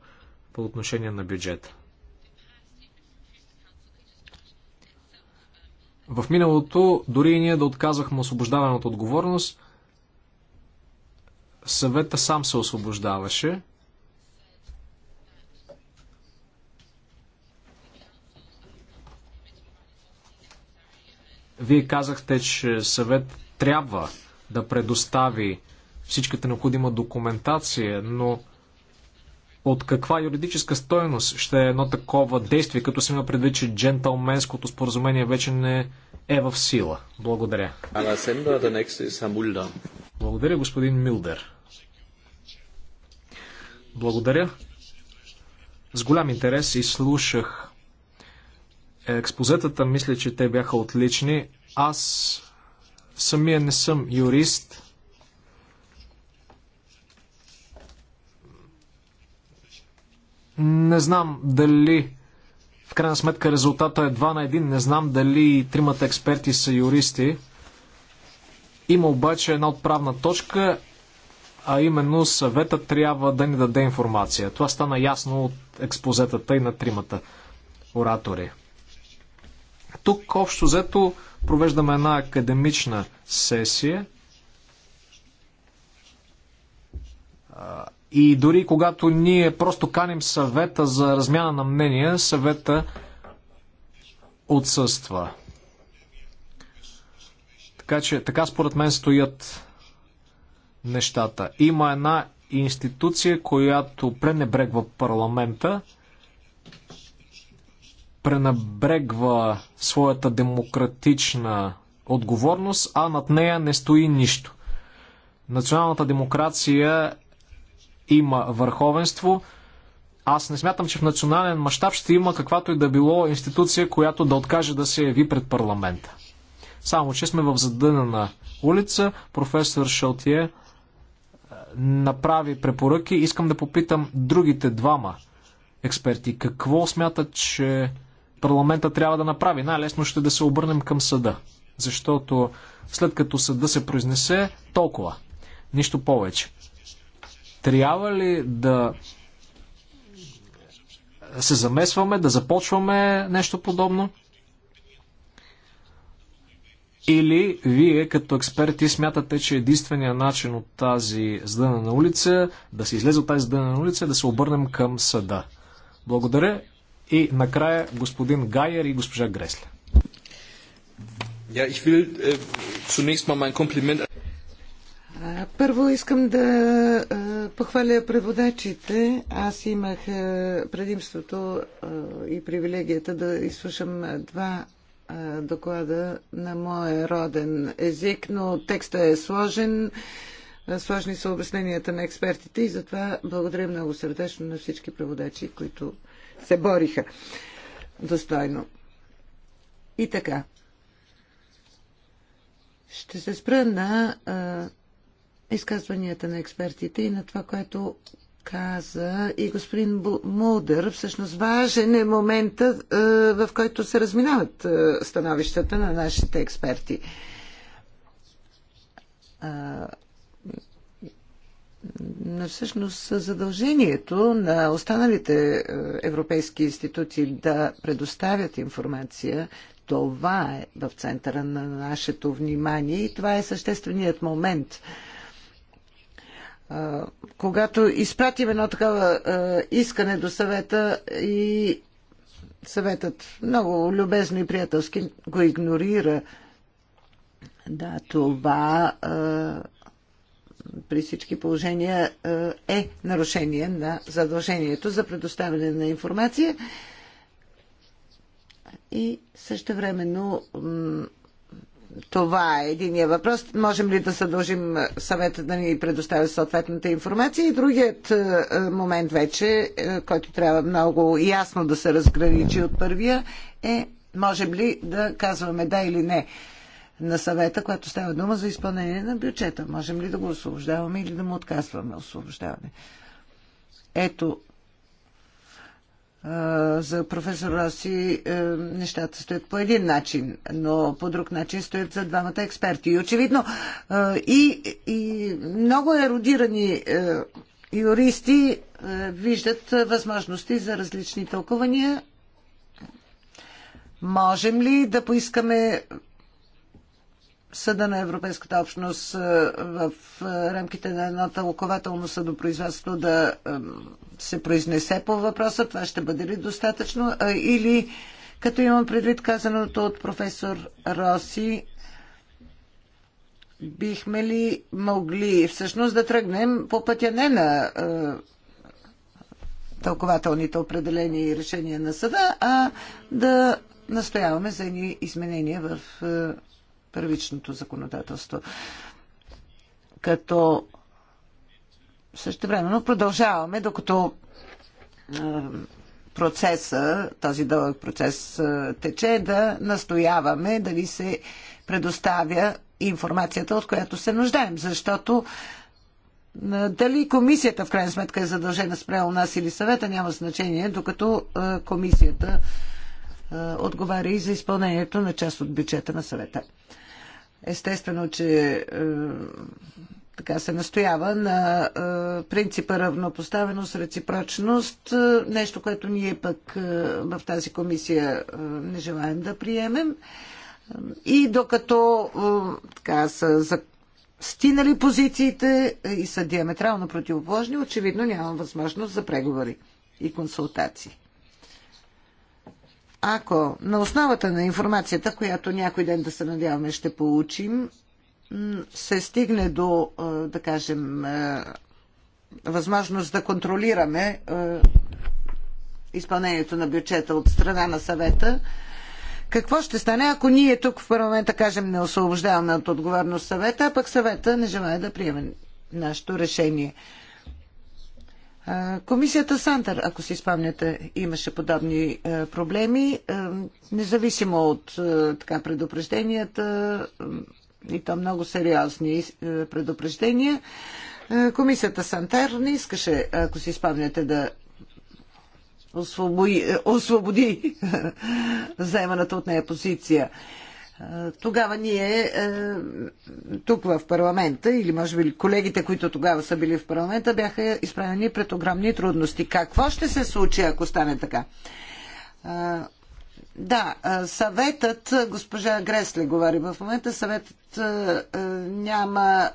S1: по отношение на бюджета. В миналото дори и ние да отказвахме освобождаване от отговорност, съвета сам се освобождаваше. Вие казахте, че съвет трябва да предостави всичката необходима документация, но от каква юридическа стоеност ще е едно такова действие, като се има предвид, че джентълменското споразумение вече не е в сила? Благодаря. Благодаря, господин Милдер. Благодаря. С голям интерес изслушах експозетата. Мисля, че те бяха отлични. Аз самия не съм юрист. Не знам дали в крайна сметка резултата е 2 на 1. Не знам дали тримата експерти са юристи. Има обаче една отправна точка, а именно съвета трябва да ни даде информация. Това стана ясно от експозетата и на тримата оратори. Тук общо взето провеждаме една академична сесия. И дори когато ние просто каним съвета за размяна на мнения, съвета отсъства. Така че, така според мен стоят нещата. Има една институция, която пренебрегва парламента, пренебрегва своята демократична отговорност, а над нея не стои нищо. Националната демокрация има върховенство. Аз не смятам, че в национален мащаб ще има каквато и да било институция, която да откаже да се яви пред парламента. Само, че сме в задънена улица. Професор Шалтие е, направи препоръки. Искам да попитам другите двама експерти. Какво смятат, че парламента трябва да направи? Най-лесно ще да се обърнем към съда. Защото след като съда се произнесе, толкова. Нищо повече. Трябва ли да се замесваме, да започваме нещо подобно? Или вие като експерти смятате, че единствения начин от тази здънена улица, да се излезе от тази здънена улица, е да се обърнем към съда. Благодаря и накрая господин Гайер и госпожа Гресле. Ja, ich will äh, zunächst mal mein Kompliment
S2: е, първо искам да е, похваля преводачите. Аз имах е, предимството и привилегията да изслушам два доклада на моя роден език, но текста е сложен. Сложни са обясненията на експертите и затова благодаря много сърдечно на всички преводачи, които се бориха достойно. И така. Ще се спра на изказванията на експертите и на това, което каза и господин Мулдър. Всъщност важен е момента, е, в който се разминават е, становищата на нашите експерти. Но всъщност задължението на останалите е, европейски институции да предоставят информация, това е в центъра на нашето внимание и това е същественият момент – когато изпратим едно такова искане до съвета и съветът много любезно и приятелски го игнорира, да, това при всички положения е нарушение на задължението за предоставяне на информация и също времено това е единия въпрос. Можем ли да съдължим съвета да ни предоставя съответната информация? И другият е, е, момент вече, е, който трябва много ясно да се разграничи от първия, е можем ли да казваме да или не на съвета, когато става дума за изпълнение на бюджета. Можем ли да го освобождаваме или да му отказваме освобождаване? Ето, за професор Роси е, нещата стоят по един начин, но по друг начин стоят за двамата експерти. И очевидно е, и, и много еродирани е, юристи виждат възможности за различни тълкования. Можем ли да поискаме Съда на Европейската общност е, в е, рамките на едно тълкователно съдопроизводство да е, се произнесе по въпроса. Това ще бъде ли достатъчно? Или, като имам предвид казаното от професор Роси, бихме ли могли всъщност да тръгнем по пътя не на тълкователните определения и решения на съда, а да настояваме за едни изменения в първичното законодателство. Като същевременно продължаваме, докато е, процеса, този дълъг процес е, тече, да настояваме да ви се предоставя информацията, от която се нуждаем. Защото е, дали комисията в крайна сметка е задължена спрямо нас или съвета, няма значение, докато комисията отговаря и за изпълнението на част от бюджета на съвета. Естествено, че е, така се настоява на е, принципа равнопоставеност, реципрочност, е, нещо, което ние пък в тази комисия не желаем да приемем. И докато така са за стинали позициите и са диаметрално противоположни, очевидно нямам възможност за преговори и консултации ако на основата на информацията, която някой ден да се надяваме ще получим, се стигне до, да кажем, възможност да контролираме изпълнението на бюджета от страна на съвета, какво ще стане, ако ние тук в парламента кажем не освобождаваме от отговорност съвета, а пък съвета не желая да приеме нашето решение? Комисията Сантър, ако си спомняте, имаше подобни проблеми, независимо от така, предупрежденията, и то много сериозни предупреждения. Комисията Сантер не искаше, ако си спомняте, да освободи, освободи заеманата от нея позиция. Тогава ние е, тук в парламента, или може би колегите, които тогава са били в парламента, бяха изправени пред огромни трудности. Какво ще се случи, ако стане така? Да, съветът, госпожа Гресле говори в момента, съветът няма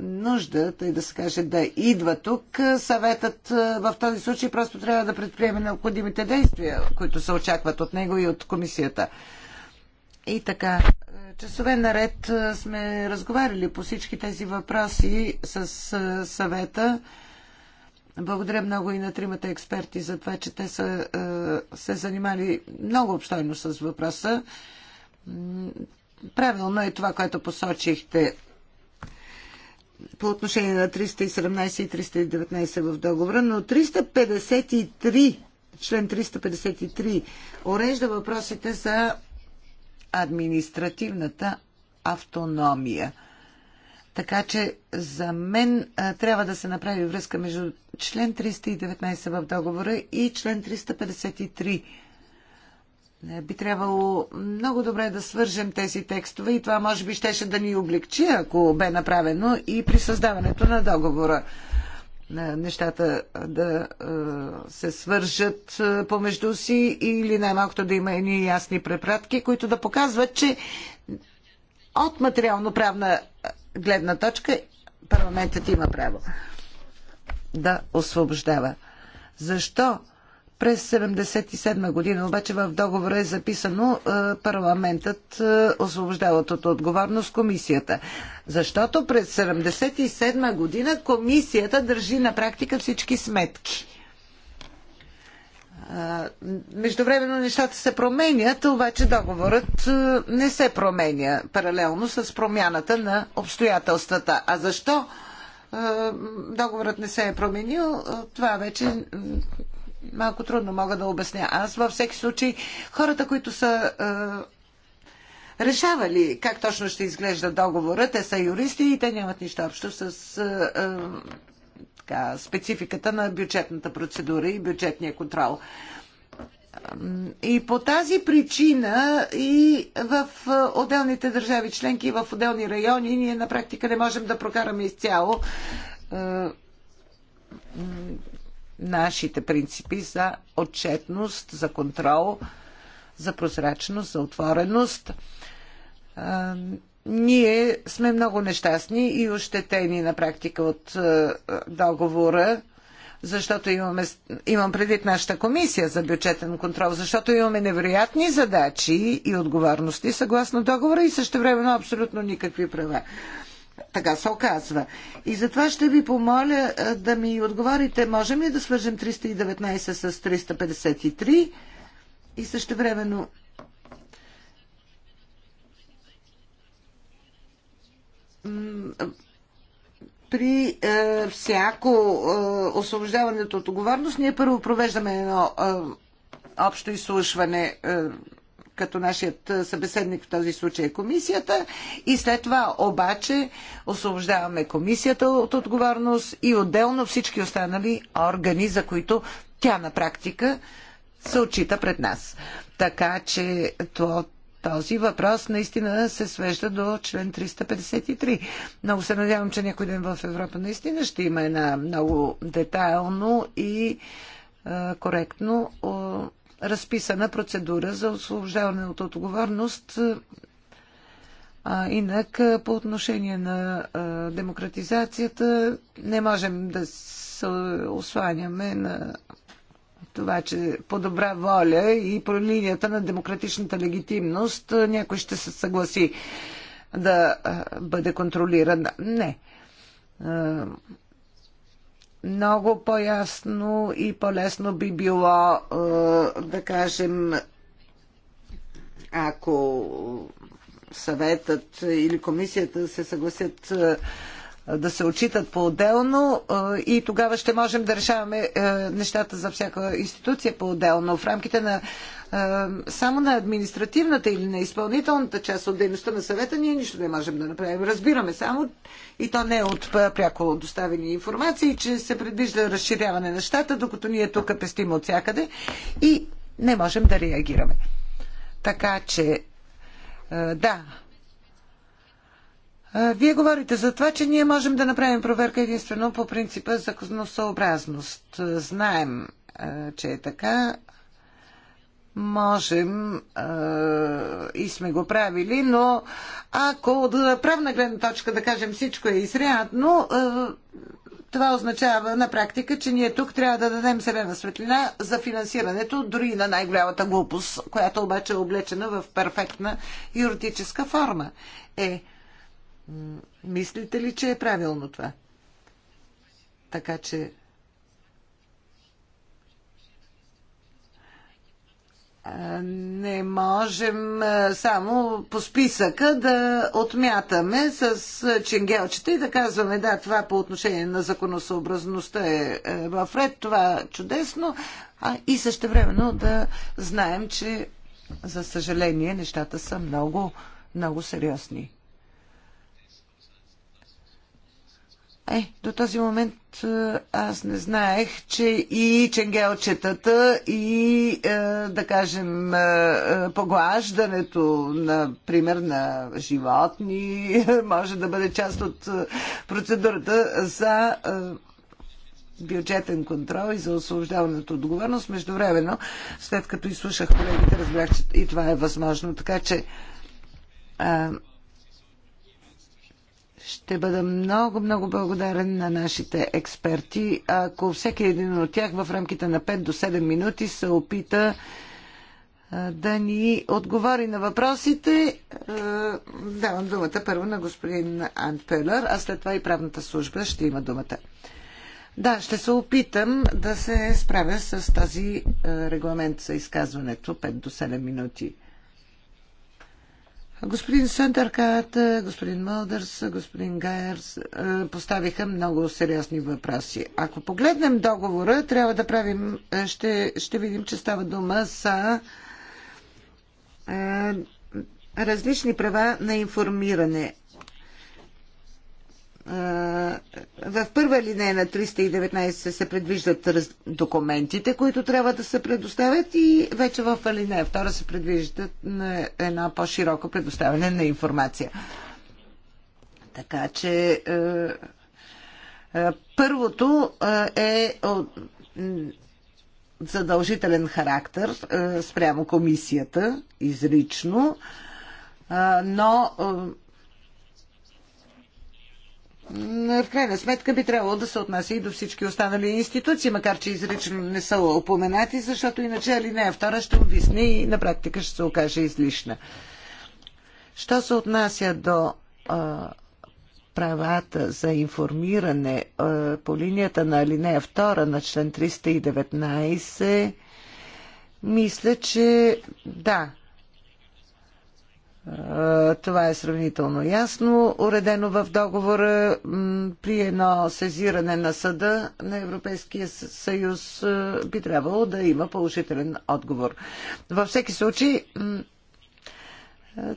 S2: нужда, тъй да се каже, да идва тук. Съветът в този случай просто трябва да предприеме необходимите действия, които се очакват от него и от комисията. И така, часове наред сме разговаряли по всички тези въпроси с съвета. Благодаря много и на тримата експерти за това, че те са се занимали много обстойно с въпроса. Правилно е това, което посочихте по отношение на 317 и 319 в договора, но 353, член 353, урежда въпросите за административната автономия. Така че за мен а, трябва да се направи връзка между член 319 в договора и член 353. Е, би трябвало много добре да свържем тези текстове и това може би щеше да ни облегчи, ако бе направено и при създаването на договора. Е, нещата да е, се свържат е, помежду си или най-малкото да има едни ясни препратки, които да показват, че от материално-правна гледна точка парламентът има право да освобождава. Защо през 1977 година обаче в договора е записано е, парламентът е, освобождава от отговорност комисията. Защото през 1977 година комисията държи на практика всички сметки. Е, междувременно нещата се променят, обаче договорът не се променя паралелно с промяната на обстоятелствата. А защо договорът не се е променил, това вече малко трудно мога да обясня. Аз във всеки случай хората, които са е, решавали как точно ще изглежда договора, те са юристи и те нямат нищо общо с е, е, така, спецификата на бюджетната процедура и бюджетния контрол. И по тази причина и в е, отделните държави членки, и в отделни райони, ние на практика не можем да прокараме изцяло е, нашите принципи за отчетност, за контрол, за прозрачност, за отвореност. Ние сме много нещастни и ощетени на практика от договора, защото имаме, имам предвид нашата комисия за бюджетен контрол, защото имаме невероятни задачи и отговорности съгласно договора и също времено абсолютно никакви права. Така се оказва. И затова ще ви помоля да ми отговорите, можем ли да свържем 319 с 353 и също времено при е, всяко е, освобождаването от отговорност, ние първо провеждаме едно е, общо изслушване е, като нашият събеседник в този случай е комисията. И след това обаче освобождаваме комисията от отговорност и отделно всички останали органи, за които тя на практика се отчита пред нас. Така че то, този въпрос наистина се свежда до член 353. Много се надявам, че някой ден в Европа наистина ще има една много детайлно и е, коректно е, разписана процедура за освобождаване от отговорност. А, инак, по отношение на а, демократизацията, не можем да се осланяме на това, че по добра воля и по линията на демократичната легитимност някой ще се съгласи да бъде контролиран. Не много по-ясно и по-лесно би било, е, да кажем, ако съветът или комисията се съгласят е, да се отчитат по-отделно и тогава ще можем да решаваме нещата за всяка институция по-отделно. В рамките на само на административната или на изпълнителната част от дейността на съвета ние нищо не можем да направим. Разбираме само и то не е от пряко доставени информации, че се предвижда разширяване на щата, докато ние тук пестим от всякъде и не можем да реагираме. Така че, да, вие говорите за това, че ние можем да направим проверка единствено по принципа законосъобразност. Знаем, че е така. Можем и сме го правили, но ако от правна гледна точка, да кажем, всичко е изрядно, това означава на практика, че ние тук трябва да дадем зелена светлина за финансирането дори на най-голямата глупост, която обаче е облечена в перфектна юридическа форма. Е, Мислите ли, че е правилно това? Така че не можем само по списъка да отмятаме с ченгелчета и да казваме да, това по отношение на законосъобразността е, е в ред, това е чудесно, а и също времено да знаем, че за съжаление нещата са много, много сериозни. Е, до този момент е, аз не знаех, че и ченгелчетата, и, е, да кажем, е, е поглаждането, например, на животни, може да бъде част от е, процедурата за е, бюджетен контрол и за освобождаването от отговорност. Междувременно, след като изслушах колегите, разбрах, че и това е възможно. Така че. Е, ще бъда много, много благодарен на нашите експерти, ако всеки един от тях в рамките на 5 до 7 минути се опита да ни отговори на въпросите. Давам думата първо на господин Ант Пелър, а след това и правната служба ще има думата. Да, ще се опитам да се справя с тази регламент за изказването 5 до 7 минути. Господин Сандъркат, господин Мълдърс, господин Гайерс е, поставиха много сериозни въпроси. Ако погледнем договора, трябва да правим, е, ще, ще видим, че става дума за е, различни права на информиране в първа линия на 319 се предвиждат документите, които трябва да се предоставят и вече в алинея втора се предвиждат на една по-широко предоставяне на информация. Така че е, е, първото е, е задължителен характер спрямо комисията изрично, но в крайна сметка би трябвало да се отнася и до всички останали институции, макар че изрично не са упоменати, защото иначе алинея втора ще обясни и на практика ще се окаже излишна. Що се отнася до а, правата за информиране а, по линията на алинея 2 на член 319, мисля, че да, е, това е сравнително ясно, уредено в договора при едно сезиране на съда на Европейския съюз е, би трябвало да има положителен отговор. Във всеки случай е,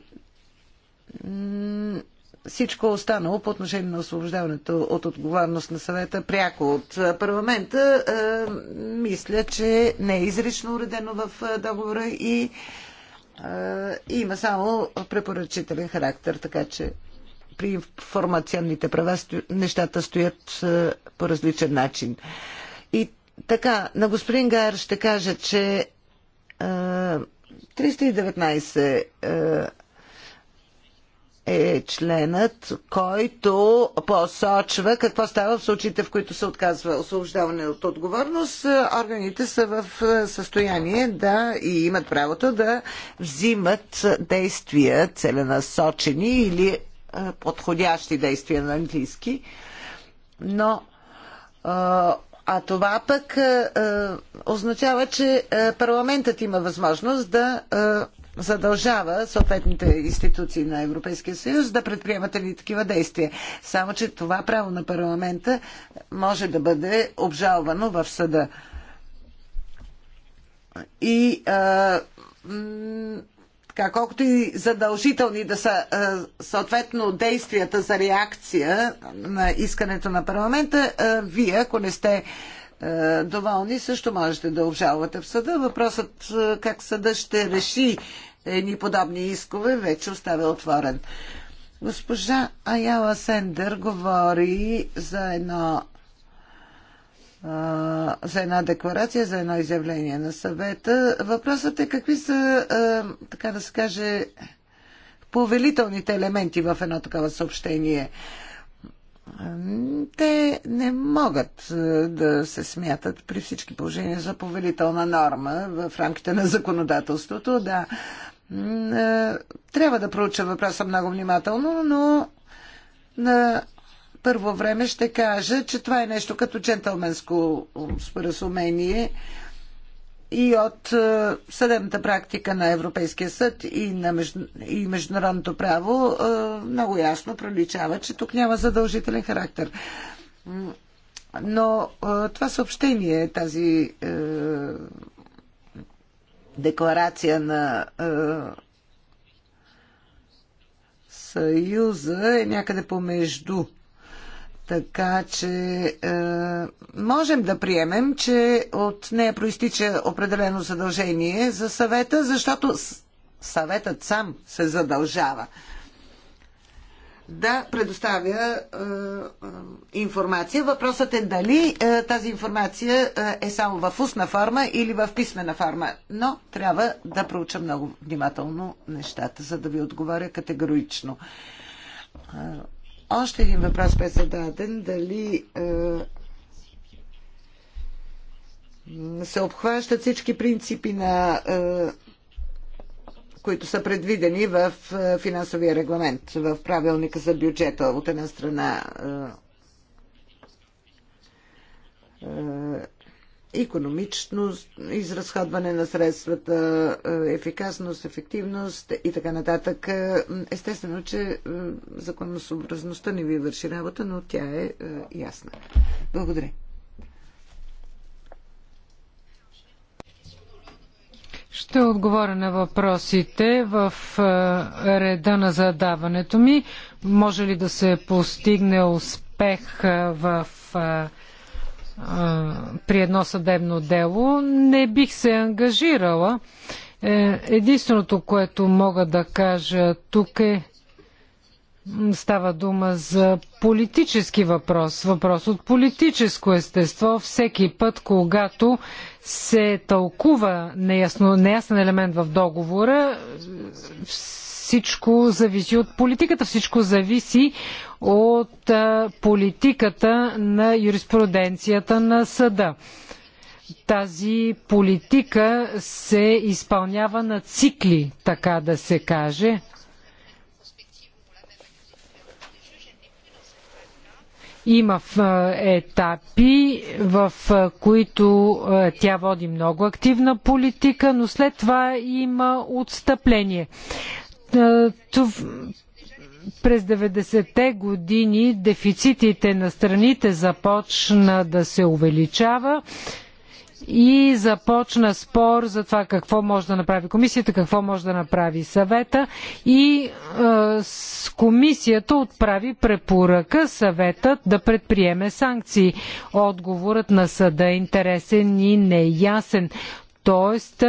S2: всичко останало по отношение на освобождаването от отговорност на съвета пряко от парламента, мисля, че не е изрично уредено в договора и и има само препоръчителен характер, така че при информационните права нещата стоят по различен начин. И така, на господин Гар, ще кажа, че 319 е членът, който посочва какво става в случаите, в които се отказва освобождаване от отговорност. Органите са в състояние да и имат правото да взимат действия целенасочени или е, подходящи действия на английски. Но е, а това пък е, означава, че парламентът има възможност да задължава съответните институции на Европейския съюз да предприемат ли такива действия. Само, че това право на парламента може да бъде обжалвано в съда. И а, така, колкото и задължителни да са съответно действията за реакция на искането на парламента, вие, ако не сте е, доволни, също можете да обжалвате в съда. Въпросът е, как съда ще реши едни подобни искове вече оставя отворен. Госпожа Аяла Сендер говори за едно е, за една декларация, за едно изявление на съвета. Въпросът е какви са, така да се каже, повелителните елементи в едно такова съобщение те не могат е, да се смятат при всички положения за повелителна норма в рамките на законодателството. Да, е, трябва да проуча въпроса много внимателно, но на първо време ще кажа, че това е нещо като джентълменско споразумение и от е, съдебната практика на Европейския съд и на между... и международното право е, много ясно проличава, че тук няма задължителен характер. Но е, това съобщение, тази е, декларация на е, Съюза е някъде помежду така че е, можем да приемем, че от нея проистича определено задължение за съвета, защото съветът сам се задължава да предоставя е, е, информация. Въпросът е дали е, тази информация е, е само в устна форма или в писмена форма. Но трябва да проуча много внимателно нещата, за да ви отговоря категорично. Е, още един въпрос бе зададен. Дали е, се обхващат всички принципи на е, които са предвидени в е, финансовия регламент, в правилника за бюджета от една страна економично изразходване на средствата, е, ефикасност, ефективност и така нататък. Естествено, че е, законосъобразността не ви върши работа, но тя е, е ясна. Благодаря.
S3: Ще отговоря на въпросите в реда на задаването ми. Може ли да се постигне успех в при едно съдебно дело, не бих се ангажирала. Е, единственото, което мога да кажа тук е става дума за политически въпрос, въпрос от политическо естество. Всеки път, когато се тълкува неясно, неясен елемент в договора, всичко зависи от политиката, всичко зависи от политиката на юриспруденцията на съда. Тази политика се изпълнява на цикли, така да се каже. Има етапи, в които тя води много активна политика, но след това има отстъпление. Е, през 90-те години дефицитите на страните започна да се увеличава и започна спор за това какво може да направи комисията, какво може да направи съвета и е, комисията отправи препоръка съветът да предприеме санкции. Отговорът на съда е интересен и неясен. Тоест,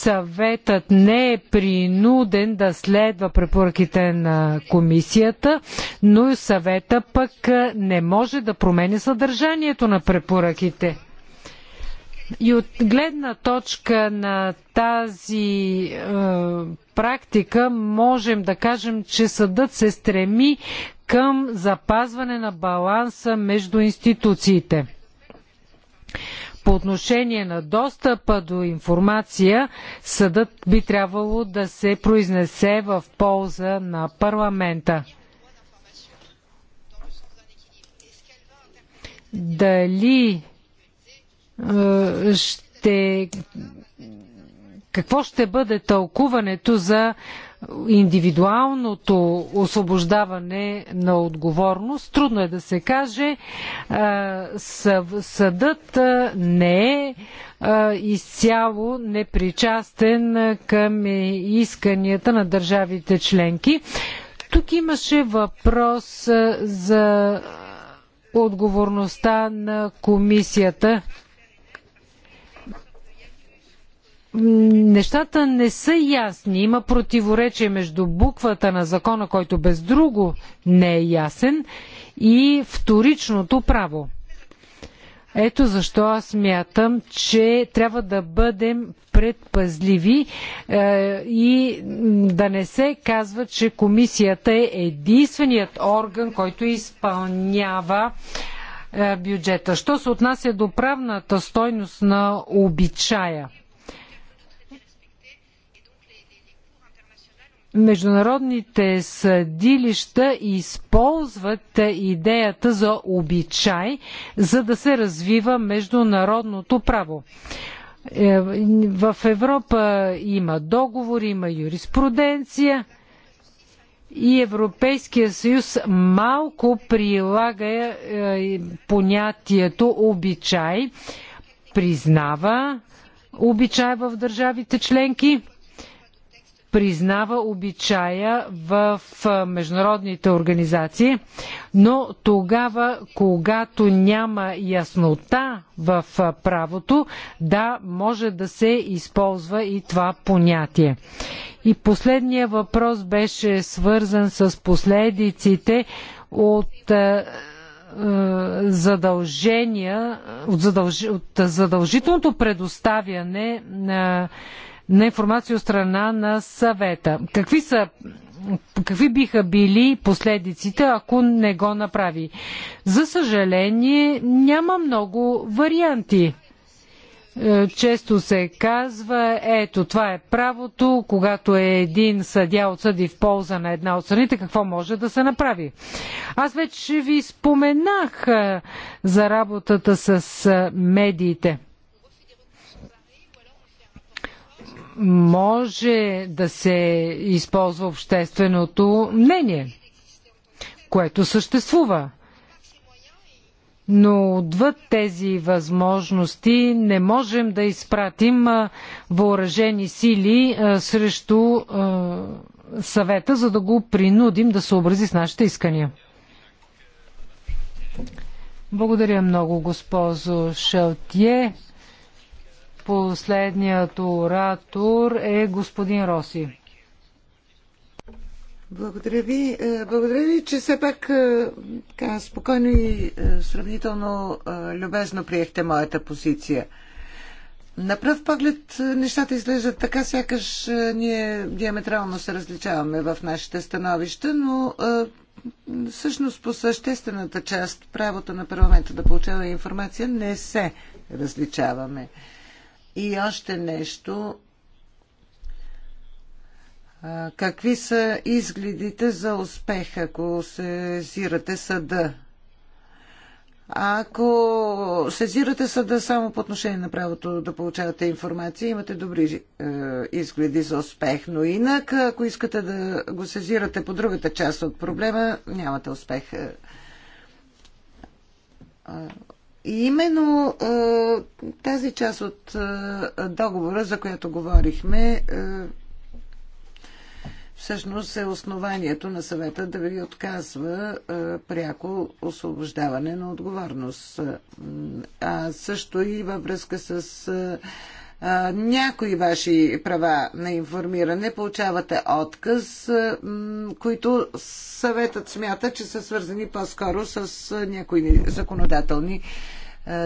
S3: съветът не е принуден да следва препоръките на комисията, но и съвета пък не може да променя съдържанието на препоръките. И от гледна точка на тази е, практика можем да кажем, че съдът се стреми към запазване на баланса между институциите. По отношение на достъпа до информация, съдът би трябвало да се произнесе в полза на парламента. Дали е, ще. Какво ще бъде тълкуването за индивидуалното освобождаване на отговорност, трудно е да се каже, съдът не е изцяло непричастен към исканията на държавите членки. Тук имаше въпрос за отговорността на комисията нещата не са ясни. Има противоречие между буквата на закона, който без друго не е ясен, и вторичното право. Ето защо аз мятам, че трябва да бъдем предпазливи е, и да не се казва, че комисията е единственият орган, който изпълнява е, бюджета. Що се отнася до правната стойност на обичая? международните съдилища използват идеята за обичай, за да се развива международното право. Е, в Европа има договори, има юриспруденция и Европейския съюз малко прилага е, понятието обичай, признава обичай в държавите членки признава обичая в международните организации, но тогава, когато няма яснота в правото, да, може да се използва и това понятие. И последния въпрос беше свързан с последиците от задължения, от, задълж... от задължителното предоставяне на на информация от страна на съвета. Какви са какви биха били последиците, ако не го направи. За съжаление, няма много варианти. Е, често се казва, ето това е правото, когато е един съдя отсъди в полза на една от страните, какво може да се направи. Аз вече ви споменах е, за работата с е, медиите. може да се използва общественото мнение, което съществува. Но отвъд тези възможности не можем да изпратим въоръжени сили срещу съвета, за да го принудим да съобрази с нашите искания. Благодаря много, госпожо Шелтие. Последният оратор е господин Роси.
S2: Благодаря ви. Е, благодаря ви, че все пак е, така, спокойно и е, сравнително любезно приехте моята позиция. На пръв поглед нещата изглеждат така, сякаш ние диаметрално се различаваме в нашите становища, но всъщност по съществената част, правото на парламента да получава информация, не се различаваме. И още нещо. Какви са изгледите за успех, ако сезирате съда? Ако сезирате съда само по отношение на правото да получавате информация, имате добри е, изгледи за успех. Но инак, ако искате да го сезирате по другата част от проблема, нямате успех. Е, и именно е, тази част от е, договора, за която говорихме, е, всъщност е основанието на съвета да ви отказва пряко освобождаване на отговорност. А също и във връзка с някои ваши права на информиране получавате отказ, които съветът смята, че са свързани по-скоро с някои законодателни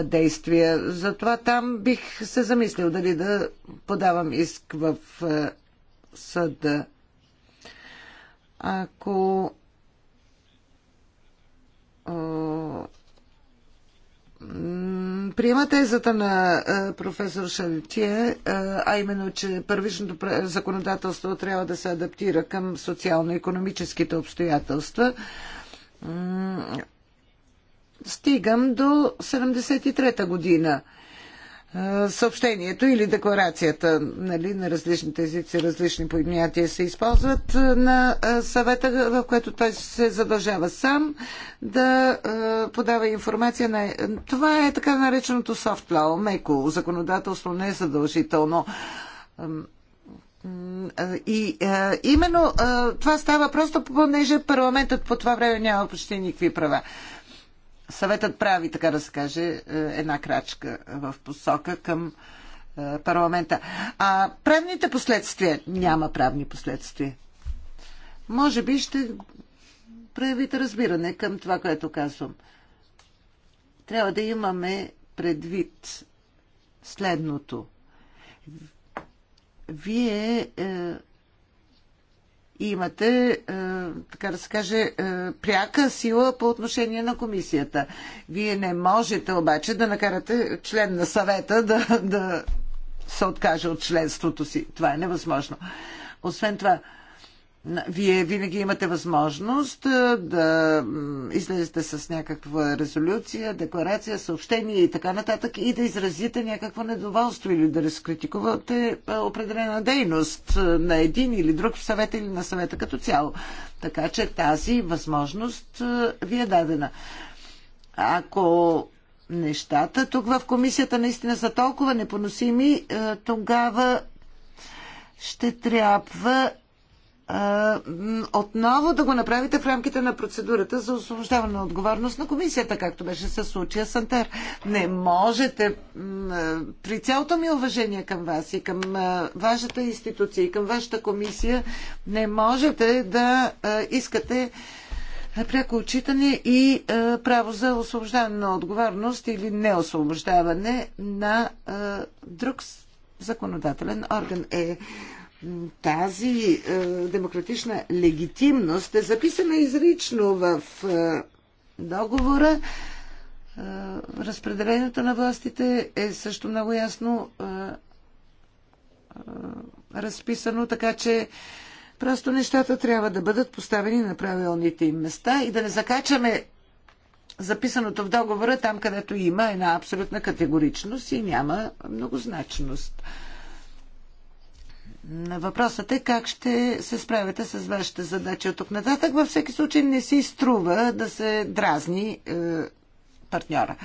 S2: действия. Затова там бих се замислил дали да подавам иск в съда. Ако приема тезата на е, професор Шалитие, е, а именно, че първичното законодателство трябва да се адаптира към социално-економическите обстоятелства. Стигам до 73-та година – съобщението или декларацията нали, на различните езици, различни понятия се използват на съвета, в което той се задължава сам да подава информация. На... Това е така нареченото soft law, меко законодателство, не е задължително. И а, именно а, това става просто, понеже парламентът по това време няма почти никакви права съветът прави, така да се каже, е, една крачка в посока към е, парламента. А правните последствия? Няма правни последствия. Може би ще проявите разбиране към това, което казвам. Трябва да имаме предвид следното. Вие е, имате, е, така да се каже, е, пряка сила по отношение на комисията. Вие не можете обаче да накарате член на съвета да, да се откаже от членството си. Това е невъзможно. Освен това, вие винаги имате възможност да излезете с някаква резолюция, декларация, съобщение и така нататък и да изразите някакво недоволство или да разкритикувате определена дейност на един или друг съвет или на съвета като цяло. Така че тази възможност ви е дадена. Ако нещата тук в комисията наистина са толкова непоносими, тогава ще трябва отново да го направите в рамките на процедурата за освобождаване на отговорност на комисията, както беше със случая Сантер. Не можете, при цялото ми уважение към вас и към вашата институция и към вашата комисия, не можете да искате пряко отчитане и право за освобождаване на отговорност или неосвобождаване на друг законодателен орган. Е, тази е, демократична легитимност е записана изрично в е, договора. Е, разпределението на властите е също много ясно е, е, разписано, така че просто нещата трябва да бъдат поставени на правилните им места и да не закачаме записаното в договора там, където има една абсолютна категоричност и няма многозначност. Въпросът е как ще се справяте с вашите задачи от тук нататък. Във всеки случай не си струва да се дразни е, партньора.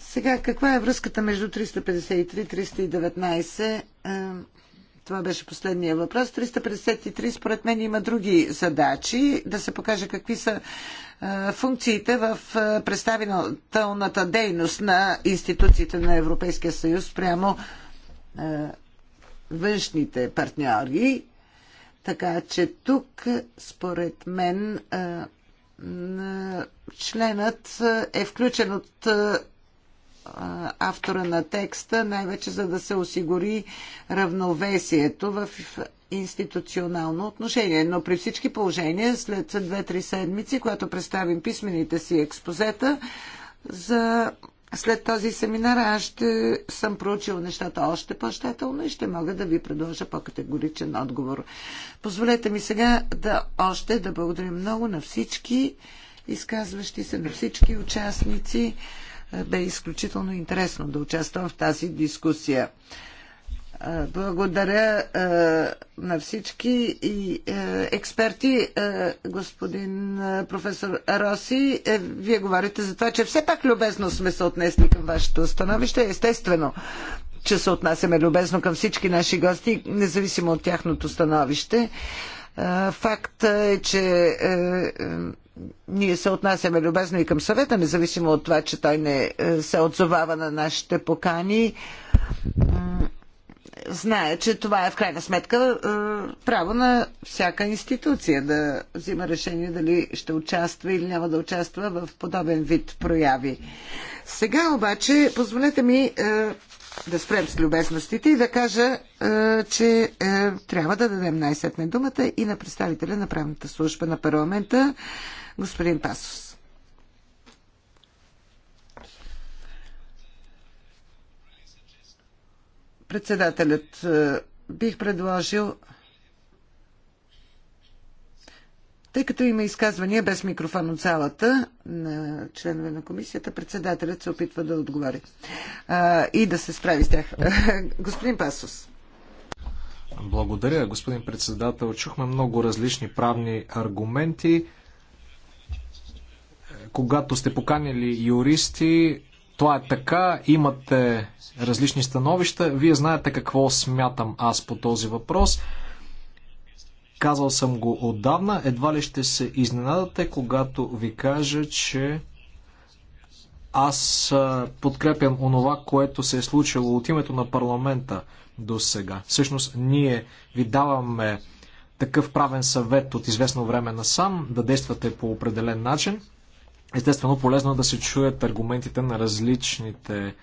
S2: Сега, каква е връзката между 353-319? и Е, това беше последния въпрос. 353 според мен има други задачи. Да се покаже какви са е, функциите в е, представителната дейност на институциите на Европейския съюз прямо е, външните партньори. Така че тук, според мен, членът е включен от автора на текста, най-вече за да се осигури равновесието в институционално отношение. Но при всички положения, след 2-3 седмици, когато представим писмените си експозета за след този семинар аз ще съм проучил нещата още по-щателно и ще мога да ви предложа по-категоричен отговор. Позволете ми сега да още да благодаря много на всички изказващи се, на всички участници. Бе изключително интересно да участвам в тази дискусия. Благодаря на всички и експерти. господин професор Роси, е, вие говорите за това, че все пак любезно сме се отнесли към вашето становище. Естествено, че се отнасяме любезно към всички наши гости, независимо от тяхното становище. Факт е, че е, е, ние се отнасяме любезно и към съвета, независимо от това, че той не се отзовава на нашите покани знае, че това е в крайна сметка е, право на всяка институция да взима решение дали ще участва или няма да участва в подобен вид прояви. Сега обаче, позволете ми е, да спрем с любезностите и да кажа, е, че трябва да дадем най-сетне думата и на представителя на правната служба на парламента, господин Пасос. Председателят е, бих предложил Тъй като има изказвания без микрофон от залата на членове на комисията, председателят се
S1: опитва да отговори а, е, и да се справи с тях. Господин Пасос. Благодаря, господин председател. Чухме много различни правни аргументи. Когато сте поканили юристи, това е така, имате различни становища. Вие знаете какво смятам аз по този въпрос. Казал съм го отдавна. Едва ли ще се изненадате, когато ви кажа, че аз подкрепям онова, което се е случило от името на парламента до сега. Всъщност, ние ви даваме такъв правен съвет от известно време насам да действате по определен начин. Естествено, полезно е да се чуят аргументите на различните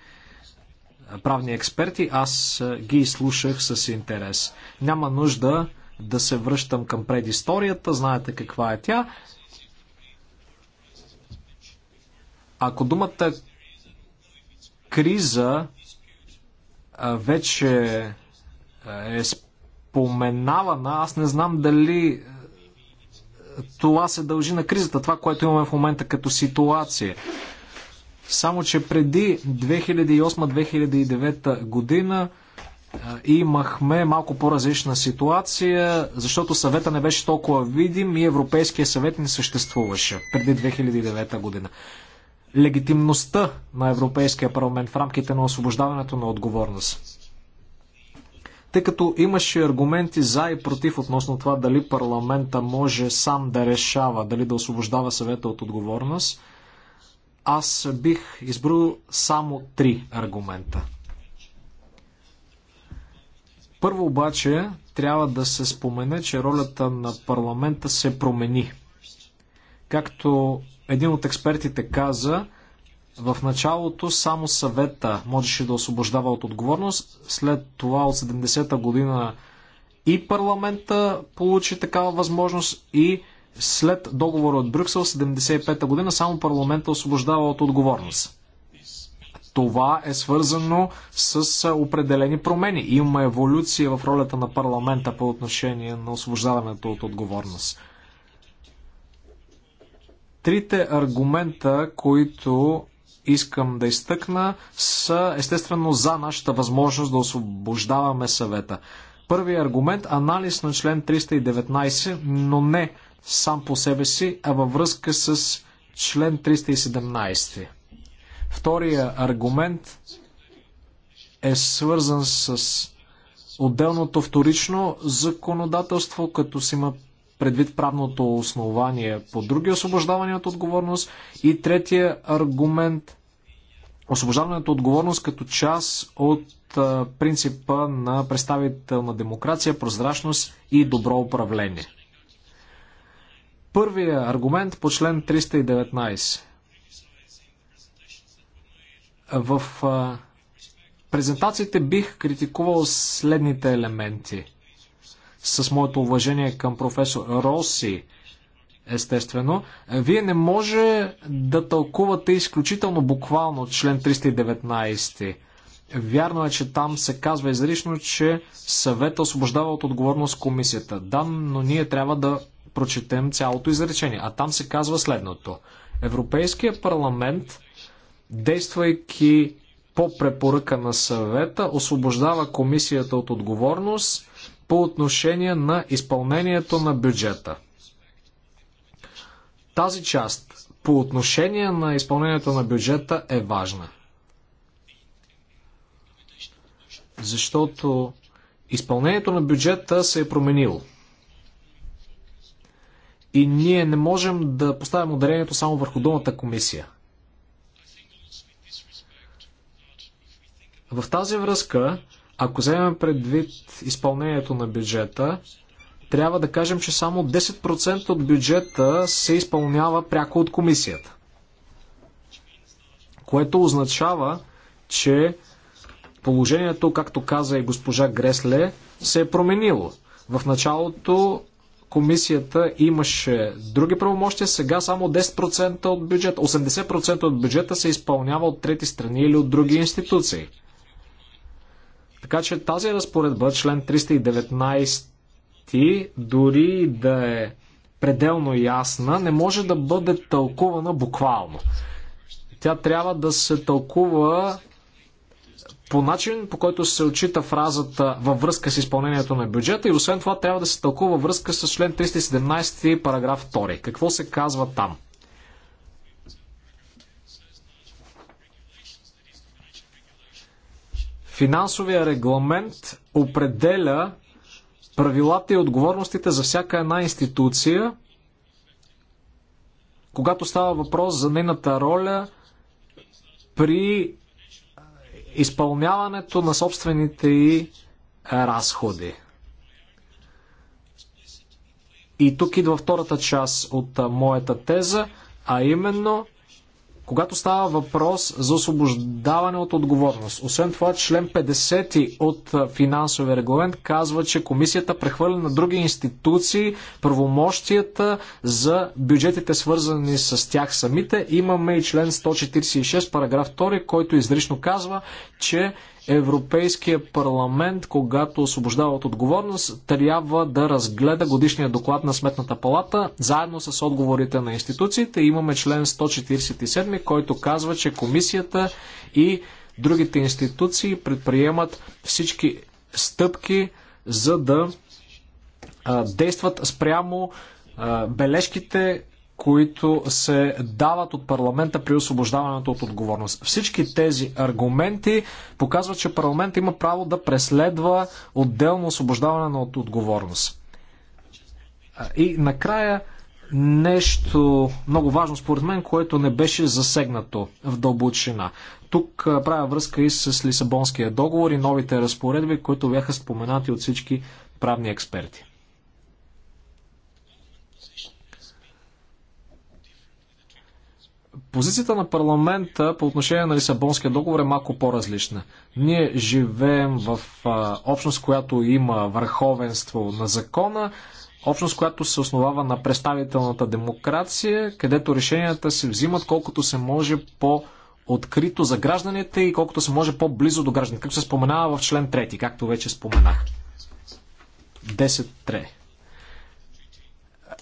S1: правни експерти. Аз ги слушах с интерес. Няма нужда да се връщам към предисторията, знаете каква е тя. Ако думата криза вече е споменавана, аз не знам дали това се дължи на кризата, това, което имаме в момента като ситуация. Само, че преди 2008-2009 година имахме малко по-различна ситуация, защото съвета не беше толкова видим и Европейския съвет не съществуваше преди 2009 година. Легитимността на Европейския парламент в рамките на освобождаването на отговорност тъй като имаше аргументи за и против относно това дали парламента може сам да решава, дали да освобождава съвета от отговорност, аз бих избрал само три аргумента. Първо обаче трябва да се спомене, че ролята на парламента се промени. Както един от експертите каза, в началото само съвета можеше да освобождава от отговорност, след това от 70-та година и парламента получи такава възможност и след договора от Брюксел 75-та година само парламента освобождава от отговорност. Това е свързано с определени промени. Има еволюция в ролята на парламента по отношение на освобождаването от отговорност. Трите аргумента, които искам да изтъкна, са естествено за нашата възможност да освобождаваме съвета. Първият аргумент – анализ на член 319, но не сам по себе си, а във връзка с член 317. Втория аргумент е свързан с отделното вторично законодателство, като си има предвид правното основание по други освобождавания от отговорност. И третия аргумент освобождаването от е отговорност като част от принципа на представителна демокрация, прозрачност и добро управление. Първият аргумент по член 319. В презентациите бих критикувал следните елементи. С моето уважение към професор Роси, естествено. Вие не може да тълкувате изключително буквално член 319. Вярно е, че там се казва изрично, че съвета освобождава от отговорност комисията. Да, но ние трябва да прочетем цялото изречение. А там се казва следното. Европейския парламент, действайки по препоръка на съвета, освобождава комисията от отговорност по отношение на изпълнението на бюджета. Тази част по отношение на изпълнението на бюджета е важна. Защото изпълнението на бюджета се е променило. И ние не можем да поставим ударението само върху думата комисия. В тази връзка, ако вземем предвид изпълнението на бюджета, трябва да кажем, че само 10% от бюджета се изпълнява пряко от комисията. Което означава, че положението, както каза и госпожа Гресле, се е променило. В началото комисията имаше други правомощия, сега само 10% от бюджета, 80% от бюджета се изпълнява от трети страни или от други институции. Така че тази разпоредба, член 319 проекти, дори да е пределно ясна, не може да бъде тълкувана буквално. Тя трябва да се тълкува по начин, по който се отчита фразата във връзка с изпълнението на бюджета и освен това трябва да се тълкува във връзка с член 317 параграф 2. Какво се казва там? Финансовия регламент определя правилата и отговорностите за всяка една институция, когато става въпрос за нейната роля при изпълняването на собствените и разходи. И тук идва втората част от моята теза, а именно – когато става въпрос за освобождаване от отговорност. Освен това, член 50 от финансовия регламент казва, че комисията прехвърля на други институции правомощията за бюджетите свързани с тях самите. Имаме и член 146, параграф 2, който изрично казва, че Европейския парламент, когато освобождава от отговорност, трябва да разгледа годишния доклад на Сметната палата, заедно с отговорите на институциите. Имаме член 147, който казва, че комисията и другите институции предприемат всички стъпки, за да действат спрямо бележките, които се дават от парламента при освобождаването от отговорност. Всички тези аргументи показват, че парламент има право да преследва отделно освобождаване от отговорност. И накрая нещо много важно според мен, което не беше засегнато в дълбочина. Тук правя връзка и с Лисабонския договор и новите разпоредби, които бяха споменати от всички правни експерти. Позицията на парламента по отношение на Лисабонския договор е малко по-различна. Ние живеем в а, общност, която има върховенство на закона, общност, която се основава на представителната демокрация, където решенията се взимат колкото се може по- открито за гражданите и колкото се може по-близо до гражданите, както се споменава в член 3, както вече споменах. 10.3.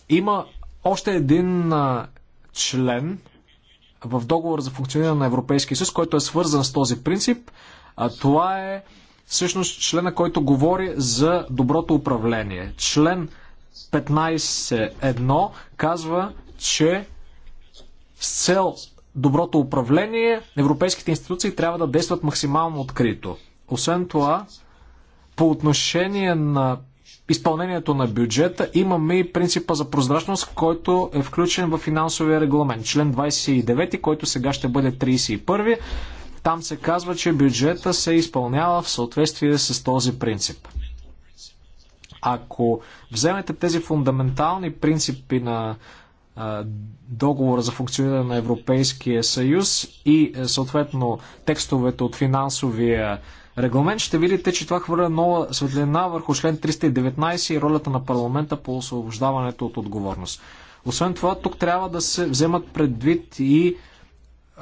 S1: Има още един член в договор за функциониране на Европейския съюз, който е свързан с този принцип. А това е всъщност члена, който говори за доброто управление. Член 15.1 казва, че с цел доброто управление европейските институции трябва да действат максимално открито. Освен това, по отношение на изпълнението на бюджета имаме и принципа за прозрачност, който е включен в финансовия регламент, член 29, който сега ще бъде 31. Там се казва, че бюджета се изпълнява в съответствие с този принцип. Ако вземете тези фундаментални принципи на договора за функциониране на Европейския съюз и е, съответно текстовете от финансовия регламент, ще видите, че това хвърля нова светлина върху член 319 и ролята на парламента по освобождаването от отговорност. Освен това, тук трябва да се вземат предвид и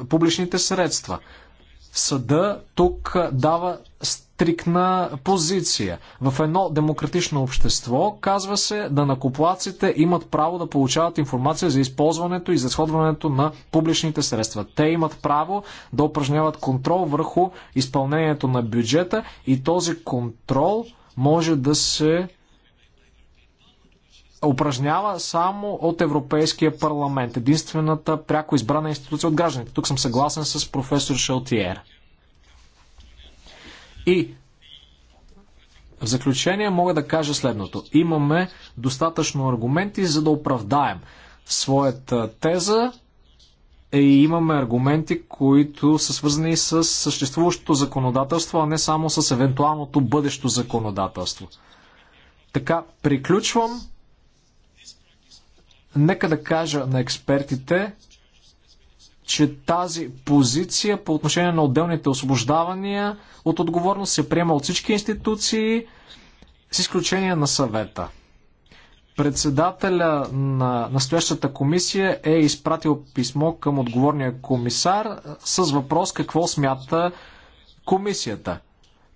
S1: публичните средства. Съда тук дава стрикна позиция. В едно демократично общество казва се да накоплаците имат право да получават информация за използването и изразходването на публичните средства. Те имат право да упражняват контрол върху изпълнението на бюджета и този контрол може да се упражнява само от Европейския парламент. Единствената пряко избрана институция от гражданите. Тук съм съгласен с професор Шалтиер. И в заключение мога да кажа следното. Имаме достатъчно аргументи, за да оправдаем своята теза е, и имаме аргументи, които са свързани с съществуващото законодателство, а не само с евентуалното бъдещо законодателство. Така, приключвам. Нека да кажа на експертите, че тази позиция по отношение на отделните освобождавания от отговорност се приема от всички институции, с изключение на съвета. Председателя на настоящата комисия е изпратил писмо към отговорния комисар с въпрос какво смята комисията.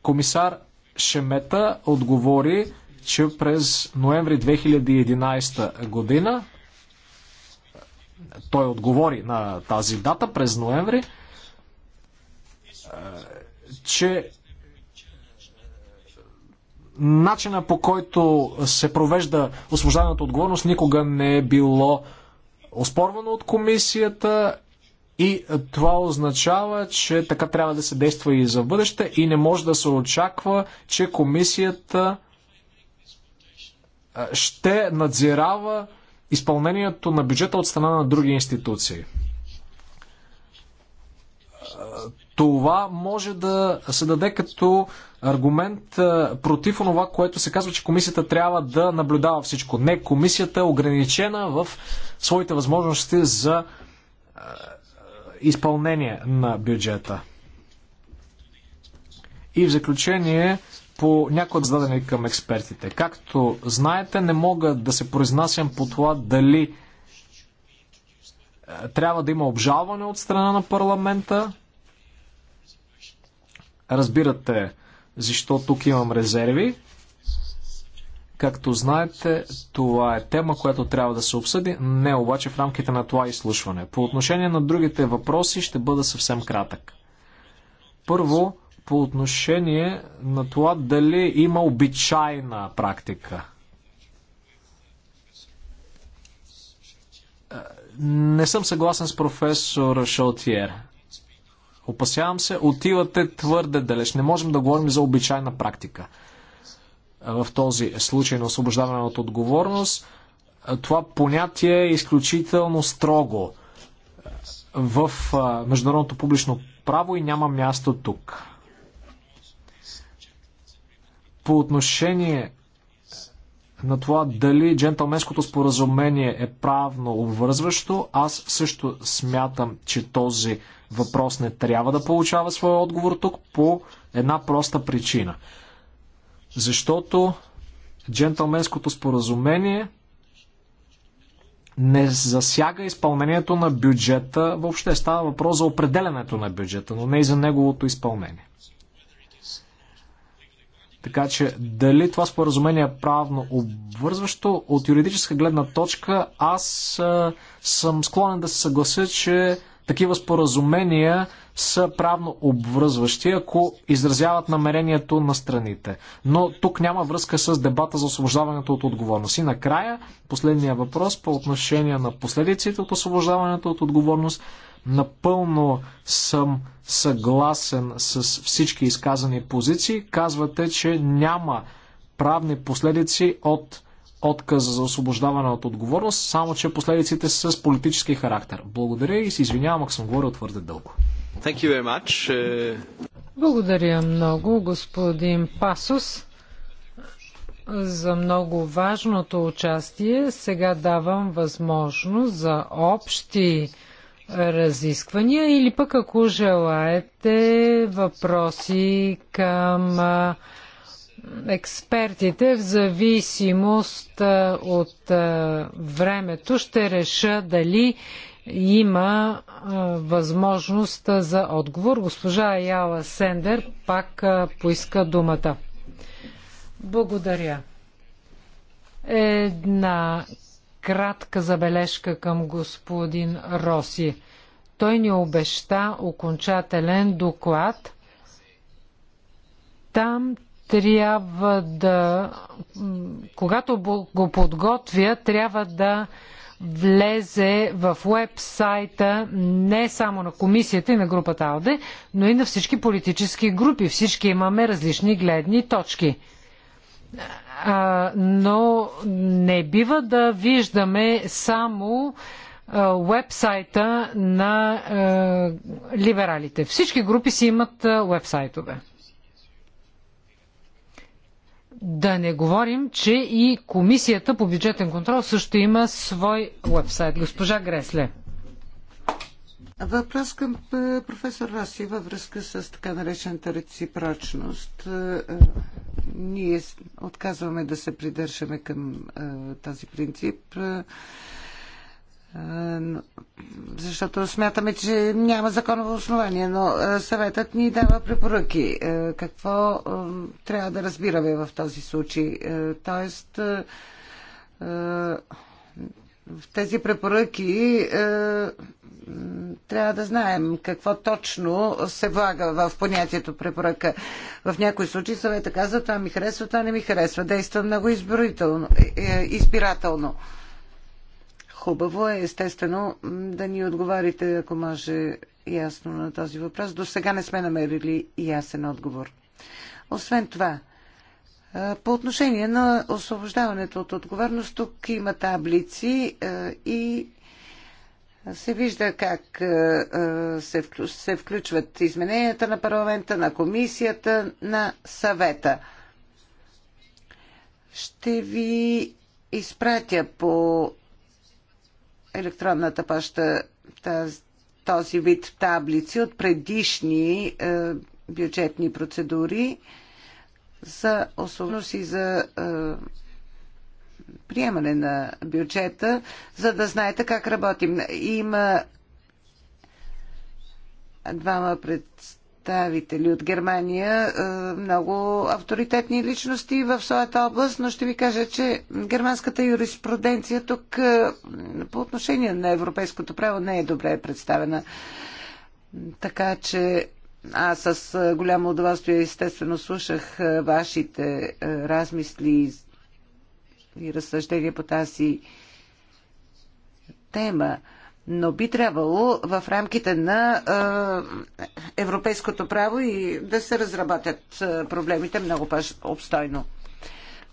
S1: Комисар Шемета отговори, че през ноември 2011 година той отговори на тази дата през ноември, е, че начина по който се провежда освобождаването отговорност никога не е било оспорвано от комисията и това означава, че така трябва да се действа и за бъдеще и не може да се очаква, че комисията е, ще надзирава изпълнението на бюджета от страна на други институции. Това може да се даде като аргумент против онова, което се казва, че комисията трябва да наблюдава всичко. Не, комисията е ограничена в своите възможности за изпълнение на бюджета. И в заключение по някои зададени към експертите. Както знаете, не мога да се произнасям по това дали е, трябва да има обжалване от страна на парламента. Разбирате защо тук имам резерви. Както знаете, това е тема, която трябва да се обсъди, не обаче в рамките на това изслушване. По отношение на другите въпроси ще бъда съвсем кратък. Първо, по отношение на това дали има обичайна практика. Не съм съгласен с професор Шалтиер. Опасявам се, отивате твърде далеч. Не можем да говорим за обичайна практика. В този случай на освобождаване от отговорност, това понятие е изключително строго в международното публично право и няма място тук. По отношение на това дали джентълменското споразумение е правно обвързващо, аз също смятам, че този въпрос не трябва да получава своя отговор тук по една проста причина. Защото джентълменското споразумение не засяга изпълнението на бюджета. Въобще става въпрос за определенето на бюджета, но не и за неговото изпълнение. Така че дали това споразумение е правно обвързващо, от юридическа гледна точка аз а, съм склонен да се съглася, че такива споразумения са правно обвързващи, ако изразяват намерението на страните. Но тук няма връзка с дебата за освобождаването от отговорност. И накрая, последния въпрос по отношение на последиците от освобождаването от отговорност. Напълно съм съгласен с всички изказани позиции. Казвате, че няма правни последици от отказа за освобождаване от отговорност, само че последиците са с политически характер. Благодаря и се извинявам, ако съм говорил твърде дълго. Thank you very much.
S3: Благодаря много, господин Пасос, за много важното участие. Сега давам възможност за общи разисквания или пък ако желаете въпроси към експертите в зависимост от времето ще реша дали има възможност за отговор. Госпожа Яла Сендер пак поиска думата. Благодаря. Една кратка забележка към господин Роси. Той ни обеща окончателен доклад. Там трябва да, когато го подготвя, трябва да влезе в уебсайта не само на комисията и на групата АЛДЕ, но и на всички политически групи. Всички имаме различни гледни точки а, но не бива да виждаме само вебсайта на либералите. Всички групи си имат вебсайтове. Да не говорим, че и Комисията по бюджетен контрол също има свой вебсайт. Госпожа Гресле.
S2: Въпрос към професор Раси във връзка с така наречената реципрочност ние отказваме да се придържаме към а, този принцип, а, а, защото смятаме, че няма законово основание, но а, съветът ни дава препоръки. А, какво а, трябва да разбираме в този случай? А, тоест, а, а, в тези препоръки. А, трябва да знаем какво точно се влага в понятието препоръка. В някои случаи съвета казва това ми харесва, това не ми харесва. Действа много е, е, избирателно. Хубаво е, естествено, да ни отговарите, ако може ясно на този въпрос. До сега не сме намерили ясен отговор. Освен това, е, по отношение на освобождаването от отговорност, тук има таблици и се вижда как е, е, се включват измененията на парламента, на комисията, на съвета. Ще ви изпратя по електронната поща този вид таблици от предишни е, бюджетни процедури за особеност и за приемане на бюджета, за да знаете как работим. Има двама представители от Германия, е, много авторитетни личности в своята област, но ще ви кажа, че германската юриспруденция тук е, по отношение на европейското право не е добре представена. Така че аз с голямо удоволствие естествено слушах е, вашите размисли и разсъждения по тази тема. Но би трябвало в рамките на е, европейското право и да се разработят проблемите много по-обстойно.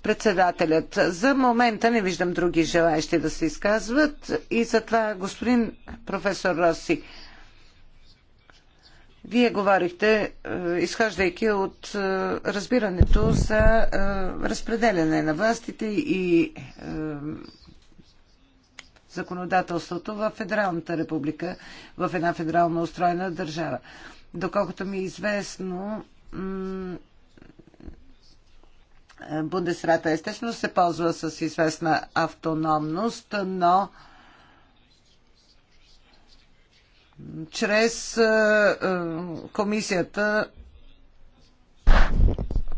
S2: Председателят, за момента не виждам други желаящи да се изказват и затова господин професор Роси, вие говорихте, е, изхождайки от е, разбирането за е, разпределяне на властите и законодателството в Федералната република, в една федерално устроена държава. Доколкото ми е известно, Бундесрата естествено се ползва с известна автономност, но чрез е, е, комисията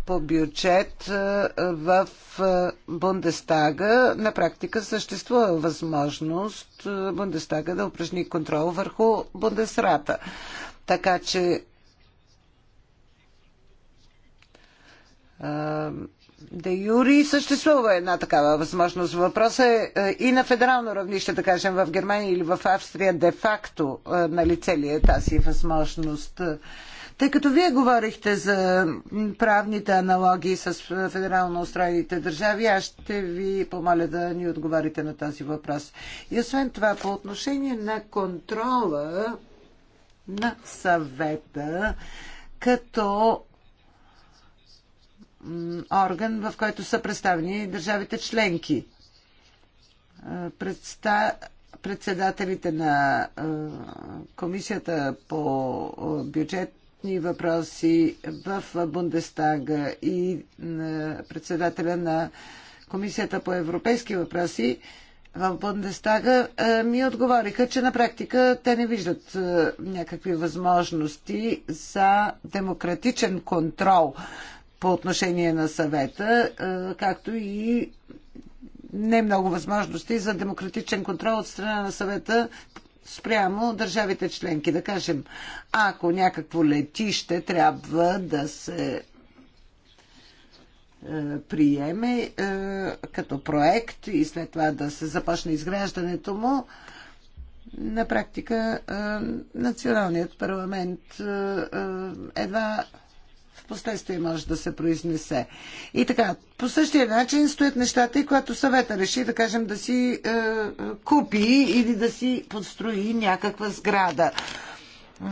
S2: по бюджет е, в Бундестага на практика съществува възможност Бундестага да упражни контрол върху Бундесрата. Така че Де Юри съществува една такава възможност. Въпросът е, е и на федерално равнище, да кажем, в Германия или в Австрия, де-факто е, на лице ли е тази възможност. Тъй като вие говорихте за правните аналогии с е, федерално устроените държави, аз ще ви помоля да ни отговорите на този въпрос. И освен това, по отношение на контрола на съвета, като орган, в който са представени държавите членки. Предста... Председателите на Комисията по бюджетни въпроси в Бундестага и председателя на Комисията по европейски въпроси в Бундестага ми отговориха, че на практика те не виждат някакви възможности за демократичен контрол по отношение на съвета, както и не много възможности за демократичен контрол от страна на съвета спрямо държавите членки. Да кажем, ако някакво летище трябва да се е, приеме е, като проект и след това да се започне изграждането му, на практика е, националният парламент едва в последствие може да се произнесе. И така, по същия начин стоят нещата и когато съвета реши, да кажем, да си е, е купи или да си подстрои някаква сграда.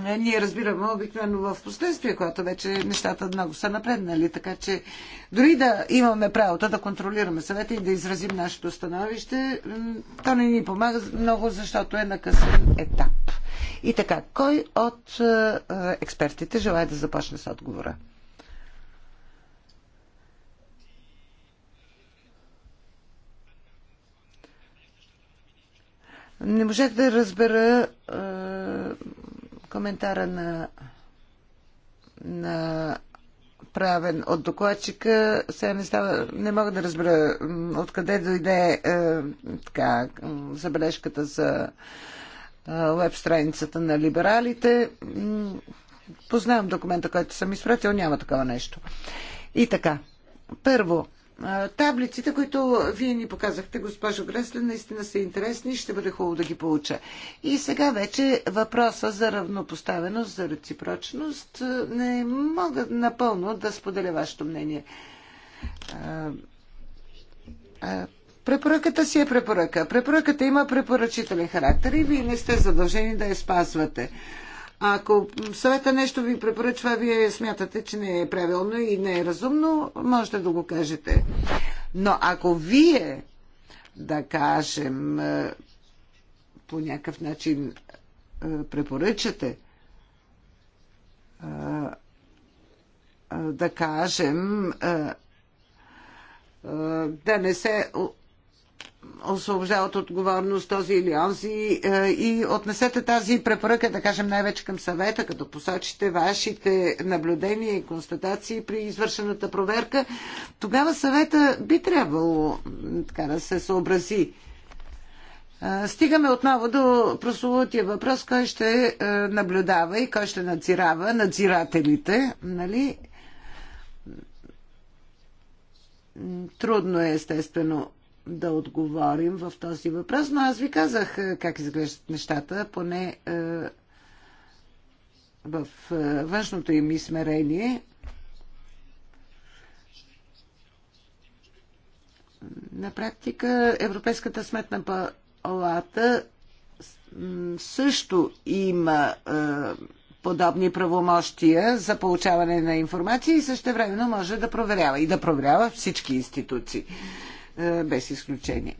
S2: Е, ние разбираме обикновено в последствие, когато вече нещата много са напреднали, така че дори да имаме правото да контролираме съвета и да изразим нашето становище, то не ни помага много, защото е на късен етап. И така, кой от е, експертите желая да започне с отговора? Не можах да разбера е, коментара на, на правен от докладчика. Сега не, става, не мога да разбера откъде дойде е, така, забележката за веб страницата на либералите. Познавам документа, който съм изпратил, няма такова нещо. И така. Първо, таблиците, които вие ни показахте, госпожо Гресле, наистина са интересни, и ще бъде хубаво да ги получа. И сега вече въпроса за равнопоставеност, за реципрочност. Не мога напълно да споделя вашето мнение. Препоръката си е препоръка. Препоръката има препоръчителен характер и вие не сте задължени да я спазвате. Ако съвета нещо ви препоръчва, вие смятате, че не е правилно и не е разумно, можете да го кажете. Но ако вие, да кажем, е, по някакъв начин е, препоръчате, е, да кажем, да не се освобождават отговорност този или онзи е, и отнесете тази препоръка, да кажем, най-вече към съвета, като посочите вашите наблюдения и констатации при извършената проверка, тогава съвета би трябвало така да се съобрази. Е, стигаме отново до прословутия въпрос, кой ще е, наблюдава и кой ще надзирава надзирателите, нали? Трудно е, естествено да отговорим в този въпрос, но аз ви казах е, как изглеждат нещата, поне е, в е, външното им измерение. На практика Европейската сметна палата също има е, подобни правомощия за получаване на информация и също времено може да проверява и да проверява всички институции. Е, без изключение.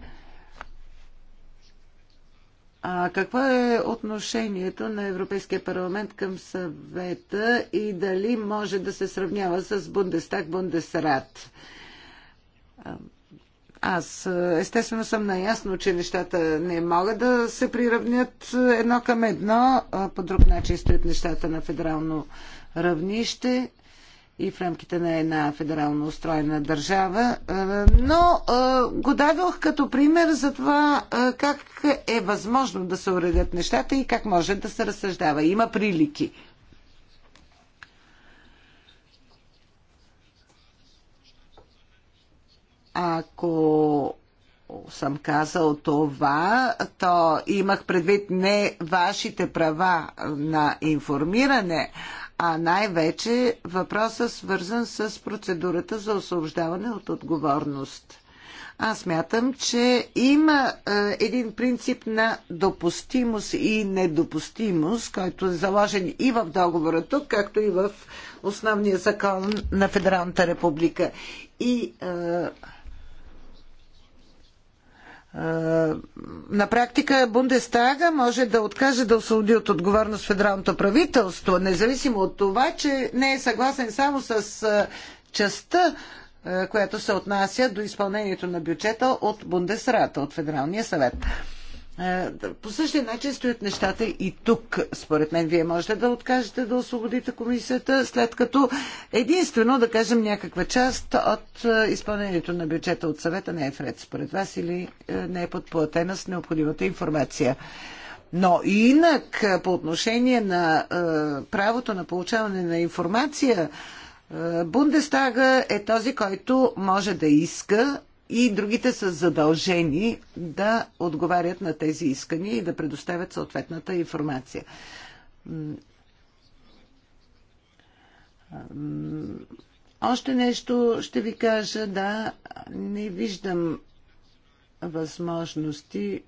S2: А какво е отношението на Европейския парламент към съвета и дали може да се сравнява с Бундестаг, Бундесрат? Аз естествено съм наясно, че нещата не могат да се приравнят едно към едно. По друг начин стоят нещата на федерално равнище и в рамките на една федерално устроена държава. Е, но е, го дадох като пример за това е, как е възможно да се уредят нещата и как може да се разсъждава. Има прилики. Ако съм казал това, то имах предвид не вашите права на информиране, а най-вече въпросът свързан с процедурата за освобождаване от отговорност. Аз мятам, че има е, един принцип на допустимост и недопустимост, който е заложен и в договора тук, както и в основния закон на Федералната република. И е, на практика Бундестага може да откаже да освободи от отговорност федералното правителство, независимо от това, че не е съгласен само с частта, която се отнася до изпълнението на бюджета от Бундесрата, от Федералния съвет. Е, по същия начин стоят нещата и тук. Според мен, вие можете да откажете да освободите комисията, след като единствено, да кажем, някаква част от е, изпълнението на бюджета от съвета не е вред според вас или е, не е подплатена с необходимата информация. Но инак, по отношение на правото на получаване на информация, Бундестага е този, който може да иска и другите са задължени да отговарят на тези искания и да предоставят съответната информация. Още нещо ще ви кажа, да, не виждам възможности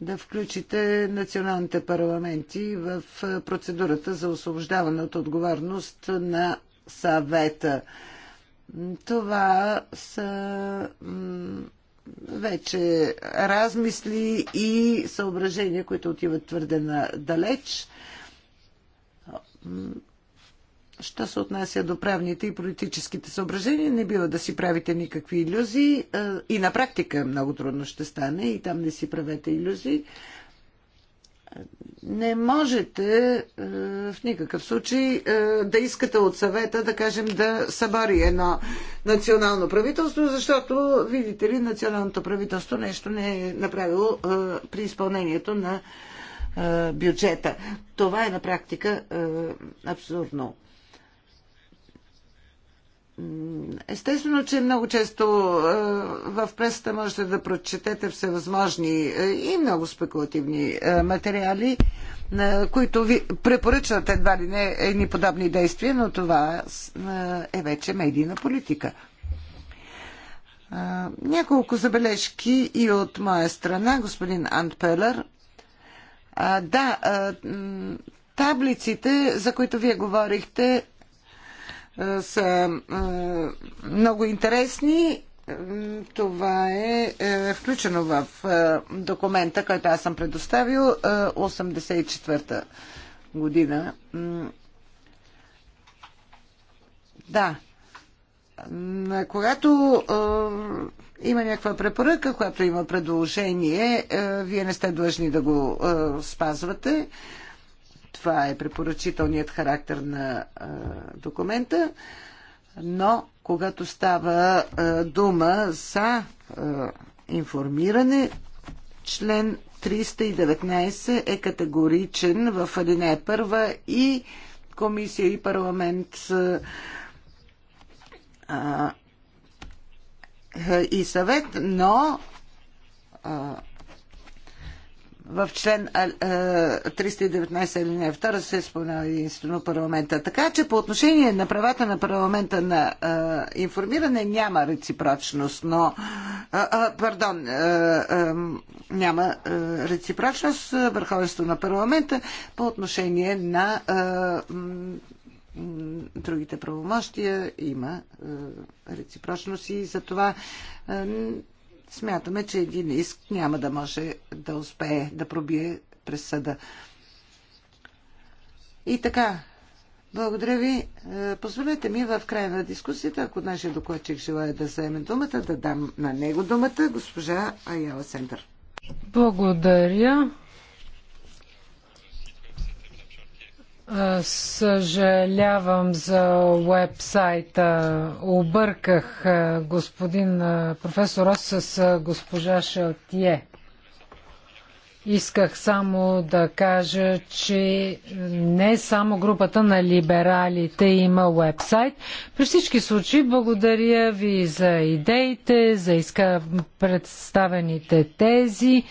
S2: да включите националните парламенти в процедурата за освобождаване от отговорност на съвета. Това са вече размисли и съображения, които отиват твърде далеч. Що се отнася до правните и политическите съображения, не бива да си правите никакви иллюзии. Е, и на практика много трудно ще стане, и там не си правете иллюзии не можете е, в никакъв случай е, да искате от съвета, да кажем, да събори едно национално правителство, защото, видите ли, националното правителство нещо не е направило е, при изпълнението на бюджета. Това е на практика абсурдно. Естествено, че много често е, в пресата можете да прочетете всевъзможни е, и много спекулативни е, материали, които ви препоръчват едва ли не едни подобни действия, но това е вече медийна политика. Няколко забележки и от моя страна, господин Ант Пелер. Да, таблиците, за които вие говорихте, е, са е, много интересни. Е, това е включено в документа, който аз съм предоставил 84-та година. Да. Когато има някаква препоръка, когато има предложение, вие не сте длъжни да го спазвате. Това е препоръчителният характер на документа. Но когато става дума за информиране, член 319 е категоричен в алинея първа и комисия и парламент и съвет, но в член 319 не 2 се споменава единствено парламента. Така че по отношение на правата на парламента на информиране няма реципрочност, но... пардон, няма реципрочност върховенство на парламента по отношение на другите правомощия има реципрочност и за това смятаме, че един иск няма да може да успее да пробие през съда. И така, благодаря ви. Е, позволете ми в края на дискусията, ако нашия докладчик желая да вземе думата, да дам на него думата госпожа Аяла Сендър.
S3: Благодаря. Съжалявам за уебсайта. Обърках господин професор Рос с госпожа Шалтие. Исках само да кажа, че не само групата на либералите има уебсайт. При всички случаи благодаря ви за идеите, за представените тези.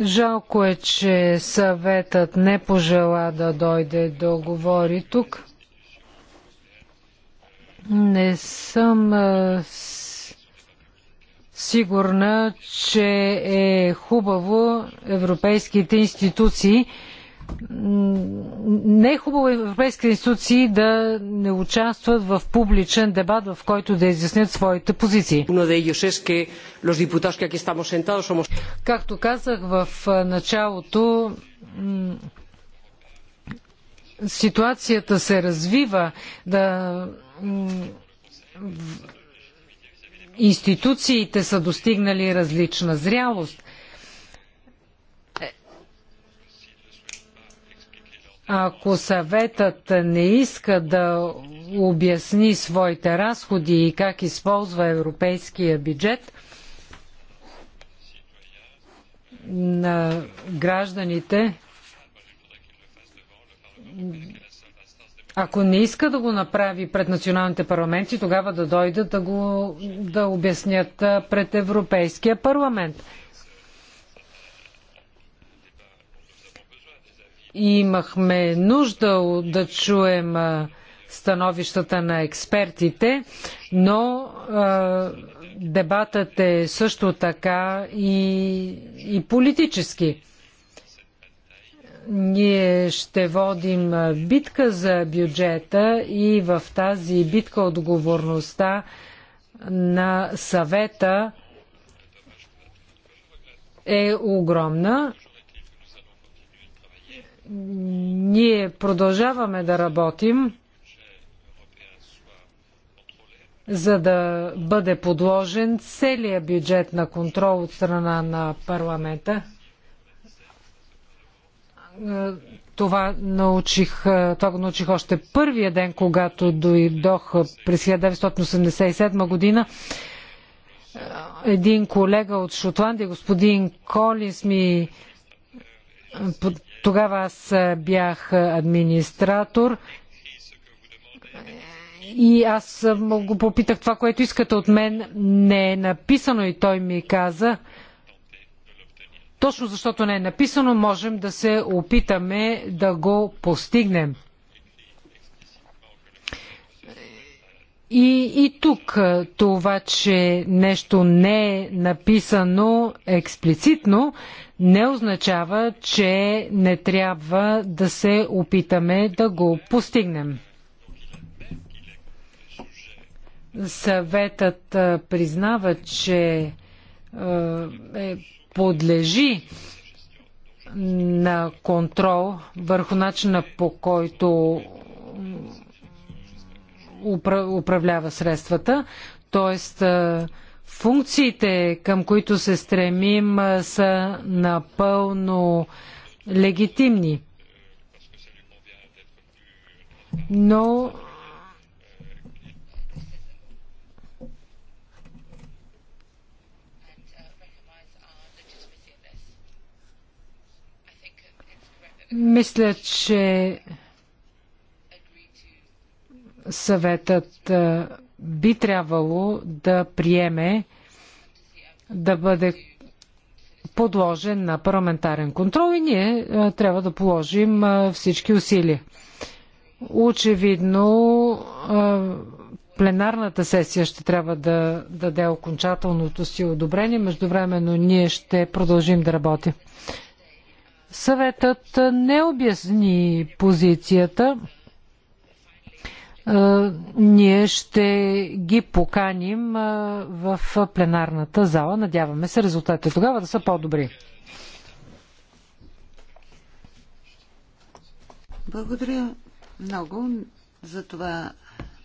S3: Жалко е, че съветът не пожела да дойде да говори тук. Не съм сигурна, че е хубаво европейските институции не е хубаво европейските институции да не участват в публичен дебат, в който да изяснят своите позиции. Както казах в началото, ситуацията се развива да институциите са достигнали различна зрялост. Ако съветът не иска да обясни своите разходи и как използва европейския бюджет, на гражданите, ако не иска да го направи пред националните парламенти, тогава да дойдат да го да обяснят пред Европейския парламент. имахме нужда да чуем становищата на експертите, но дебатът е също така и, и политически. Ние ще водим битка за бюджета и в тази битка отговорността на съвета е огромна. Ние продължаваме да работим, за да бъде подложен целият бюджет на контрол от страна на парламента. Това, научих, това го научих още първия ден, когато дойдох през 1987 година един колега от Шотландия, господин Колинс, ми тогава аз бях администратор и аз го попитах това, което искате от мен, не е написано и той ми каза, точно защото не е написано, можем да се опитаме да го постигнем. И, и тук това, че нещо не е написано експлицитно, не означава, че не трябва да се опитаме да го постигнем. Съветът признава, че е, подлежи на контрол върху начина по който управлява средствата, т.е. Функциите, към които се стремим, са напълно легитимни. Но Мисля, че съветът би трябвало да приеме да бъде подложен на парламентарен контрол и ние трябва да положим всички усилия. Очевидно, пленарната сесия ще трябва да, да даде окончателното си одобрение. Междувременно ние ще продължим да работим. Съветът не обясни позицията ние ще ги поканим в пленарната зала. Надяваме се резултатите тогава да са по-добри.
S2: Благодаря много за това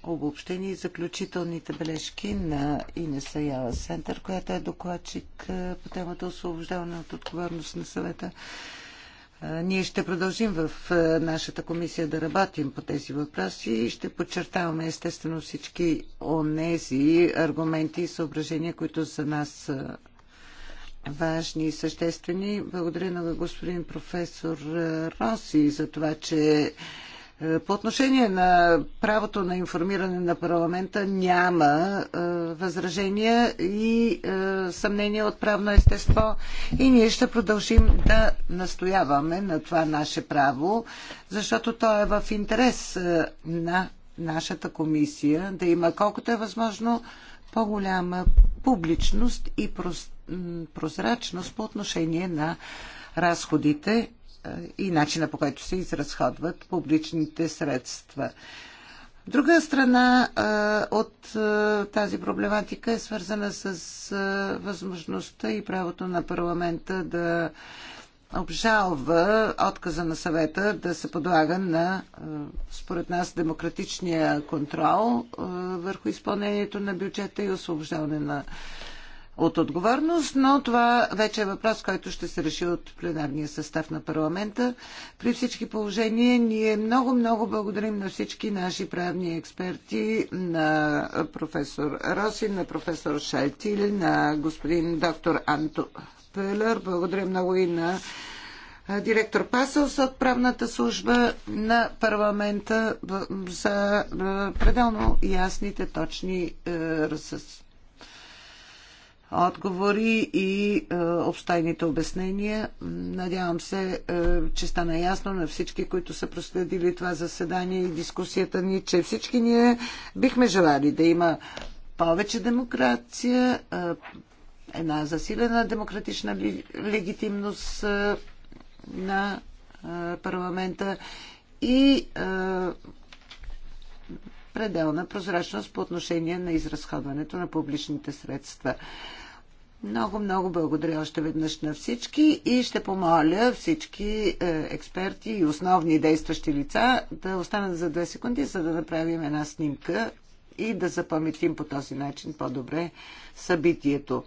S2: обобщение и заключителните бележки на Инеса Яла Сентър, която е докладчик по темата освобождаване от отговорност на съвета. Ние ще продължим в нашата комисия да работим по тези въпроси и ще подчертаваме естествено всички онези аргументи и съображения, които за нас са важни и съществени. Благодаря на господин професор Роси за това, че е, по отношение на правото на информиране на парламента няма е, възражения и е, съмнения от правно естество и ние ще продължим да настояваме на това наше право, защото то е в интерес е, на нашата комисия да има колкото е възможно по-голяма публичност и прозрачност по отношение на разходите и начина по който се изразходват публичните средства. Друга страна от тази проблематика е свързана с възможността и правото на парламента да обжалва отказа на съвета да се подлага на, според нас, демократичния контрол върху изпълнението на бюджета и освобождаване на от отговорност, но това вече е въпрос, който ще се реши от пленарния състав на парламента. При всички положения ние много-много благодарим на всички наши правни експерти, на професор Росин, на професор Шайтили, на господин доктор Анто Пелер. Благодаря много и на директор Пасълс от правната служба на парламента за пределно ясните, точни разсъждения отговори и е, обстойните обяснения. Надявам се, е, че стана ясно на всички, които са проследили това заседание и дискусията ни, че всички ние бихме желали да има повече демокрация, е, една засилена демократична легитимност на парламента и пределна прозрачност по отношение на изразходването на публичните средства. Много, много благодаря още веднъж на всички и ще помоля всички е, експерти и основни действащи лица да останат за две секунди, за да направим една снимка и да запаметим по този начин по-добре събитието.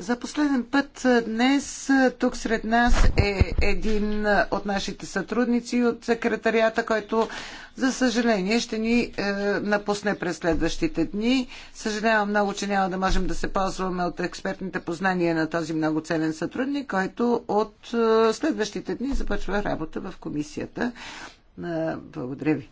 S2: За последен път днес тук сред нас е един от нашите сътрудници от секретарията, който за съжаление ще ни е, напусне през следващите дни. Съжалявам много, че няма да можем да се ползваме от експертните познания на този много ценен сътрудник, който от е, следващите дни започва работа в комисията. Е, благодаря ви.